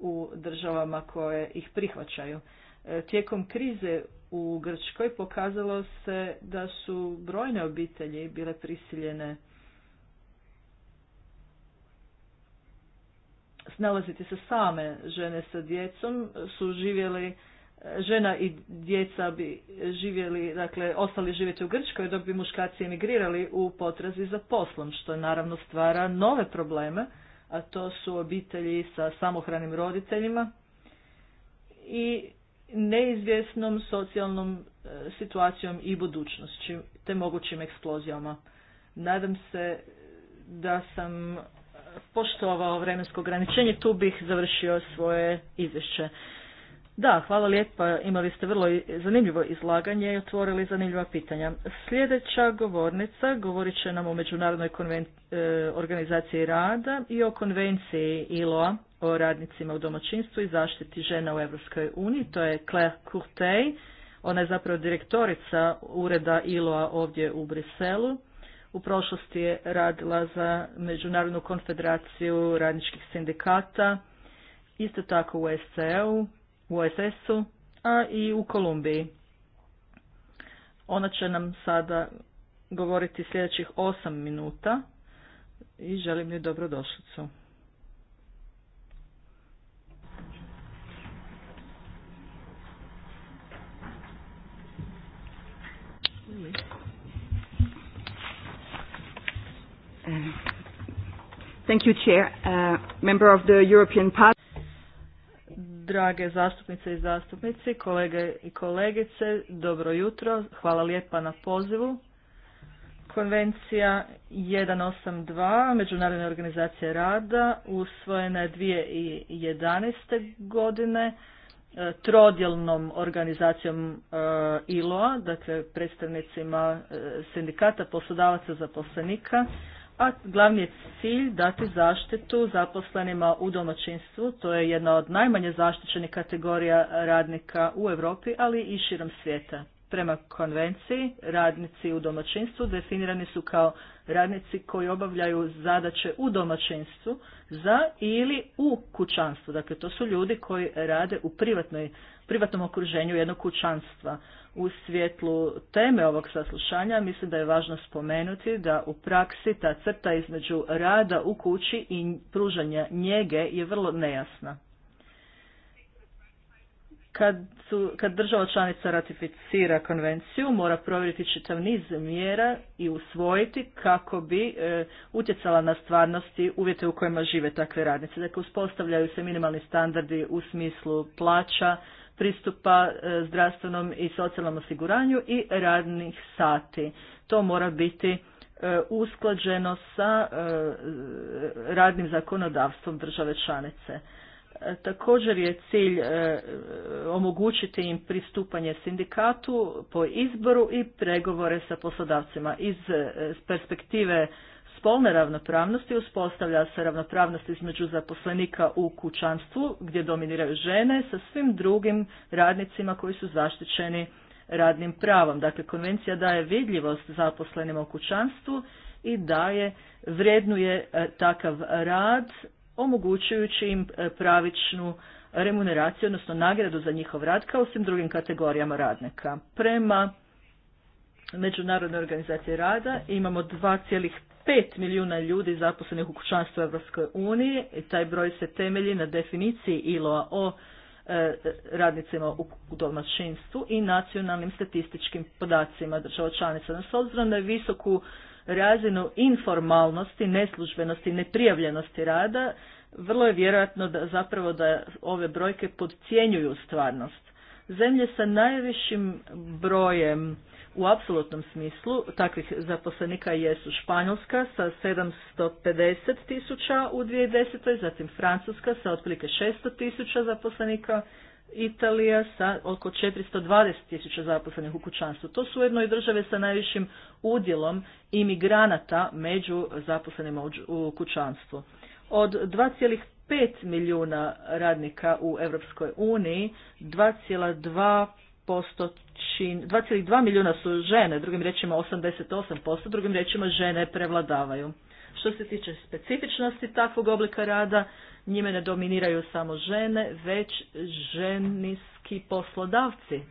u državama koje ih prihvaćaju. E, tijekom krize u Grčkoj pokazalo se da su brojne obitelji bile prisiljene snalaziti se same žene sa djecom, su živjeli žena i djeca bi živjeli, dakle, ostali živjeti u Grčkoj, dok bi muškarci emigrirali u potrazi za poslom, što naravno stvara nove probleme, a to su obitelji sa samohranim roditeljima i neizvjesnom socijalnom e, situacijom i budućnosti, te mogućim eksplozijama. Nadam se da sam poštovao vremensko ograničenje, tu bih završio svoje izvješće. Da, hvala lijepa. Imali ste vrlo zanimljivo izlaganje i otvorili zanimljiva pitanja. Sljedeća govornica govorit će nam o Međunarodnoj e, organizaciji rada i o konvenciji ILO-a o radnicima u domaćinstvu i zaštiti žena u Europskoj uniji. To je Claire Courtey. Ona je zapravo direktorica ureda ILO-a ovdje u Briselu. U prošlosti je radila za Međunarodnu konfederaciju radničkih sindikata, isto tako u SCE-u, u SS-u, a i u Kolumbiji. Ona će nam sada govoriti sljedećih 8 minuta i želim joj dobrodošlicu. Thank you, Chair. Uh, member of the European Parliament. Drage zastupnice i zastupnici, kolege i kolegice, dobro jutro, hvala lijepa na pozivu. Konvencija 182 Međunarodne organizacije rada usvojena je 2011. godine e, trodjelnom organizacijom e, ILO-a, dakle predstavnicima e, sindikata, poslodavaca, zaposlenika a glavni je cilj dati zaštitu zaposlenima u domaćinstvu. To je jedna od najmanje zaštićenih kategorija radnika u Europi, ali i širom svijeta. Prema konvenciji, radnici u domaćinstvu definirani su kao radnici koji obavljaju zadaće u domaćinstvu za ili u kućanstvu. Dakle, to su ljudi koji rade u privatnoj, privatnom okruženju jednog kućanstva. U svjetlu teme ovog saslušanja mislim da je važno spomenuti da u praksi ta crta između rada u kući i pružanja njege je vrlo nejasna. Kad, su, kad država članica ratificira konvenciju, mora provjeriti čitav niz mjera i usvojiti kako bi e, utjecala na stvarnosti uvjete u kojima žive takve radnice. Dakle, uspostavljaju se minimalni standardi u smislu plaća, pristupa e, zdravstvenom i socijalnom osiguranju i radnih sati. To mora biti e, usklađeno sa e, radnim zakonodavstvom države članice. Također je cilj omogućiti im pristupanje sindikatu po izboru i pregovore sa poslodavcima. Iz perspektive spolne ravnopravnosti uspostavlja se ravnopravnost između zaposlenika u kućanstvu gdje dominiraju žene sa svim drugim radnicima koji su zaštićeni radnim pravom. Dakle, konvencija daje vidljivost zaposlenima u kućanstvu i daje, vrednuje e, takav rad omogućujući im e, pravičnu remuneraciju, odnosno nagradu za njihov rad kao svim drugim kategorijama radnika. Prema Međunarodne organizacije rada imamo 5 milijuna ljudi zaposlenih u kućanstvu Evropskoj uniji. Taj broj se temelji na definiciji ILO-a o e, radnicima u domaćinstvu i nacionalnim statističkim podacima država članica. Na s obzirom na visoku razinu informalnosti, neslužbenosti, neprijavljenosti rada, vrlo je vjerojatno da zapravo da ove brojke podcijenjuju stvarnost. Zemlje sa najvišim brojem u apsolutnom smislu takvih zaposlenika jesu Španjolska sa 750 tisuća u 2010. zatim Francuska sa otprilike 600 tisuća zaposlenika, Italija sa oko 420 tisuća zaposlenih u kućanstvu. To su ujedno i države sa najvišim udjelom imigranata među zaposlenima u kućanstvu. Od 2,5 milijuna radnika u Europskoj uniji, 2,2 2,2 milijuna su žene, drugim riječima 88%, drugim riječima žene prevladavaju. Što se tiče specifičnosti takvog oblika rada, njime ne dominiraju samo žene, već ženski poslodavci, e,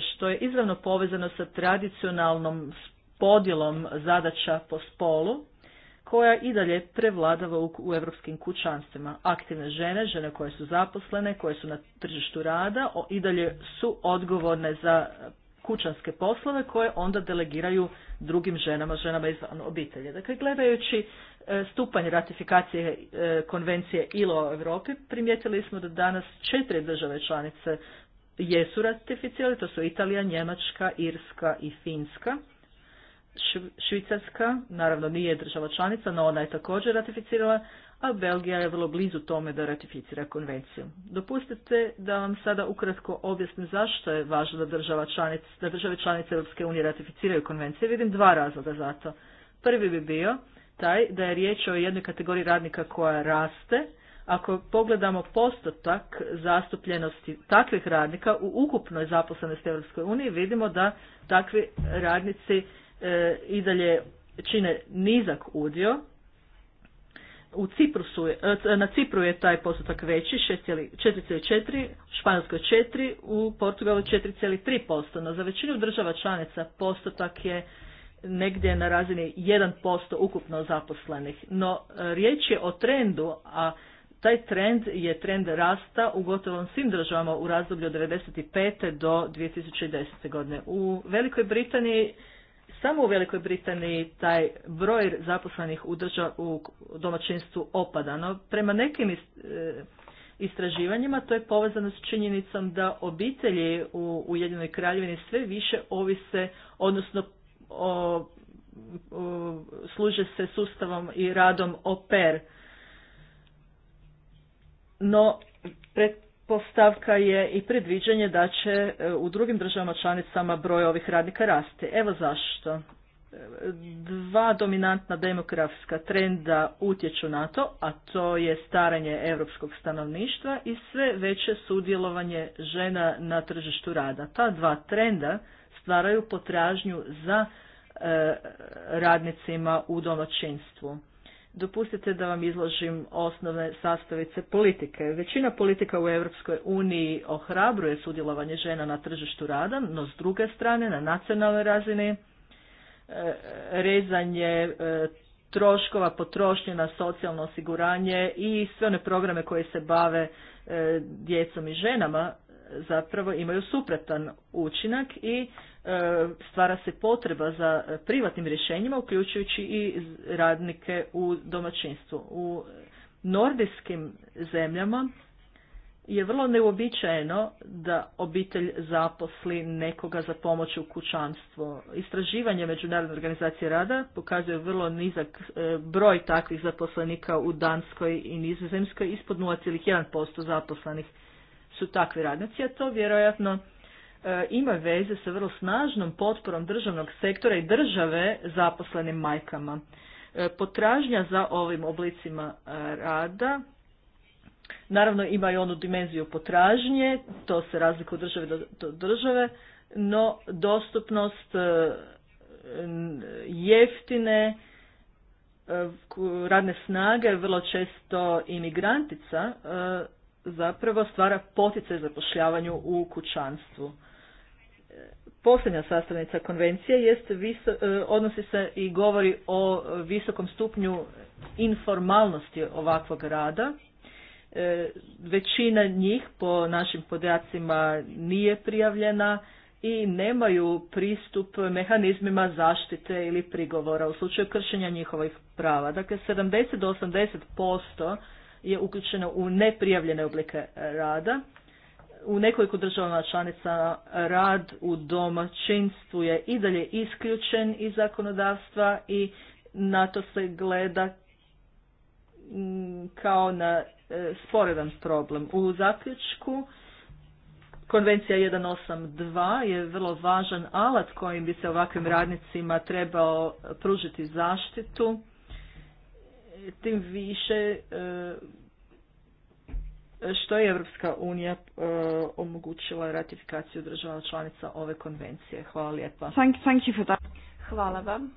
što je izravno povezano sa tradicionalnom podjelom zadaća po spolu, koja i dalje prevladava u, u evropskim kućanstvima. Aktivne žene, žene koje su zaposlene, koje su na tržištu rada, o, i dalje su odgovorne za kućanske poslove koje onda delegiraju drugim ženama, ženama izvan obitelje. Dakle, gledajući e, stupanje ratifikacije e, konvencije ILO u Europi, primijetili smo da danas četiri države članice jesu ratificirale, to su Italija, Njemačka, Irska i Finska. Švicarska, naravno nije država članica, no ona je također ratificirala, a Belgija je vrlo blizu tome da ratificira konvenciju. Dopustite da vam sada ukratko objasnim zašto je važno da, država da države članice Europske unije ratificiraju konvencije. Vidim dva razloga za to. Prvi bi bio taj da je riječ o jednoj kategoriji radnika koja raste. Ako pogledamo postotak zastupljenosti takvih radnika u ukupnoj zaposlenosti Europskoj uniji, vidimo da takvi radnici E, i dalje čine nizak udio. U Ciprusu je, e, na Cipru je taj postotak veći, 4,4, Španjolskoj 4, u Portugalu 4,3%, no za većinu država članica postotak je negdje na razini 1% ukupno zaposlenih. No e, riječ je o trendu, a taj trend je trend rasta u gotovom svim državama u razdoblju od 1995. do 2010. godine. U Velikoj Britaniji samo u Velikoj Britaniji taj broj zaposlenih u, u domaćinstvu opada. No, prema nekim e, istraživanjima to je povezano s činjenicom da obitelji u Ujedinoj kraljevini sve više ovise, odnosno služe se sustavom i radom oper. No, pred postavka je i predviđanje da će e, u drugim državama članicama broj ovih radnika rasti. Evo zašto. E, dva dominantna demografska trenda utječu na to, a to je staranje europskog stanovništva i sve veće sudjelovanje žena na tržištu rada. Ta dva trenda stvaraju potražnju za e, radnicima u domaćinstvu. Dopustite da vam izložim osnovne sastavice politike. Većina politika u Europskoj uniji ohrabruje sudjelovanje žena na tržištu rada, no s druge strane na nacionalnoj razini e, rezanje e, troškova potrošnje na socijalno osiguranje i sve one programe koje se bave e, djecom i ženama zapravo imaju suprotan učinak i e, stvara se potreba za privatnim rješenjima uključujući i radnike u domaćinstvu. U nordijskim zemljama je vrlo neobičajeno da obitelj zaposli nekoga za pomoć u kućanstvo. Istraživanje Međunarodne organizacije rada pokazuje vrlo nizak e, broj takvih zaposlenika u Danskoj i Nizozemskoj, ispod 0,1% zaposlenih su takvi radnici, a to vjerojatno e, ima veze sa vrlo snažnom potporom državnog sektora i države zaposlenim majkama. E, potražnja za ovim oblicima e, rada naravno ima i onu dimenziju potražnje, to se razlikuje od države do države, no dostupnost jeftine radne snage, vrlo često imigrantica, zapravo stvara poticaj zapošljavanju u kućanstvu. Posljednja sastavnica konvencije jest, e, odnosi se i govori o visokom stupnju informalnosti ovakvog rada. E, većina njih po našim podacima nije prijavljena i nemaju pristup mehanizmima zaštite ili prigovora u slučaju kršenja njihovih prava. Dakle, 70 do 80% je uključena u neprijavljene oblike rada. U nekoliko državama članica rad u domaćinstvu je i dalje isključen iz zakonodavstva i na to se gleda mm, kao na e, sporedan problem. U zaključku Konvencija 182 je vrlo važan alat kojim bi se ovakvim radnicima trebao pružiti zaštitu tim više e, što je Evropska unija e, omogućila ratifikaciju država članica ove konvencije. Hvala lijepa. Hvala vam.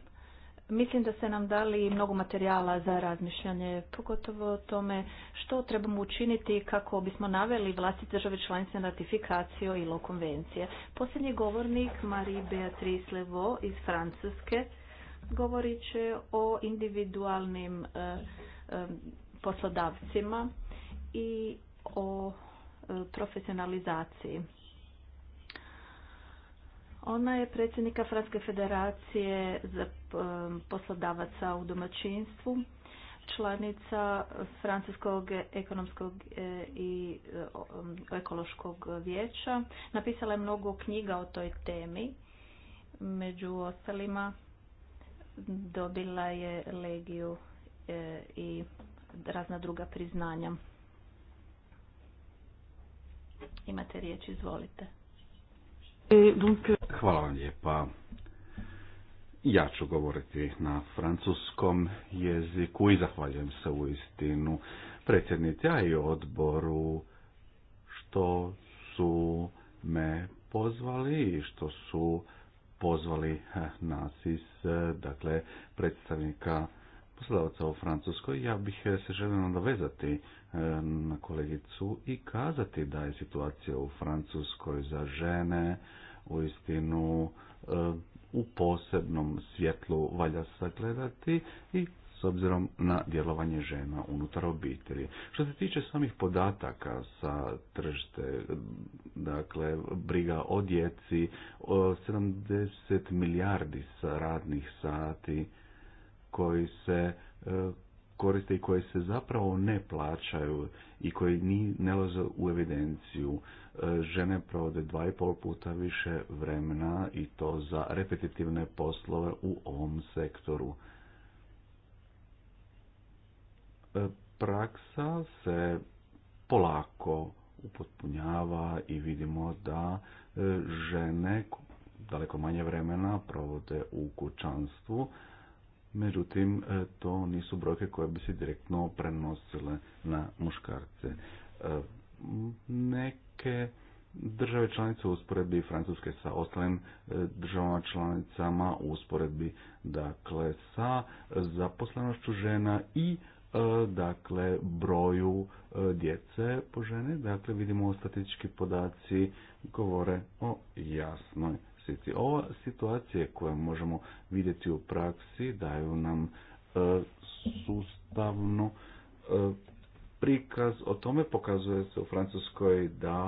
Mislim da ste nam dali mnogo materijala za razmišljanje, pogotovo o tome što trebamo učiniti kako bismo naveli vlastite države članice na ratifikaciju ILO konvencije. Posljednji govornik Marie Beatrice Levo iz Francuske. Govorit će o individualnim e, e, poslodavcima i o e, profesionalizaciji. Ona je predsjednika Franske federacije za poslodavaca u domaćinstvu, članica Francuskog ekonomskog i ekološkog vijeća. Napisala je mnogo knjiga o toj temi, među ostalima dobila je legiju e, i razna druga priznanja. Imate riječ, izvolite. E, euh, Hvala vam lijepa. Ja ću govoriti na francuskom jeziku i zahvaljujem se u istinu predsjednici, a i odboru što su me pozvali i što su pozvali eh, NASIS, eh, dakle predstavnika poslodavaca u Francuskoj. Ja bih eh, se želio nadovezati na kolegicu i kazati da je situacija u Francuskoj za žene u istinu u posebnom svjetlu valja sagledati i s obzirom na djelovanje žena unutar obitelji. Što se tiče samih podataka sa tržište, dakle, briga o djeci, 70 milijardi radnih sati koji se e, koriste i koje se zapravo ne plaćaju i koji ni ne loze u evidenciju. E, žene provode dva i pol puta više vremena i to za repetitivne poslove u ovom sektoru. E, praksa se polako upotpunjava i vidimo da e, žene daleko manje vremena provode u kućanstvu, međutim e, to nisu brojke koje bi se direktno prenosile na muškarce. Neke države članice u usporedbi Francuske sa ostalim državama članicama u usporedbi dakle sa zaposlenošću žena i E, dakle broju e, djece po ženi, dakle vidimo statistički podaci govore o jasnoj Ova situacija koje možemo vidjeti u praksi daju nam e, sustavno prikaz o tome pokazuje se u Francuskoj da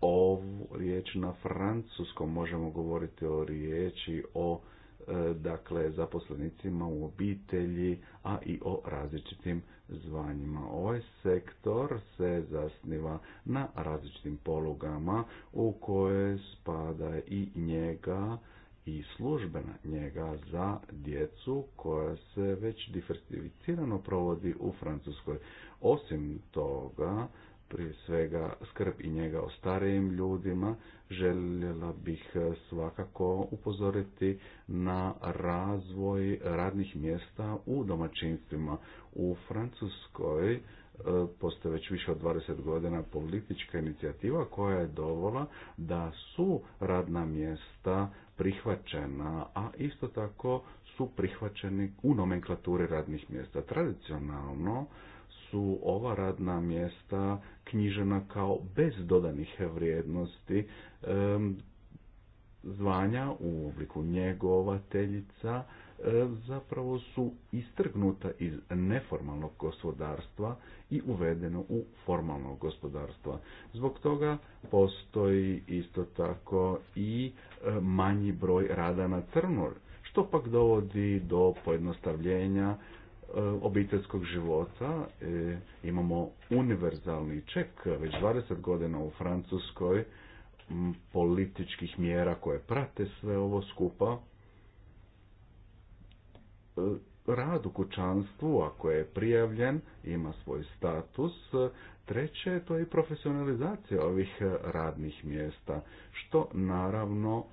ovu riječ na francuskom možemo govoriti o riječi o E, dakle zaposlenicima u obitelji, a i o različitim zvanjima. Ovaj sektor se zasniva na različitim polugama u koje spada i njega i službena njega za djecu koja se već diversificirano provodi u Francuskoj. Osim toga, prije svega skrb i njega o starijim ljudima, željela bih e, svakako upozoriti na razvoj radnih mjesta u domaćinstvima. U Francuskoj e, postoje već više od 20 godina politička inicijativa koja je dovola da su radna mjesta prihvaćena, a isto tako su prihvaćeni u nomenklaturi radnih mjesta. Tradicionalno su ova radna mjesta knjižena kao bez dodanih vrijednosti zvanja u obliku njegovateljica zapravo su istrgnuta iz neformalnog gospodarstva i uvedeno u formalno gospodarstva. Zbog toga postoji isto tako i manji broj rada na crno, što pak dovodi do pojednostavljenja Eh, obiteljskog života. E, imamo univerzalni ček već 20 godina u Francuskoj političkih mjera koje prate sve ovo skupa. Eh, rad u kućanstvu, ako je prijavljen, ima svoj status. Treće, to je i profesionalizacija ovih eh, radnih mjesta, što naravno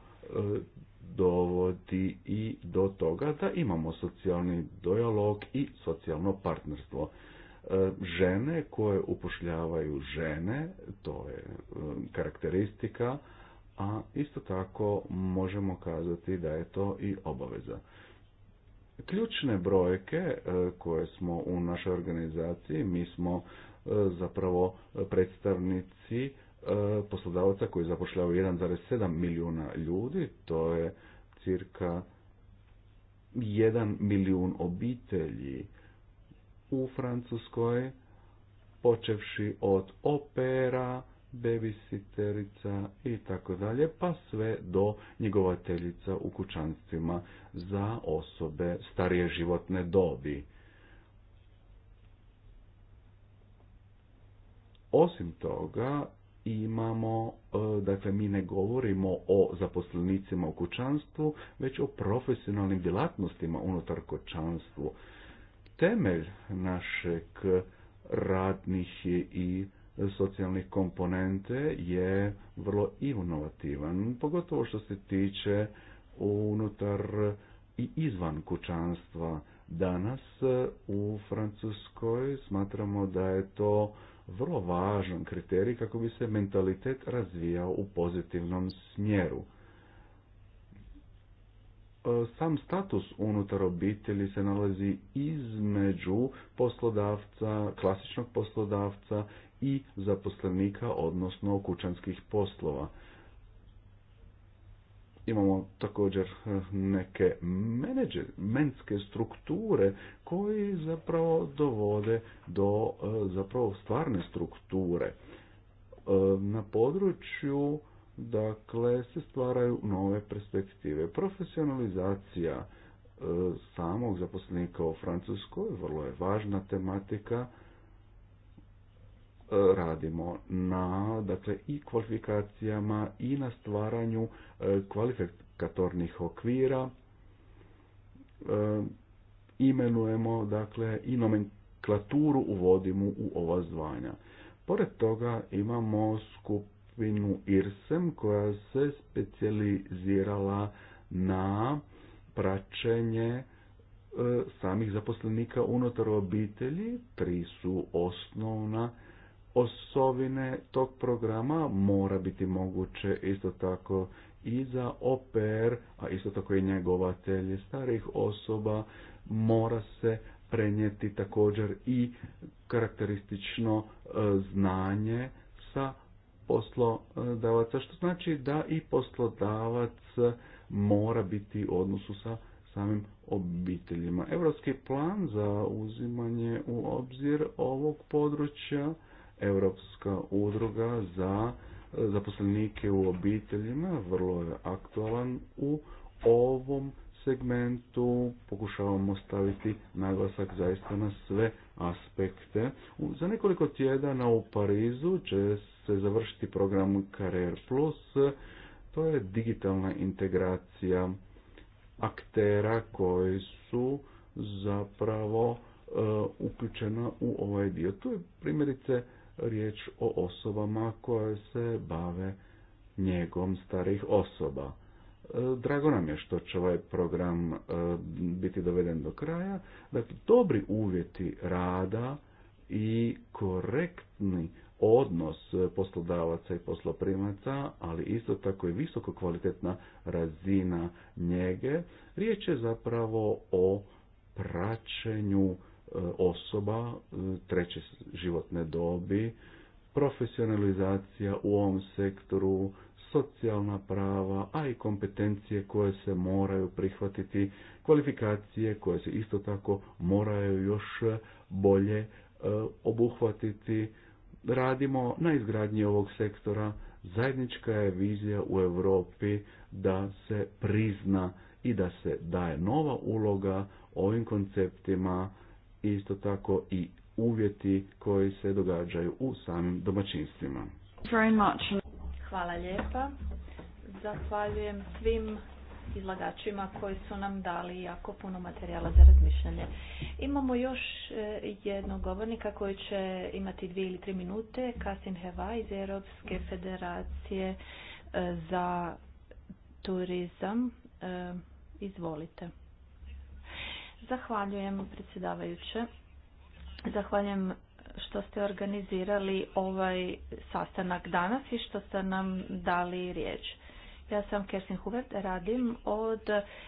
dovodi i do toga da imamo socijalni dijalog i socijalno partnerstvo. E, žene koje upošljavaju žene, to je e, karakteristika, a isto tako možemo kazati da je to i obaveza. Ključne brojke e, koje smo u našoj organizaciji, mi smo zapravo predstavnici E, poslodavaca koji zapošljavaju 1,7 milijuna ljudi, to je cirka 1 milijun obitelji u Francuskoj, počevši od opera, bebisiterica i tako dalje, pa sve do njegovateljica u kućanstvima za osobe starije životne dobi. Osim toga, imamo, e, dakle mi ne govorimo o zaposlenicima u kućanstvu, već o profesionalnim djelatnostima unutar kućanstvu. Temelj našeg radnih i socijalnih komponente je vrlo inovativan, pogotovo što se tiče unutar i izvan kućanstva. Danas u Francuskoj smatramo da je to vrlo važan kriterij kako bi se mentalitet razvijao u pozitivnom smjeru. E, sam status unutar obitelji se nalazi između poslodavca, klasičnog poslodavca i zaposlenika, odnosno kućanskih poslova. Imamo također eh, neke menske strukture koji zapravo dovode do eh, zapravo stvarne strukture. Eh, na području dakle se stvaraju nove perspektive. Profesionalizacija samog zaposlenika u Francuskoj vrlo je važna tematika radimo na dakle i kvalifikacijama i na stvaranju e, kvalifikatornih okvira e, imenujemo dakle i nomenklaturu uvodimo u ova zvanja. Pored toga imamo skupinu IRSEM koja se specijalizirala na praćenje e, samih zaposlenika unutar obitelji. Tri su osnovna osovine tog programa mora biti moguće isto tako i za oper, a isto tako i njegovatelje starih osoba, mora se prenijeti također i karakteristično e, znanje sa poslodavaca, što znači da i poslodavac mora biti u odnosu sa samim obiteljima. Europski plan za uzimanje u obzir ovog područja Europska udruga za zaposlenike u obiteljima vrlo je aktualan u ovom segmentu pokušavamo staviti naglasak zaista na sve aspekte. Za nekoliko tjedana u Parizu će se završiti program Career Plus. To je digitalna integracija aktera koji su zapravo e, uključena u ovaj dio. Tu je primjerice riječ o osobama koje se bave njegom starih osoba. E, drago nam je što će ovaj program e, biti doveden do kraja. Dakle, dobri uvjeti rada i korektni odnos poslodavaca i posloprimaca, ali isto tako i visoko kvalitetna razina njege. Riječ je zapravo o praćenju osoba e, treće životne dobi, profesionalizacija u ovom sektoru, socijalna prava, a i kompetencije koje se moraju prihvatiti, kvalifikacije koje se isto tako moraju još bolje e, obuhvatiti. Radimo na izgradnji ovog sektora, zajednička je vizija u Europi da se prizna i da se daje nova uloga ovim konceptima isto tako i uvjeti koji se događaju u samim domaćinstvima. Hvala lijepa. Zahvaljujem svim izlagačima koji su nam dali jako puno materijala za razmišljanje. Imamo još e, jednog govornika koji će imati dvije ili tri minute, Kasim Heva iz Europske federacije e, za turizam. E, izvolite. Zahvaljujem predsjedavajuće. Zahvaljujem što ste organizirali ovaj sastanak danas i što ste nam dali riječ. Ja sam Kerstin Hubert, radim, od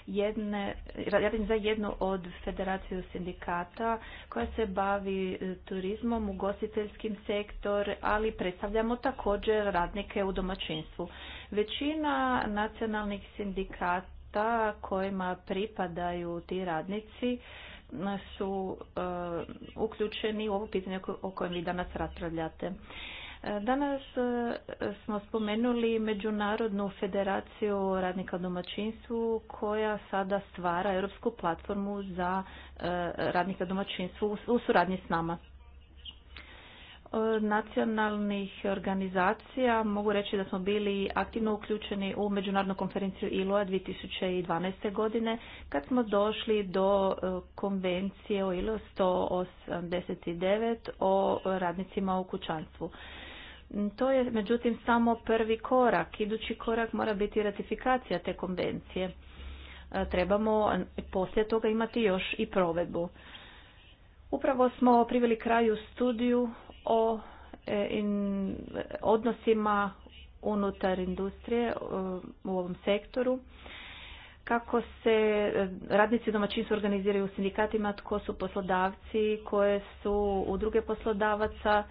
jedne, radim za jednu od federaciju sindikata koja se bavi e, turizmom, ugostiteljskim sektor, ali predstavljamo također radnike u domaćinstvu. Većina nacionalnih sindikata mjesta kojima pripadaju ti radnici su e, uključeni u ovo pitanje o kojem vi danas raspravljate. E, danas e, smo spomenuli Međunarodnu federaciju radnika u domaćinstvu koja sada stvara europsku platformu za radnika domaćinstva domaćinstvu u suradnji s nama nacionalnih organizacija mogu reći da smo bili aktivno uključeni u Međunarodnu konferenciju ILO-a 2012. godine kad smo došli do e, konvencije o ILO 189 o radnicima u kućanstvu. Mm, to je međutim samo prvi korak. Idući korak mora biti ratifikacija te konvencije. E, trebamo poslije toga imati još i provedbu. Upravo smo priveli kraju studiju o e, in, odnosima unutar industrije e, u ovom sektoru kako se e, radnici u domaćinstvu organiziraju u sindikatima, tko su poslodavci, koje su udruge poslodavaca,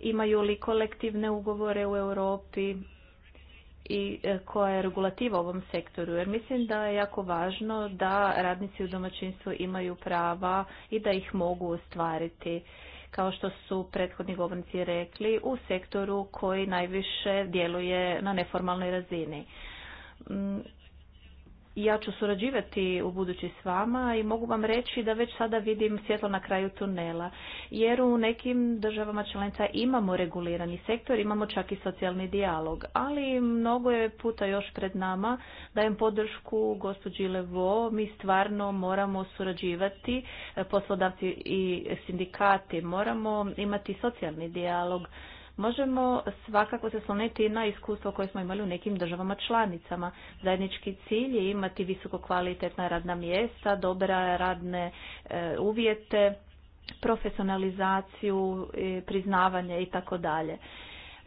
imaju li kolektivne ugovore u Europi i koja je regulativa u ovom sektoru. Jer mislim da je jako važno da radnici u domaćinstvu imaju prava i da ih mogu ostvariti kao što su prethodni govornici rekli, u sektoru koji najviše djeluje na neformalnoj razini mm, ja ću surađivati u budući s vama i mogu vam reći da već sada vidim svjetlo na kraju tunela. Jer u nekim državama članica imamo regulirani sektor, imamo čak i socijalni dijalog. Ali mnogo je puta još pred nama. Dajem podršku gospođi Levo. Mi stvarno moramo surađivati eh, poslodavci i sindikati. Moramo imati socijalni dijalog Možemo svakako se sloniti na iskustvo koje smo imali u nekim državama članicama. Zajednički cilj je imati visoko kvalitetna radna mjesta, dobra radne e, uvjete, profesionalizaciju, e, priznavanje i tako dalje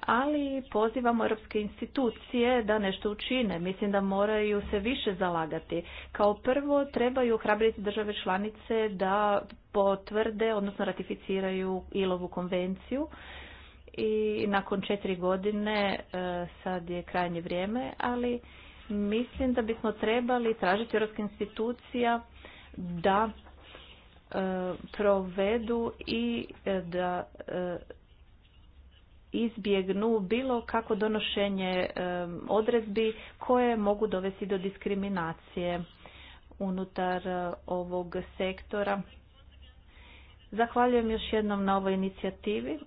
ali pozivamo europske institucije da nešto učine. Mislim da moraju se više zalagati. Kao prvo trebaju hrabriti države članice da potvrde, odnosno ratificiraju ilovu konvenciju i nakon četiri godine e, sad je krajnje vrijeme, ali mislim da bismo trebali tražiti europske institucija da e, provedu i e, da izbjegnu bilo kako donošenje odredbi koje mogu dovesti do diskriminacije unutar ovog sektora. Zahvaljujem još jednom na ovoj inicijativi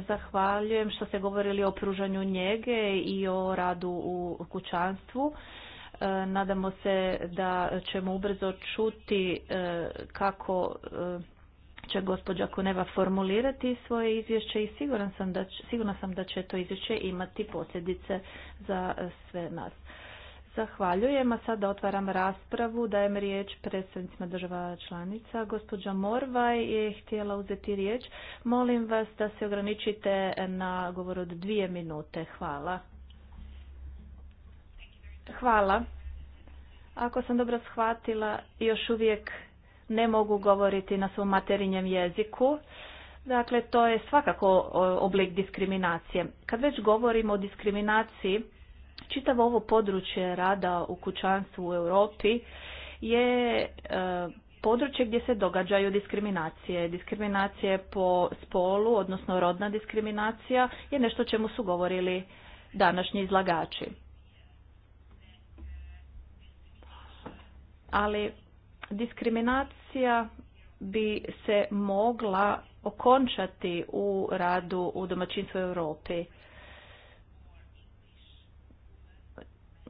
zahvaljujem što ste govorili o pružanju njege i o radu u kućanstvu. E, nadamo se da ćemo ubrzo čuti e, kako e, će gospođa Kuneva formulirati svoje izvješće i siguran sam sigurna sam da će to izvješće imati posljedice za sve nas. Zahvaljujem, a sada otvaram raspravu. Dajem riječ predstavnicima država članica. Gospođa Morvaj je htjela uzeti riječ. Molim vas da se ograničite na govor od dvije minute. Hvala. Hvala. Ako sam dobro shvatila, još uvijek ne mogu govoriti na svom materinjem jeziku. Dakle, to je svakako oblik diskriminacije. Kad već govorimo o diskriminaciji, čitavo ovo područje rada u kućanstvu u Europi je e, područje gdje se događaju diskriminacije. Diskriminacije po spolu, odnosno rodna diskriminacija, je nešto čemu su govorili današnji izlagači. Ali diskriminacija bi se mogla okončati u radu u domaćinstvu Europi.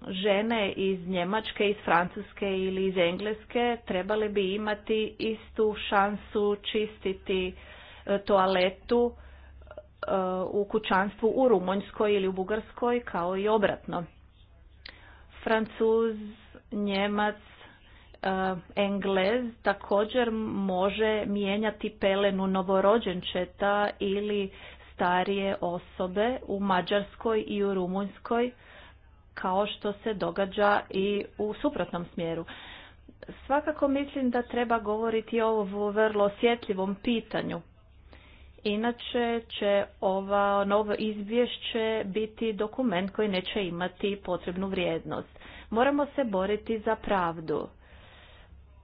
žene iz Njemačke, iz Francuske ili iz Engleske trebale bi imati istu šansu čistiti e, toaletu e, u kućanstvu u Rumunjskoj ili u Bugarskoj kao i obratno. Francuz, Njemac, e, Englez također može mijenjati pelenu novorođenčeta ili starije osobe u Mađarskoj i u Rumunjskoj kao što se događa i u suprotnom smjeru. Svakako mislim da treba govoriti o vrlo osjetljivom pitanju. Inače će ova novo izvješće biti dokument koji neće imati potrebnu vrijednost. Moramo se boriti za pravdu.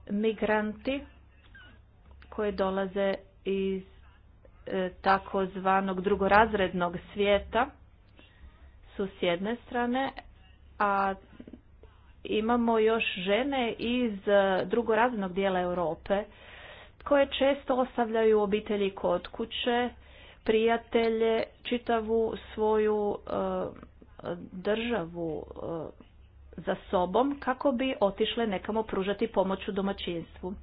Migranti koji dolaze iz e, takozvanog drugorazrednog svijeta su s jedne strane, a imamo još žene iz e, drugoraznog dijela Europe koje često ostavljaju obitelji kod kuće, prijatelje, čitavu svoju e, državu e, za sobom kako bi otišle nekamo pružati pomoć u domaćinstvu.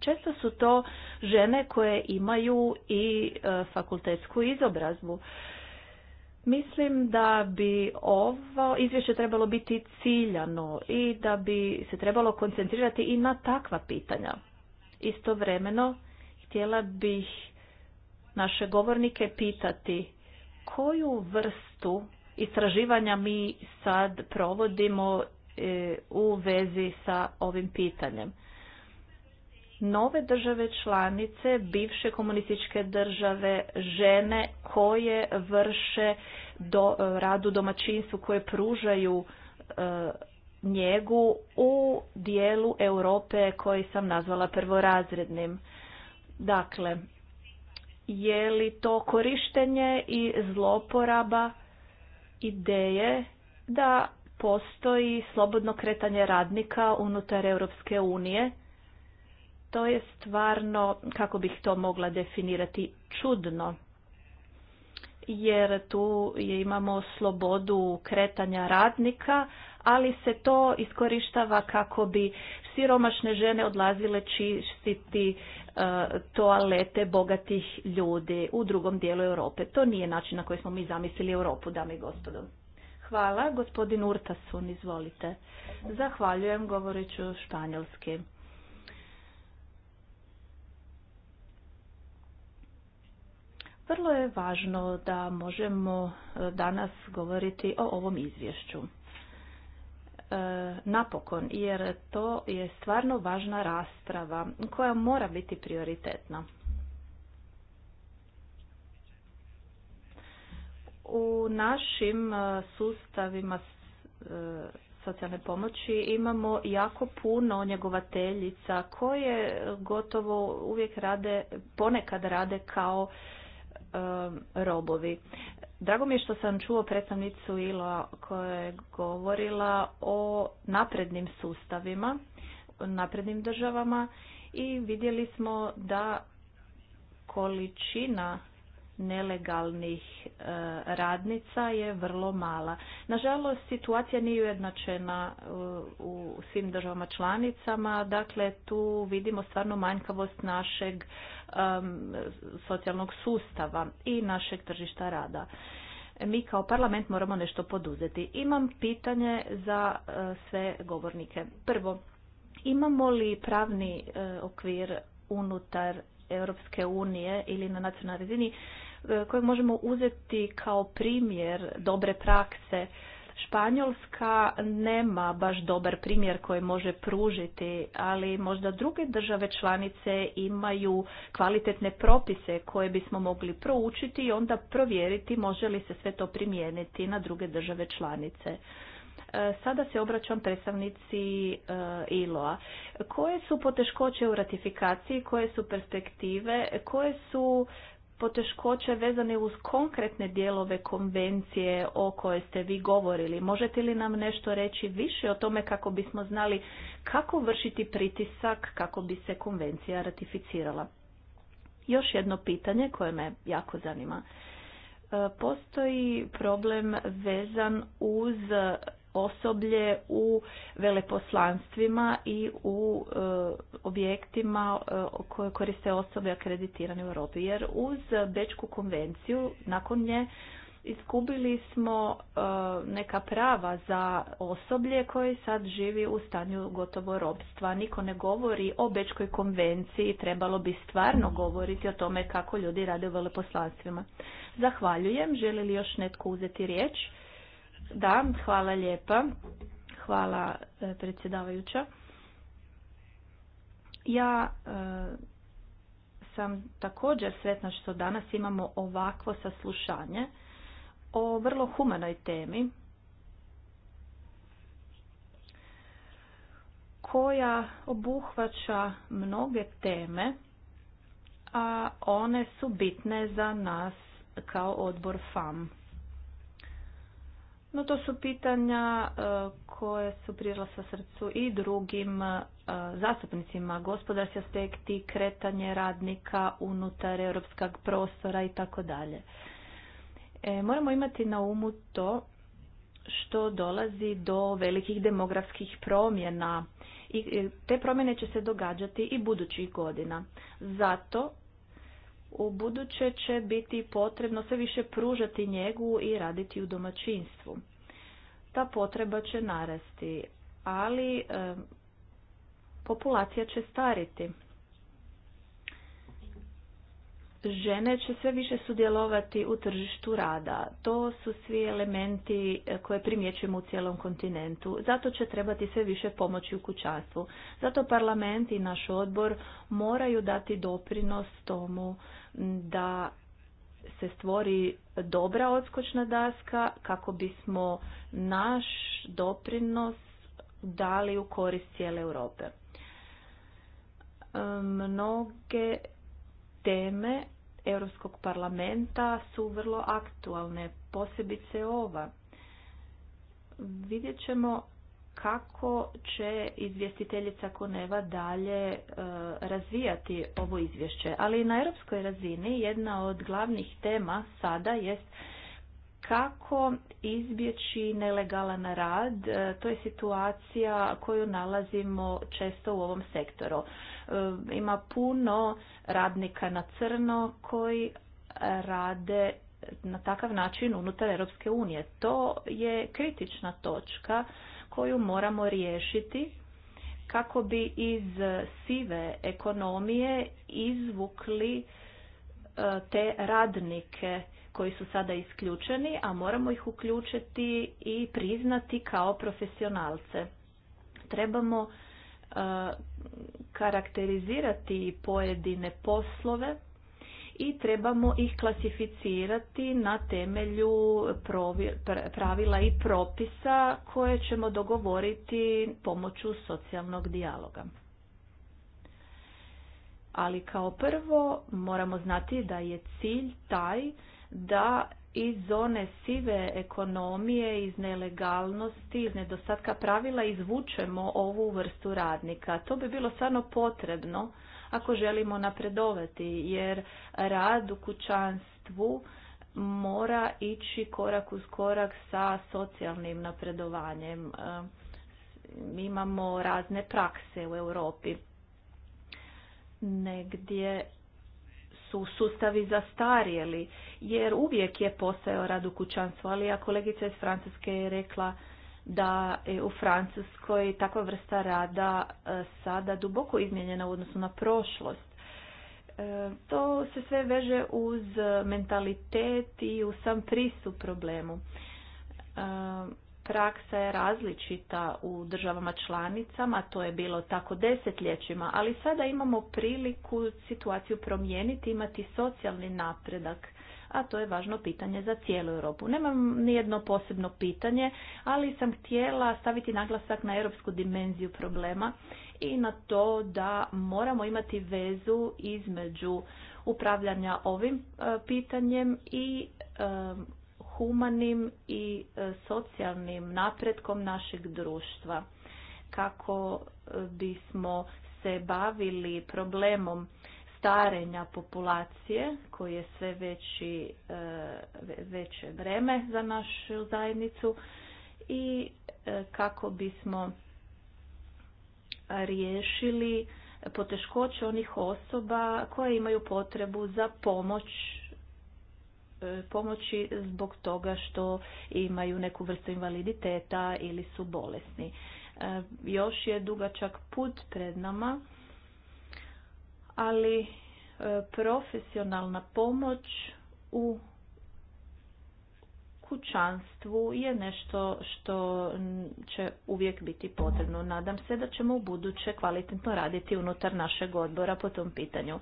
Često su to žene koje imaju i fakultetsku izobrazbu. Mislim da bi ovo izvješće trebalo biti ciljano i da bi se trebalo koncentrirati i na takva pitanja. Istovremeno htjela bih naše govornike pitati koju vrstu istraživanja mi sad provodimo e, u vezi sa ovim pitanjem nove države članice, bivše komunističke države, žene koje vrše do, e, radu domaćinstvu, koje pružaju e, njegu u dijelu Europe koji sam nazvala prvorazrednim. Dakle, je li to korištenje i zloporaba ideje da postoji slobodno kretanje radnika unutar Europske unije? To je stvarno, kako bih to mogla definirati, čudno. Jer tu imamo slobodu kretanja radnika, ali se to iskorištava kako bi siromašne žene odlazile čistiti e, toalete bogatih ljudi u drugom dijelu Europe. To nije način na koji smo mi zamislili Europu, dame i gospodo. Hvala, gospodin Urtasun, izvolite. Zahvaljujem, govorit ću španjolski. Vrlo je važno da možemo e, danas govoriti o ovom izvješću. E, napokon, jer to je stvarno važna rasprava koja mora biti prioritetna. U našim e, sustavima socijalne pomoći imamo jako puno njegovateljica koje gotovo uvijek rade, ponekad rade kao E, robovi. Drago mi je što sam čuo predstavnicu Ilo koja je govorila o naprednim sustavima, naprednim državama i vidjeli smo da količina nelegalnih e, radnica je vrlo mala. Nažalost, situacija nije ujednačena e, u svim državama članicama, dakle tu vidimo stvarno manjkavost našeg Um, socijalnog sustava i našeg tržišta rada. Mi kao parlament moramo nešto poduzeti. Imam pitanje za uh, sve govornike. Prvo, imamo li pravni uh, okvir unutar Europske unije ili na nacionalnoj razini uh, koji možemo uzeti kao primjer dobre prakse Španjolska nema baš dobar primjer koji može pružiti, ali možda druge države članice imaju kvalitetne propise koje bismo mogli proučiti i onda provjeriti može li se sve to primijeniti na druge države članice. E, sada se obraćam predstavnici e, ILO-a. Koje su poteškoće u ratifikaciji, koje su perspektive, koje su poteškoće vezane uz konkretne dijelove konvencije o koje ste vi govorili. Možete li nam nešto reći više o tome kako bismo znali kako vršiti pritisak kako bi se konvencija ratificirala? Još jedno pitanje koje me jako zanima. E, postoji problem vezan uz osoblje u veleposlanstvima i u e, objektima e, koje koriste osobe akreditirane u Europi. Jer uz Bečku konvenciju, nakon nje, iskubili smo e, neka prava za osoblje koje sad živi u stanju gotovo robstva. Niko ne govori o Bečkoj konvenciji, trebalo bi stvarno govoriti o tome kako ljudi rade u veleposlanstvima. Zahvaljujem. Želi li još netko uzeti riječ? Da, hvala lijepa. Hvala e, predsjedavajuća. Ja e, sam također sretna što danas imamo ovakvo saslušanje o vrlo humanoj temi koja obuhvaća mnoge teme, a one su bitne za nas kao odbor FAM. No to su pitanja e, koje su prijela sa srcu i drugim e, zastupnicima, gospodarski aspekti, kretanje radnika unutar europskog prostora i tako dalje. E, moramo imati na umu to što dolazi do velikih demografskih promjena i te promjene će se događati i budućih godina. Zato u buduće će biti potrebno sve više pružati njegu i raditi u domaćinstvu. Ta potreba će narasti, ali e, populacija će stariti. Žene će sve više sudjelovati u tržištu rada. To su svi elementi e, koje primjećujemo u cijelom kontinentu. Zato će trebati sve više pomoći u kućanstvu. Zato parlament i naš odbor moraju dati doprinos tomu da se stvori dobra odskočna daska kako bismo naš doprinos dali u korist cijele Europe. Mnoge teme Europskog parlamenta su vrlo aktualne, posebice ova. Vidjet ćemo kako će izvjestiteljica Koneva dalje e, razvijati ovo izvješće. Ali na europskoj razini jedna od glavnih tema sada jest kako izbjeći nelegalan rad, e, to je situacija koju nalazimo često u ovom sektoru. E, ima puno radnika na crno koji rade na takav način unutar Europske unije. To je kritična točka koju moramo riješiti kako bi iz sive ekonomije izvukli e, te radnike koji su sada isključeni, a moramo ih uključiti i priznati kao profesionalce. Trebamo e, karakterizirati pojedine poslove i trebamo ih klasificirati na temelju pravila i propisa koje ćemo dogovoriti pomoću socijalnog dijaloga. Ali kao prvo moramo znati da je cilj taj da iz zone sive ekonomije, iz nelegalnosti, iz nedostatka pravila izvučemo ovu vrstu radnika. To bi bilo stvarno potrebno ako želimo napredovati jer rad u kućanstvu mora ići korak uz korak sa socijalnim napredovanjem. Mi e, imamo razne prakse u Europi. Negdje su sustavi zastarjeli, jer uvijek je posao rad u kućanstvu, ali ja kolegica iz Francuske je rekla da je u Francuskoj takva vrsta rada e, sada duboko izmijenjena u odnosu na prošlost. E, to se sve veže uz mentalitet i u sam pristup problemu. E, praksa je različita u državama članicama, to je bilo tako desetljećima, ali sada imamo priliku situaciju promijeniti, imati socijalni napredak a to je važno pitanje za cijelu Europu. Nemam nijedno posebno pitanje, ali sam htjela staviti naglasak na europsku dimenziju problema i na to da moramo imati vezu između upravljanja ovim e, pitanjem i e, humanim i e, socijalnim napretkom našeg društva kako bismo se bavili problemom starenja populacije koji je sve veći, e, veće vreme za našu zajednicu i e, kako bismo riješili poteškoće onih osoba koje imaju potrebu za pomoć e, pomoći zbog toga što imaju neku vrstu invaliditeta ili su bolesni. Još je dugačak put pred nama ali e, profesionalna pomoć u kućanstvu je nešto što će uvijek biti potrebno. Nadam se da ćemo u buduće kvalitetno raditi unutar našeg odbora po tom pitanju.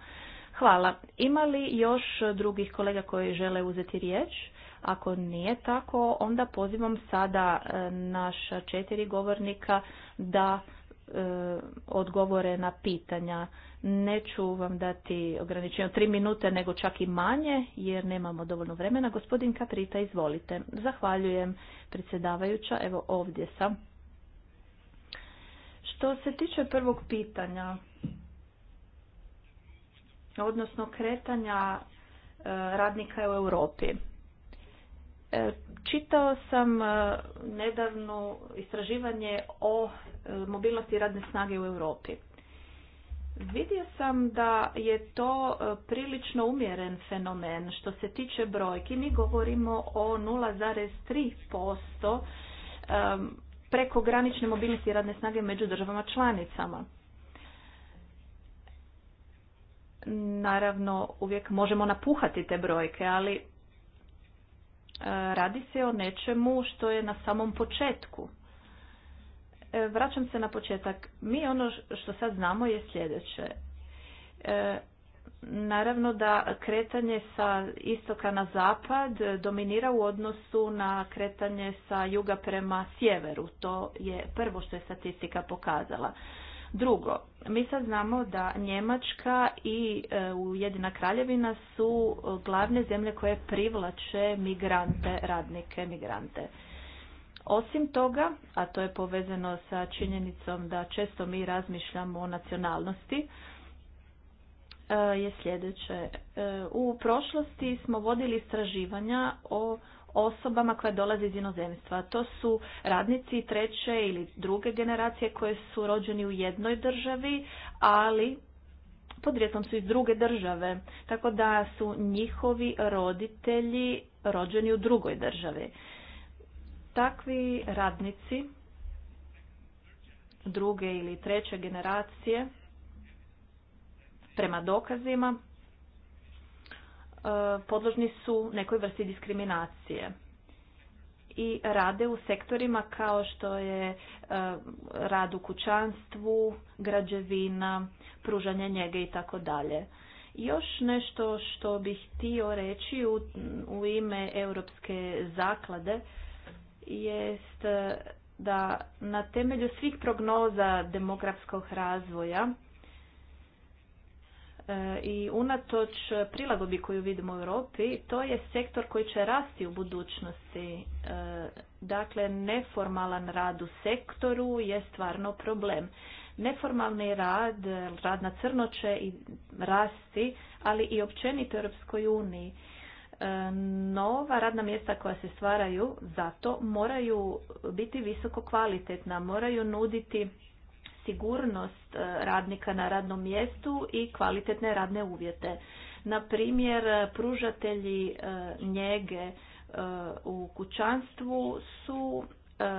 Hvala. Ima li još drugih kolega koji žele uzeti riječ? Ako nije tako, onda pozivam sada e, naša četiri govornika da E, odgovore na pitanja. Neću vam dati ograničenje tri minute, nego čak i manje, jer nemamo dovoljno vremena. Gospodin Katrita, izvolite. Zahvaljujem predsjedavajuća. Evo ovdje sam. Što se tiče prvog pitanja, odnosno kretanja e, radnika u Europi. E, čitao sam e, nedavno istraživanje o e, mobilnosti radne snage u Europi. Vidio sam da je to prilično umjeren fenomen. Što se tiče brojki, mi govorimo o 0,3% granične mobilnosti radne snage među državama članicama. Naravno, uvijek možemo napuhati te brojke, ali E, radi se o nečemu što je na samom početku. E, vraćam se na početak. Mi ono što sad znamo je sljedeće. E, naravno da kretanje sa istoka na zapad dominira u odnosu na kretanje sa juga prema sjeveru. To je prvo što je statistika pokazala. Drugo, mi sad znamo da Njemačka i e, Ujedina Kraljevina su glavne zemlje koje privlače migrante, radnike, migrante. Osim toga, a to je povezano sa činjenicom da često mi razmišljamo o nacionalnosti, e, je sljedeće. E, u prošlosti smo vodili istraživanja o osobama koje dolaze iz inozemstva. To su radnici treće ili druge generacije koje su rođeni u jednoj državi, ali podrijetlom su iz druge države, tako da su njihovi roditelji rođeni u drugoj državi. Takvi radnici druge ili treće generacije prema dokazima podložni su nekoj vrsti diskriminacije i rade u sektorima kao što je e, rad u kućanstvu, građevina, pružanje njege i tako dalje. Još nešto što bih htio reći u, u ime Europske zaklade jest e, da na temelju svih prognoza demografskog razvoja E, i unatoč prilagodbi koju vidimo u Europi, to je sektor koji će rasti u budućnosti. E, dakle, neformalan rad u sektoru je stvarno problem. Neformalni rad, rad na crno će i rasti, ali i općenito Europskoj uniji. E, nova radna mjesta koja se stvaraju zato moraju biti visoko kvalitetna, moraju nuditi sigurnost e, radnika na radnom mjestu i kvalitetne radne uvjete. Na primjer, pružatelji e, njege e, u kućanstvu su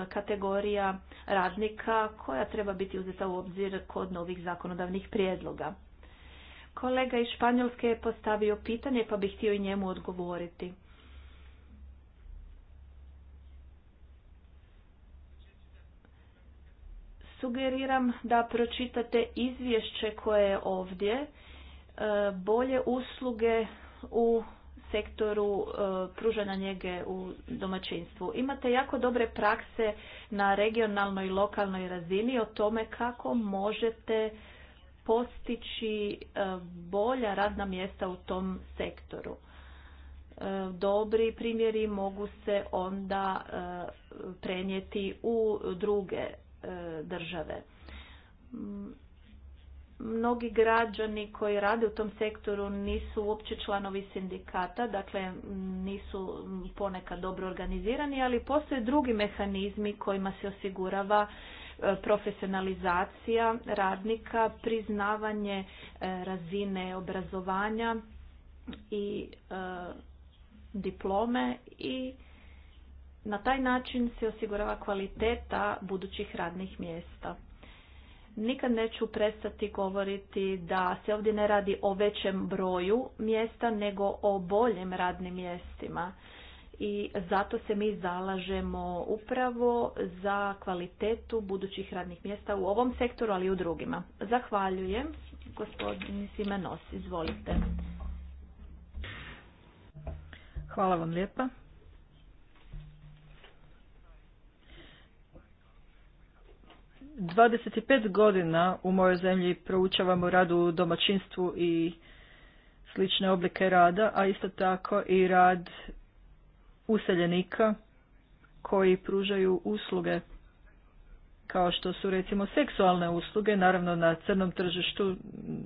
kategorija radnika koja treba biti uzeta u obzir kod novih zakonodavnih prijedloga. Kolega iz Španjolske je postavio pitanje pa bih htio i njemu odgovoriti. sugeriram da pročitate izvješće koje je ovdje, e, bolje usluge u sektoru e, pružanja njege u domaćinstvu. Imate jako dobre prakse na regionalnoj i lokalnoj razini o tome kako možete postići e, bolja radna mjesta u tom sektoru. Dobri primjeri mogu se onda prenijeti u druge države. Mnogi građani koji rade u tom sektoru nisu uopće članovi sindikata, dakle nisu ponekad dobro organizirani, ali postoje drugi mehanizmi kojima se osigurava e, profesionalizacija radnika, priznavanje e, razine obrazovanja i e, diplome i na taj način se osigurava kvaliteta budućih radnih mjesta. Nikad neću prestati govoriti da se ovdje ne radi o većem broju mjesta, nego o boljim radnim mjestima. I zato se mi zalažemo upravo za kvalitetu budućih radnih mjesta u ovom sektoru, ali i u drugima. Zahvaljujem. Gospodin Simenos, izvolite. Hvala vam lijepa. 25 godina u mojoj zemlji proučavamo rad u domaćinstvu i slične oblike rada, a isto tako i rad useljenika koji pružaju usluge kao što su recimo seksualne usluge, naravno na crnom tržištu,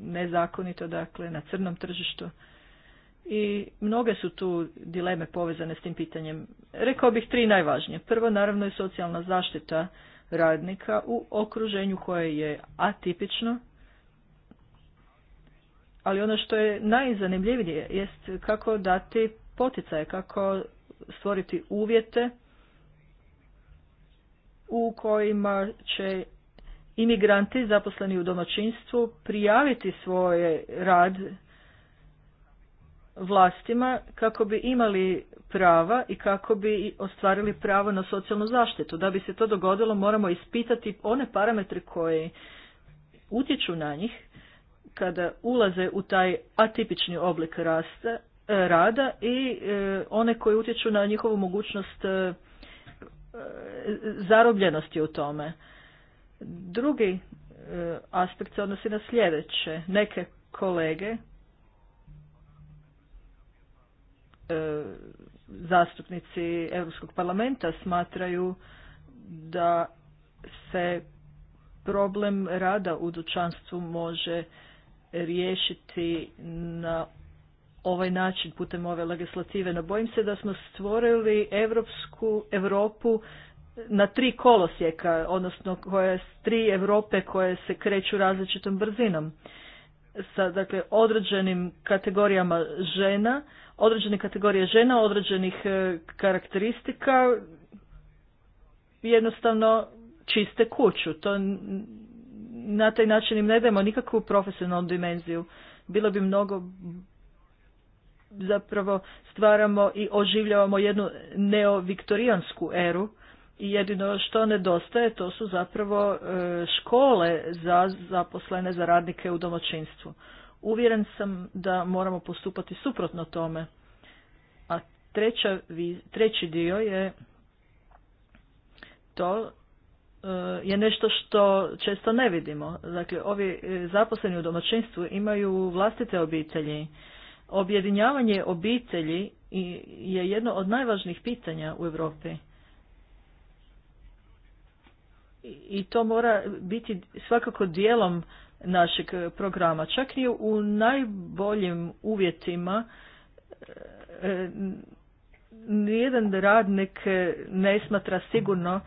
nezakonito dakle, na crnom tržištu. I mnoge su tu dileme povezane s tim pitanjem. Rekao bih tri najvažnije. Prvo naravno je socijalna zaštita radnika u okruženju koje je atipično, ali ono što je najzanimljivije jest kako dati poticaje, kako stvoriti uvjete u kojima će imigranti zaposleni u domaćinstvu prijaviti svoj rad vlastima kako bi imali prava i kako bi ostvarili pravo na socijalnu zaštitu. Da bi se to dogodilo moramo ispitati one parametre koji utječu na njih kada ulaze u taj atipični oblik rasta, rada i e, one koji utječu na njihovu mogućnost e, zarobljenosti u tome. Drugi e, aspekt se odnosi na sljedeće. Neke kolege E, zastupnici Europskog parlamenta smatraju da se problem rada u dućanstvu može riješiti na ovaj način putem ove legislative. No bojim se da smo stvorili Europsku Europu na tri kolosjeka, odnosno koje, tri Europe koje se kreću različitom brzinom sa dakle, određenim kategorijama žena, određene kategorije žena, određenih e, karakteristika, jednostavno čiste kuću. To na taj način im ne dajemo nikakvu profesionalnu dimenziju. Bilo bi mnogo zapravo stvaramo i oživljavamo jednu neoviktorijansku eru Jedino što nedostaje to su zapravo e, škole za zaposlene za radnike u domaćinstvu. Uvjeren sam da moramo postupati suprotno tome. A treća, treći dio je to e, je nešto što često ne vidimo. Dakle, ovi e, zaposleni u domaćinstvu imaju vlastite obitelji. Objedinjavanje obitelji je jedno od najvažnijih pitanja u Europi i to mora biti svakako dijelom našeg programa. Čak i u najboljim uvjetima e, nijedan radnik ne smatra sigurno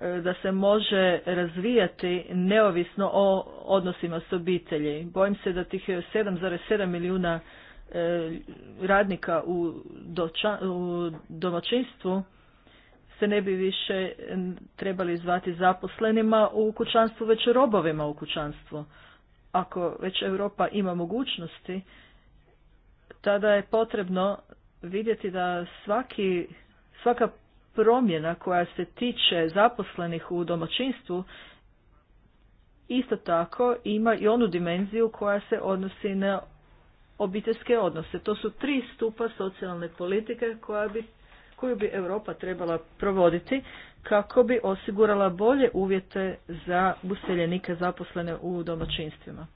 e, da se može razvijati neovisno o odnosima s obitelji. Bojim se da tih 7,7 milijuna e, radnika u domaćinstvu se ne bi više trebali zvati zaposlenima u kućanstvu, već robovima u kućanstvu. Ako već Europa ima mogućnosti, tada je potrebno vidjeti da svaki, svaka promjena koja se tiče zaposlenih u domaćinstvu isto tako ima i onu dimenziju koja se odnosi na obiteljske odnose. To su tri stupa socijalne politike koja bi koju bi Europa trebala provoditi kako bi osigurala bolje uvjete za useljenike zaposlene u domaćinstvima.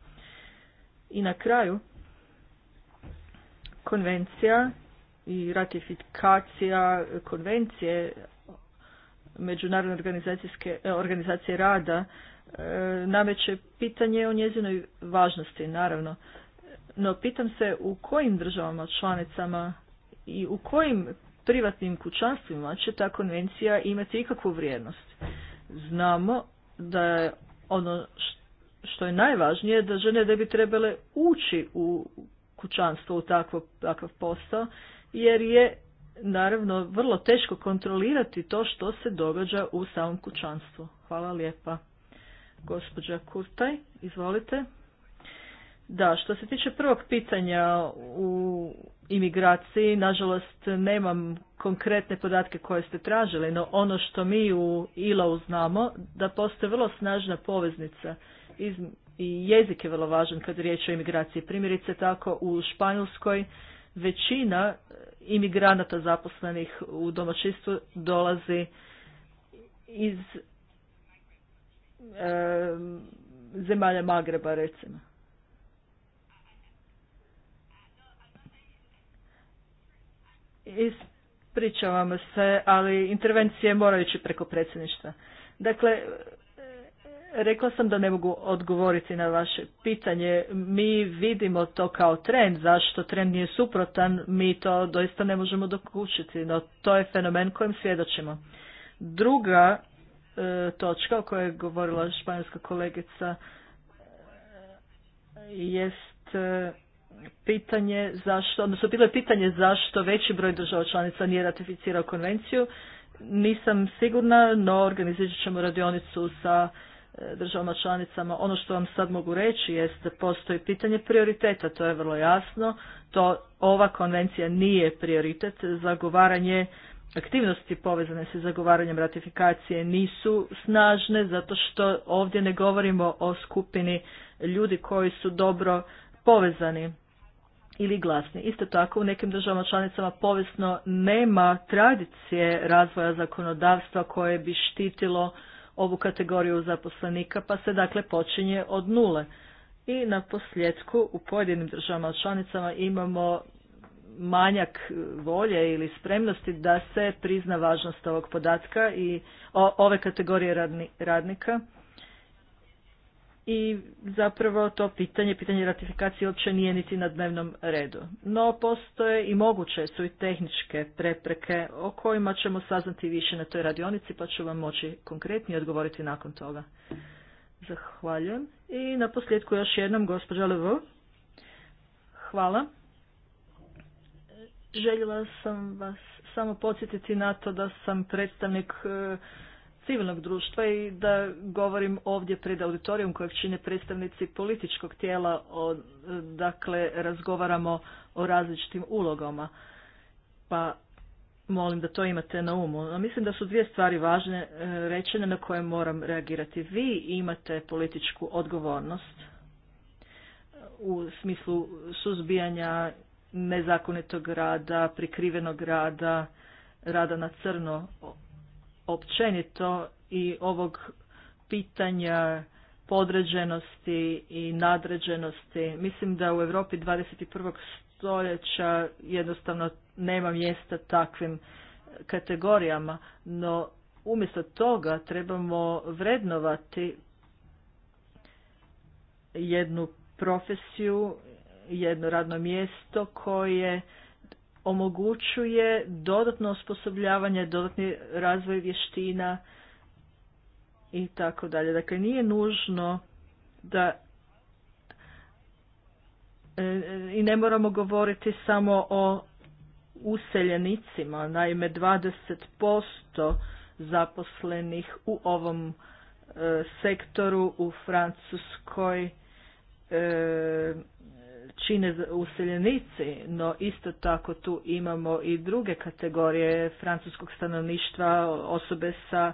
I na kraju, konvencija i ratifikacija konvencije Međunarodne organizacijske, e, organizacije rada e, nameće pitanje o njezinoj važnosti, naravno. No pitam se u kojim državama članicama i u kojim privatnim kućanstvima će ta konvencija imati ikakvu vrijednost. Znamo da je ono što je najvažnije da žene ne bi trebale ući u kućanstvo u takvo, takav posao jer je naravno vrlo teško kontrolirati to što se događa u samom kućanstvu. Hvala lijepa. Gospođa Kurtaj, izvolite. Da, što se tiče prvog pitanja u imigraciji. Nažalost, nemam konkretne podatke koje ste tražili, no ono što mi u ILO-u znamo, da postoje vrlo snažna poveznica iz, i jezik je vrlo važan kad je riječ o imigraciji. Primjerice tako u Španjolskoj većina e, imigranata zaposlenih u domaćinstvu dolazi iz e, zemalja Magreba recimo. Ispričavam se, ali intervencije moraju ići preko predsjedništva. Dakle, rekla sam da ne mogu odgovoriti na vaše pitanje. Mi vidimo to kao trend, zašto trend nije suprotan, mi to doista ne možemo dokućiti. no to je fenomen kojem svjedočimo. Druga e, točka o kojoj je govorila španjolska kolegica e, jest e, pitanje zašto, odnosno bilo je pitanje zašto veći broj država članica nije ratificirao konvenciju. Nisam sigurna, no organizirat ćemo radionicu sa e, državama članicama. Ono što vam sad mogu reći da postoji pitanje prioriteta, to je vrlo jasno. To ova konvencija nije prioritet. Zagovaranje aktivnosti povezane sa zagovaranjem ratifikacije nisu snažne zato što ovdje ne govorimo o skupini ljudi koji su dobro povezani ili glasni. Isto tako u nekim državama članicama povijesno nema tradicije razvoja zakonodavstva koje bi štitilo ovu kategoriju zaposlenika pa se dakle počinje od nule. I na posljedku u pojedinim državama članicama imamo manjak volje ili spremnosti da se prizna važnost ovog podatka i ove kategorije radnika i zapravo to pitanje, pitanje ratifikacije uopće nije niti na dnevnom redu. No postoje i moguće su i tehničke prepreke o kojima ćemo saznati više na toj radionici pa ću vam moći konkretnije odgovoriti nakon toga. Zahvaljujem. I na posljedku još jednom gospođa Levo. Hvala. Željela sam vas samo podsjetiti na to da sam predstavnik e, civilnog društva i da govorim ovdje pred auditorijom kojeg čine predstavnici političkog tijela, dakle razgovaramo o različitim ulogama. Pa molim da to imate na umu. mislim da su dvije stvari važne e, rečene na koje moram reagirati. Vi imate političku odgovornost e, u smislu suzbijanja nezakonitog rada, prikrivenog rada, rada na crno, općenito i ovog pitanja podređenosti i nadređenosti. Mislim da u Europi 21. stoljeća jednostavno nema mjesta takvim kategorijama, no umjesto toga trebamo vrednovati jednu profesiju, jedno radno mjesto koje omogućuje dodatno osposobljavanje, dodatni razvoj vještina i tako dalje. Dakle, nije nužno da e, i ne moramo govoriti samo o useljenicima, naime 20% zaposlenih u ovom e, sektoru u Francuskoj e, čine useljenici, no isto tako tu imamo i druge kategorije francuskog stanovništva, osobe sa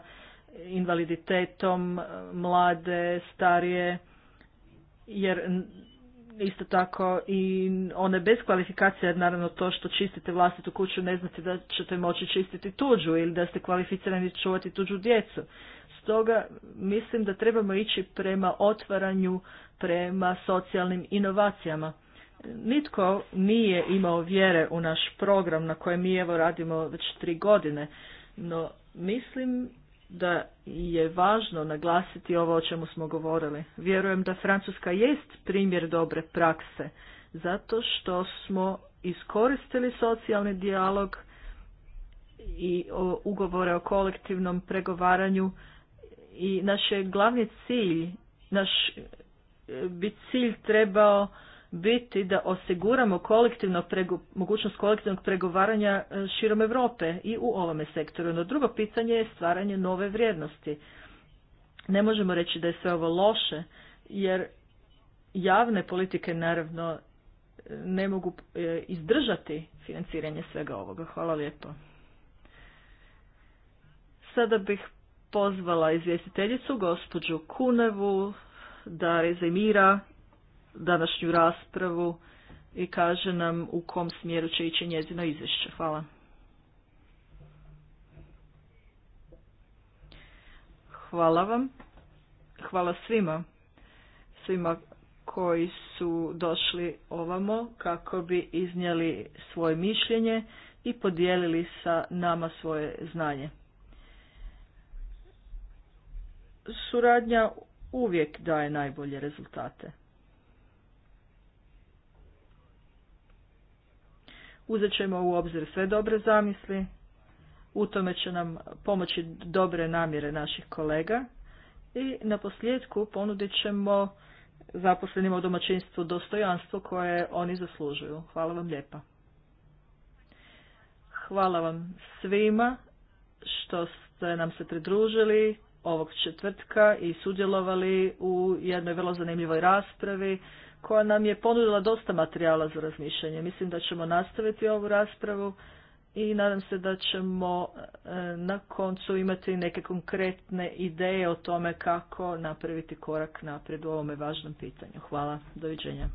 invaliditetom, mlade, starije, jer isto tako i one bez kvalifikacije, jer naravno to što čistite vlastitu kuću ne znate da ćete moći čistiti tuđu ili da ste kvalificirani čuvati tuđu djecu toga mislim da trebamo ići prema otvaranju, prema socijalnim inovacijama. Nitko nije imao vjere u naš program na kojem mi evo radimo već tri godine, no mislim da je važno naglasiti ovo o čemu smo govorili. Vjerujem da Francuska jest primjer dobre prakse, zato što smo iskoristili socijalni dijalog i ugovore o kolektivnom pregovaranju i naš je glavni cilj, naš e, bi cilj trebao biti da osiguramo kolektivno mogućnost kolektivnog pregovaranja e, širom Europe i u ovome sektoru. No drugo pitanje je stvaranje nove vrijednosti. Ne možemo reći da je sve ovo loše, jer javne politike naravno e, ne mogu izdržati financiranje svega ovoga. Hvala lijepo. Sada bih pozvala izvjestiteljicu, gospođu Kunevu, da rezimira današnju raspravu i kaže nam u kom smjeru će ići njezino izvješće. Hvala. Hvala vam. Hvala svima. Svima koji su došli ovamo kako bi iznijeli svoje mišljenje i podijelili sa nama svoje znanje. suradnja uvijek daje najbolje rezultate. Uzet ćemo u obzir sve dobre zamisli, u tome će nam pomoći dobre namjere naših kolega i na posljedku ponudit ćemo zaposlenima u domaćinstvu dostojanstvo koje oni zaslužuju. Hvala vam lijepa. Hvala vam svima što ste nam se pridružili ovog četvrtka i sudjelovali u jednoj vrlo zanimljivoj raspravi koja nam je ponudila dosta materijala za razmišljanje. Mislim da ćemo nastaviti ovu raspravu i nadam se da ćemo e, na koncu imati neke konkretne ideje o tome kako napraviti korak naprijed u ovome važnom pitanju. Hvala, doviđenja.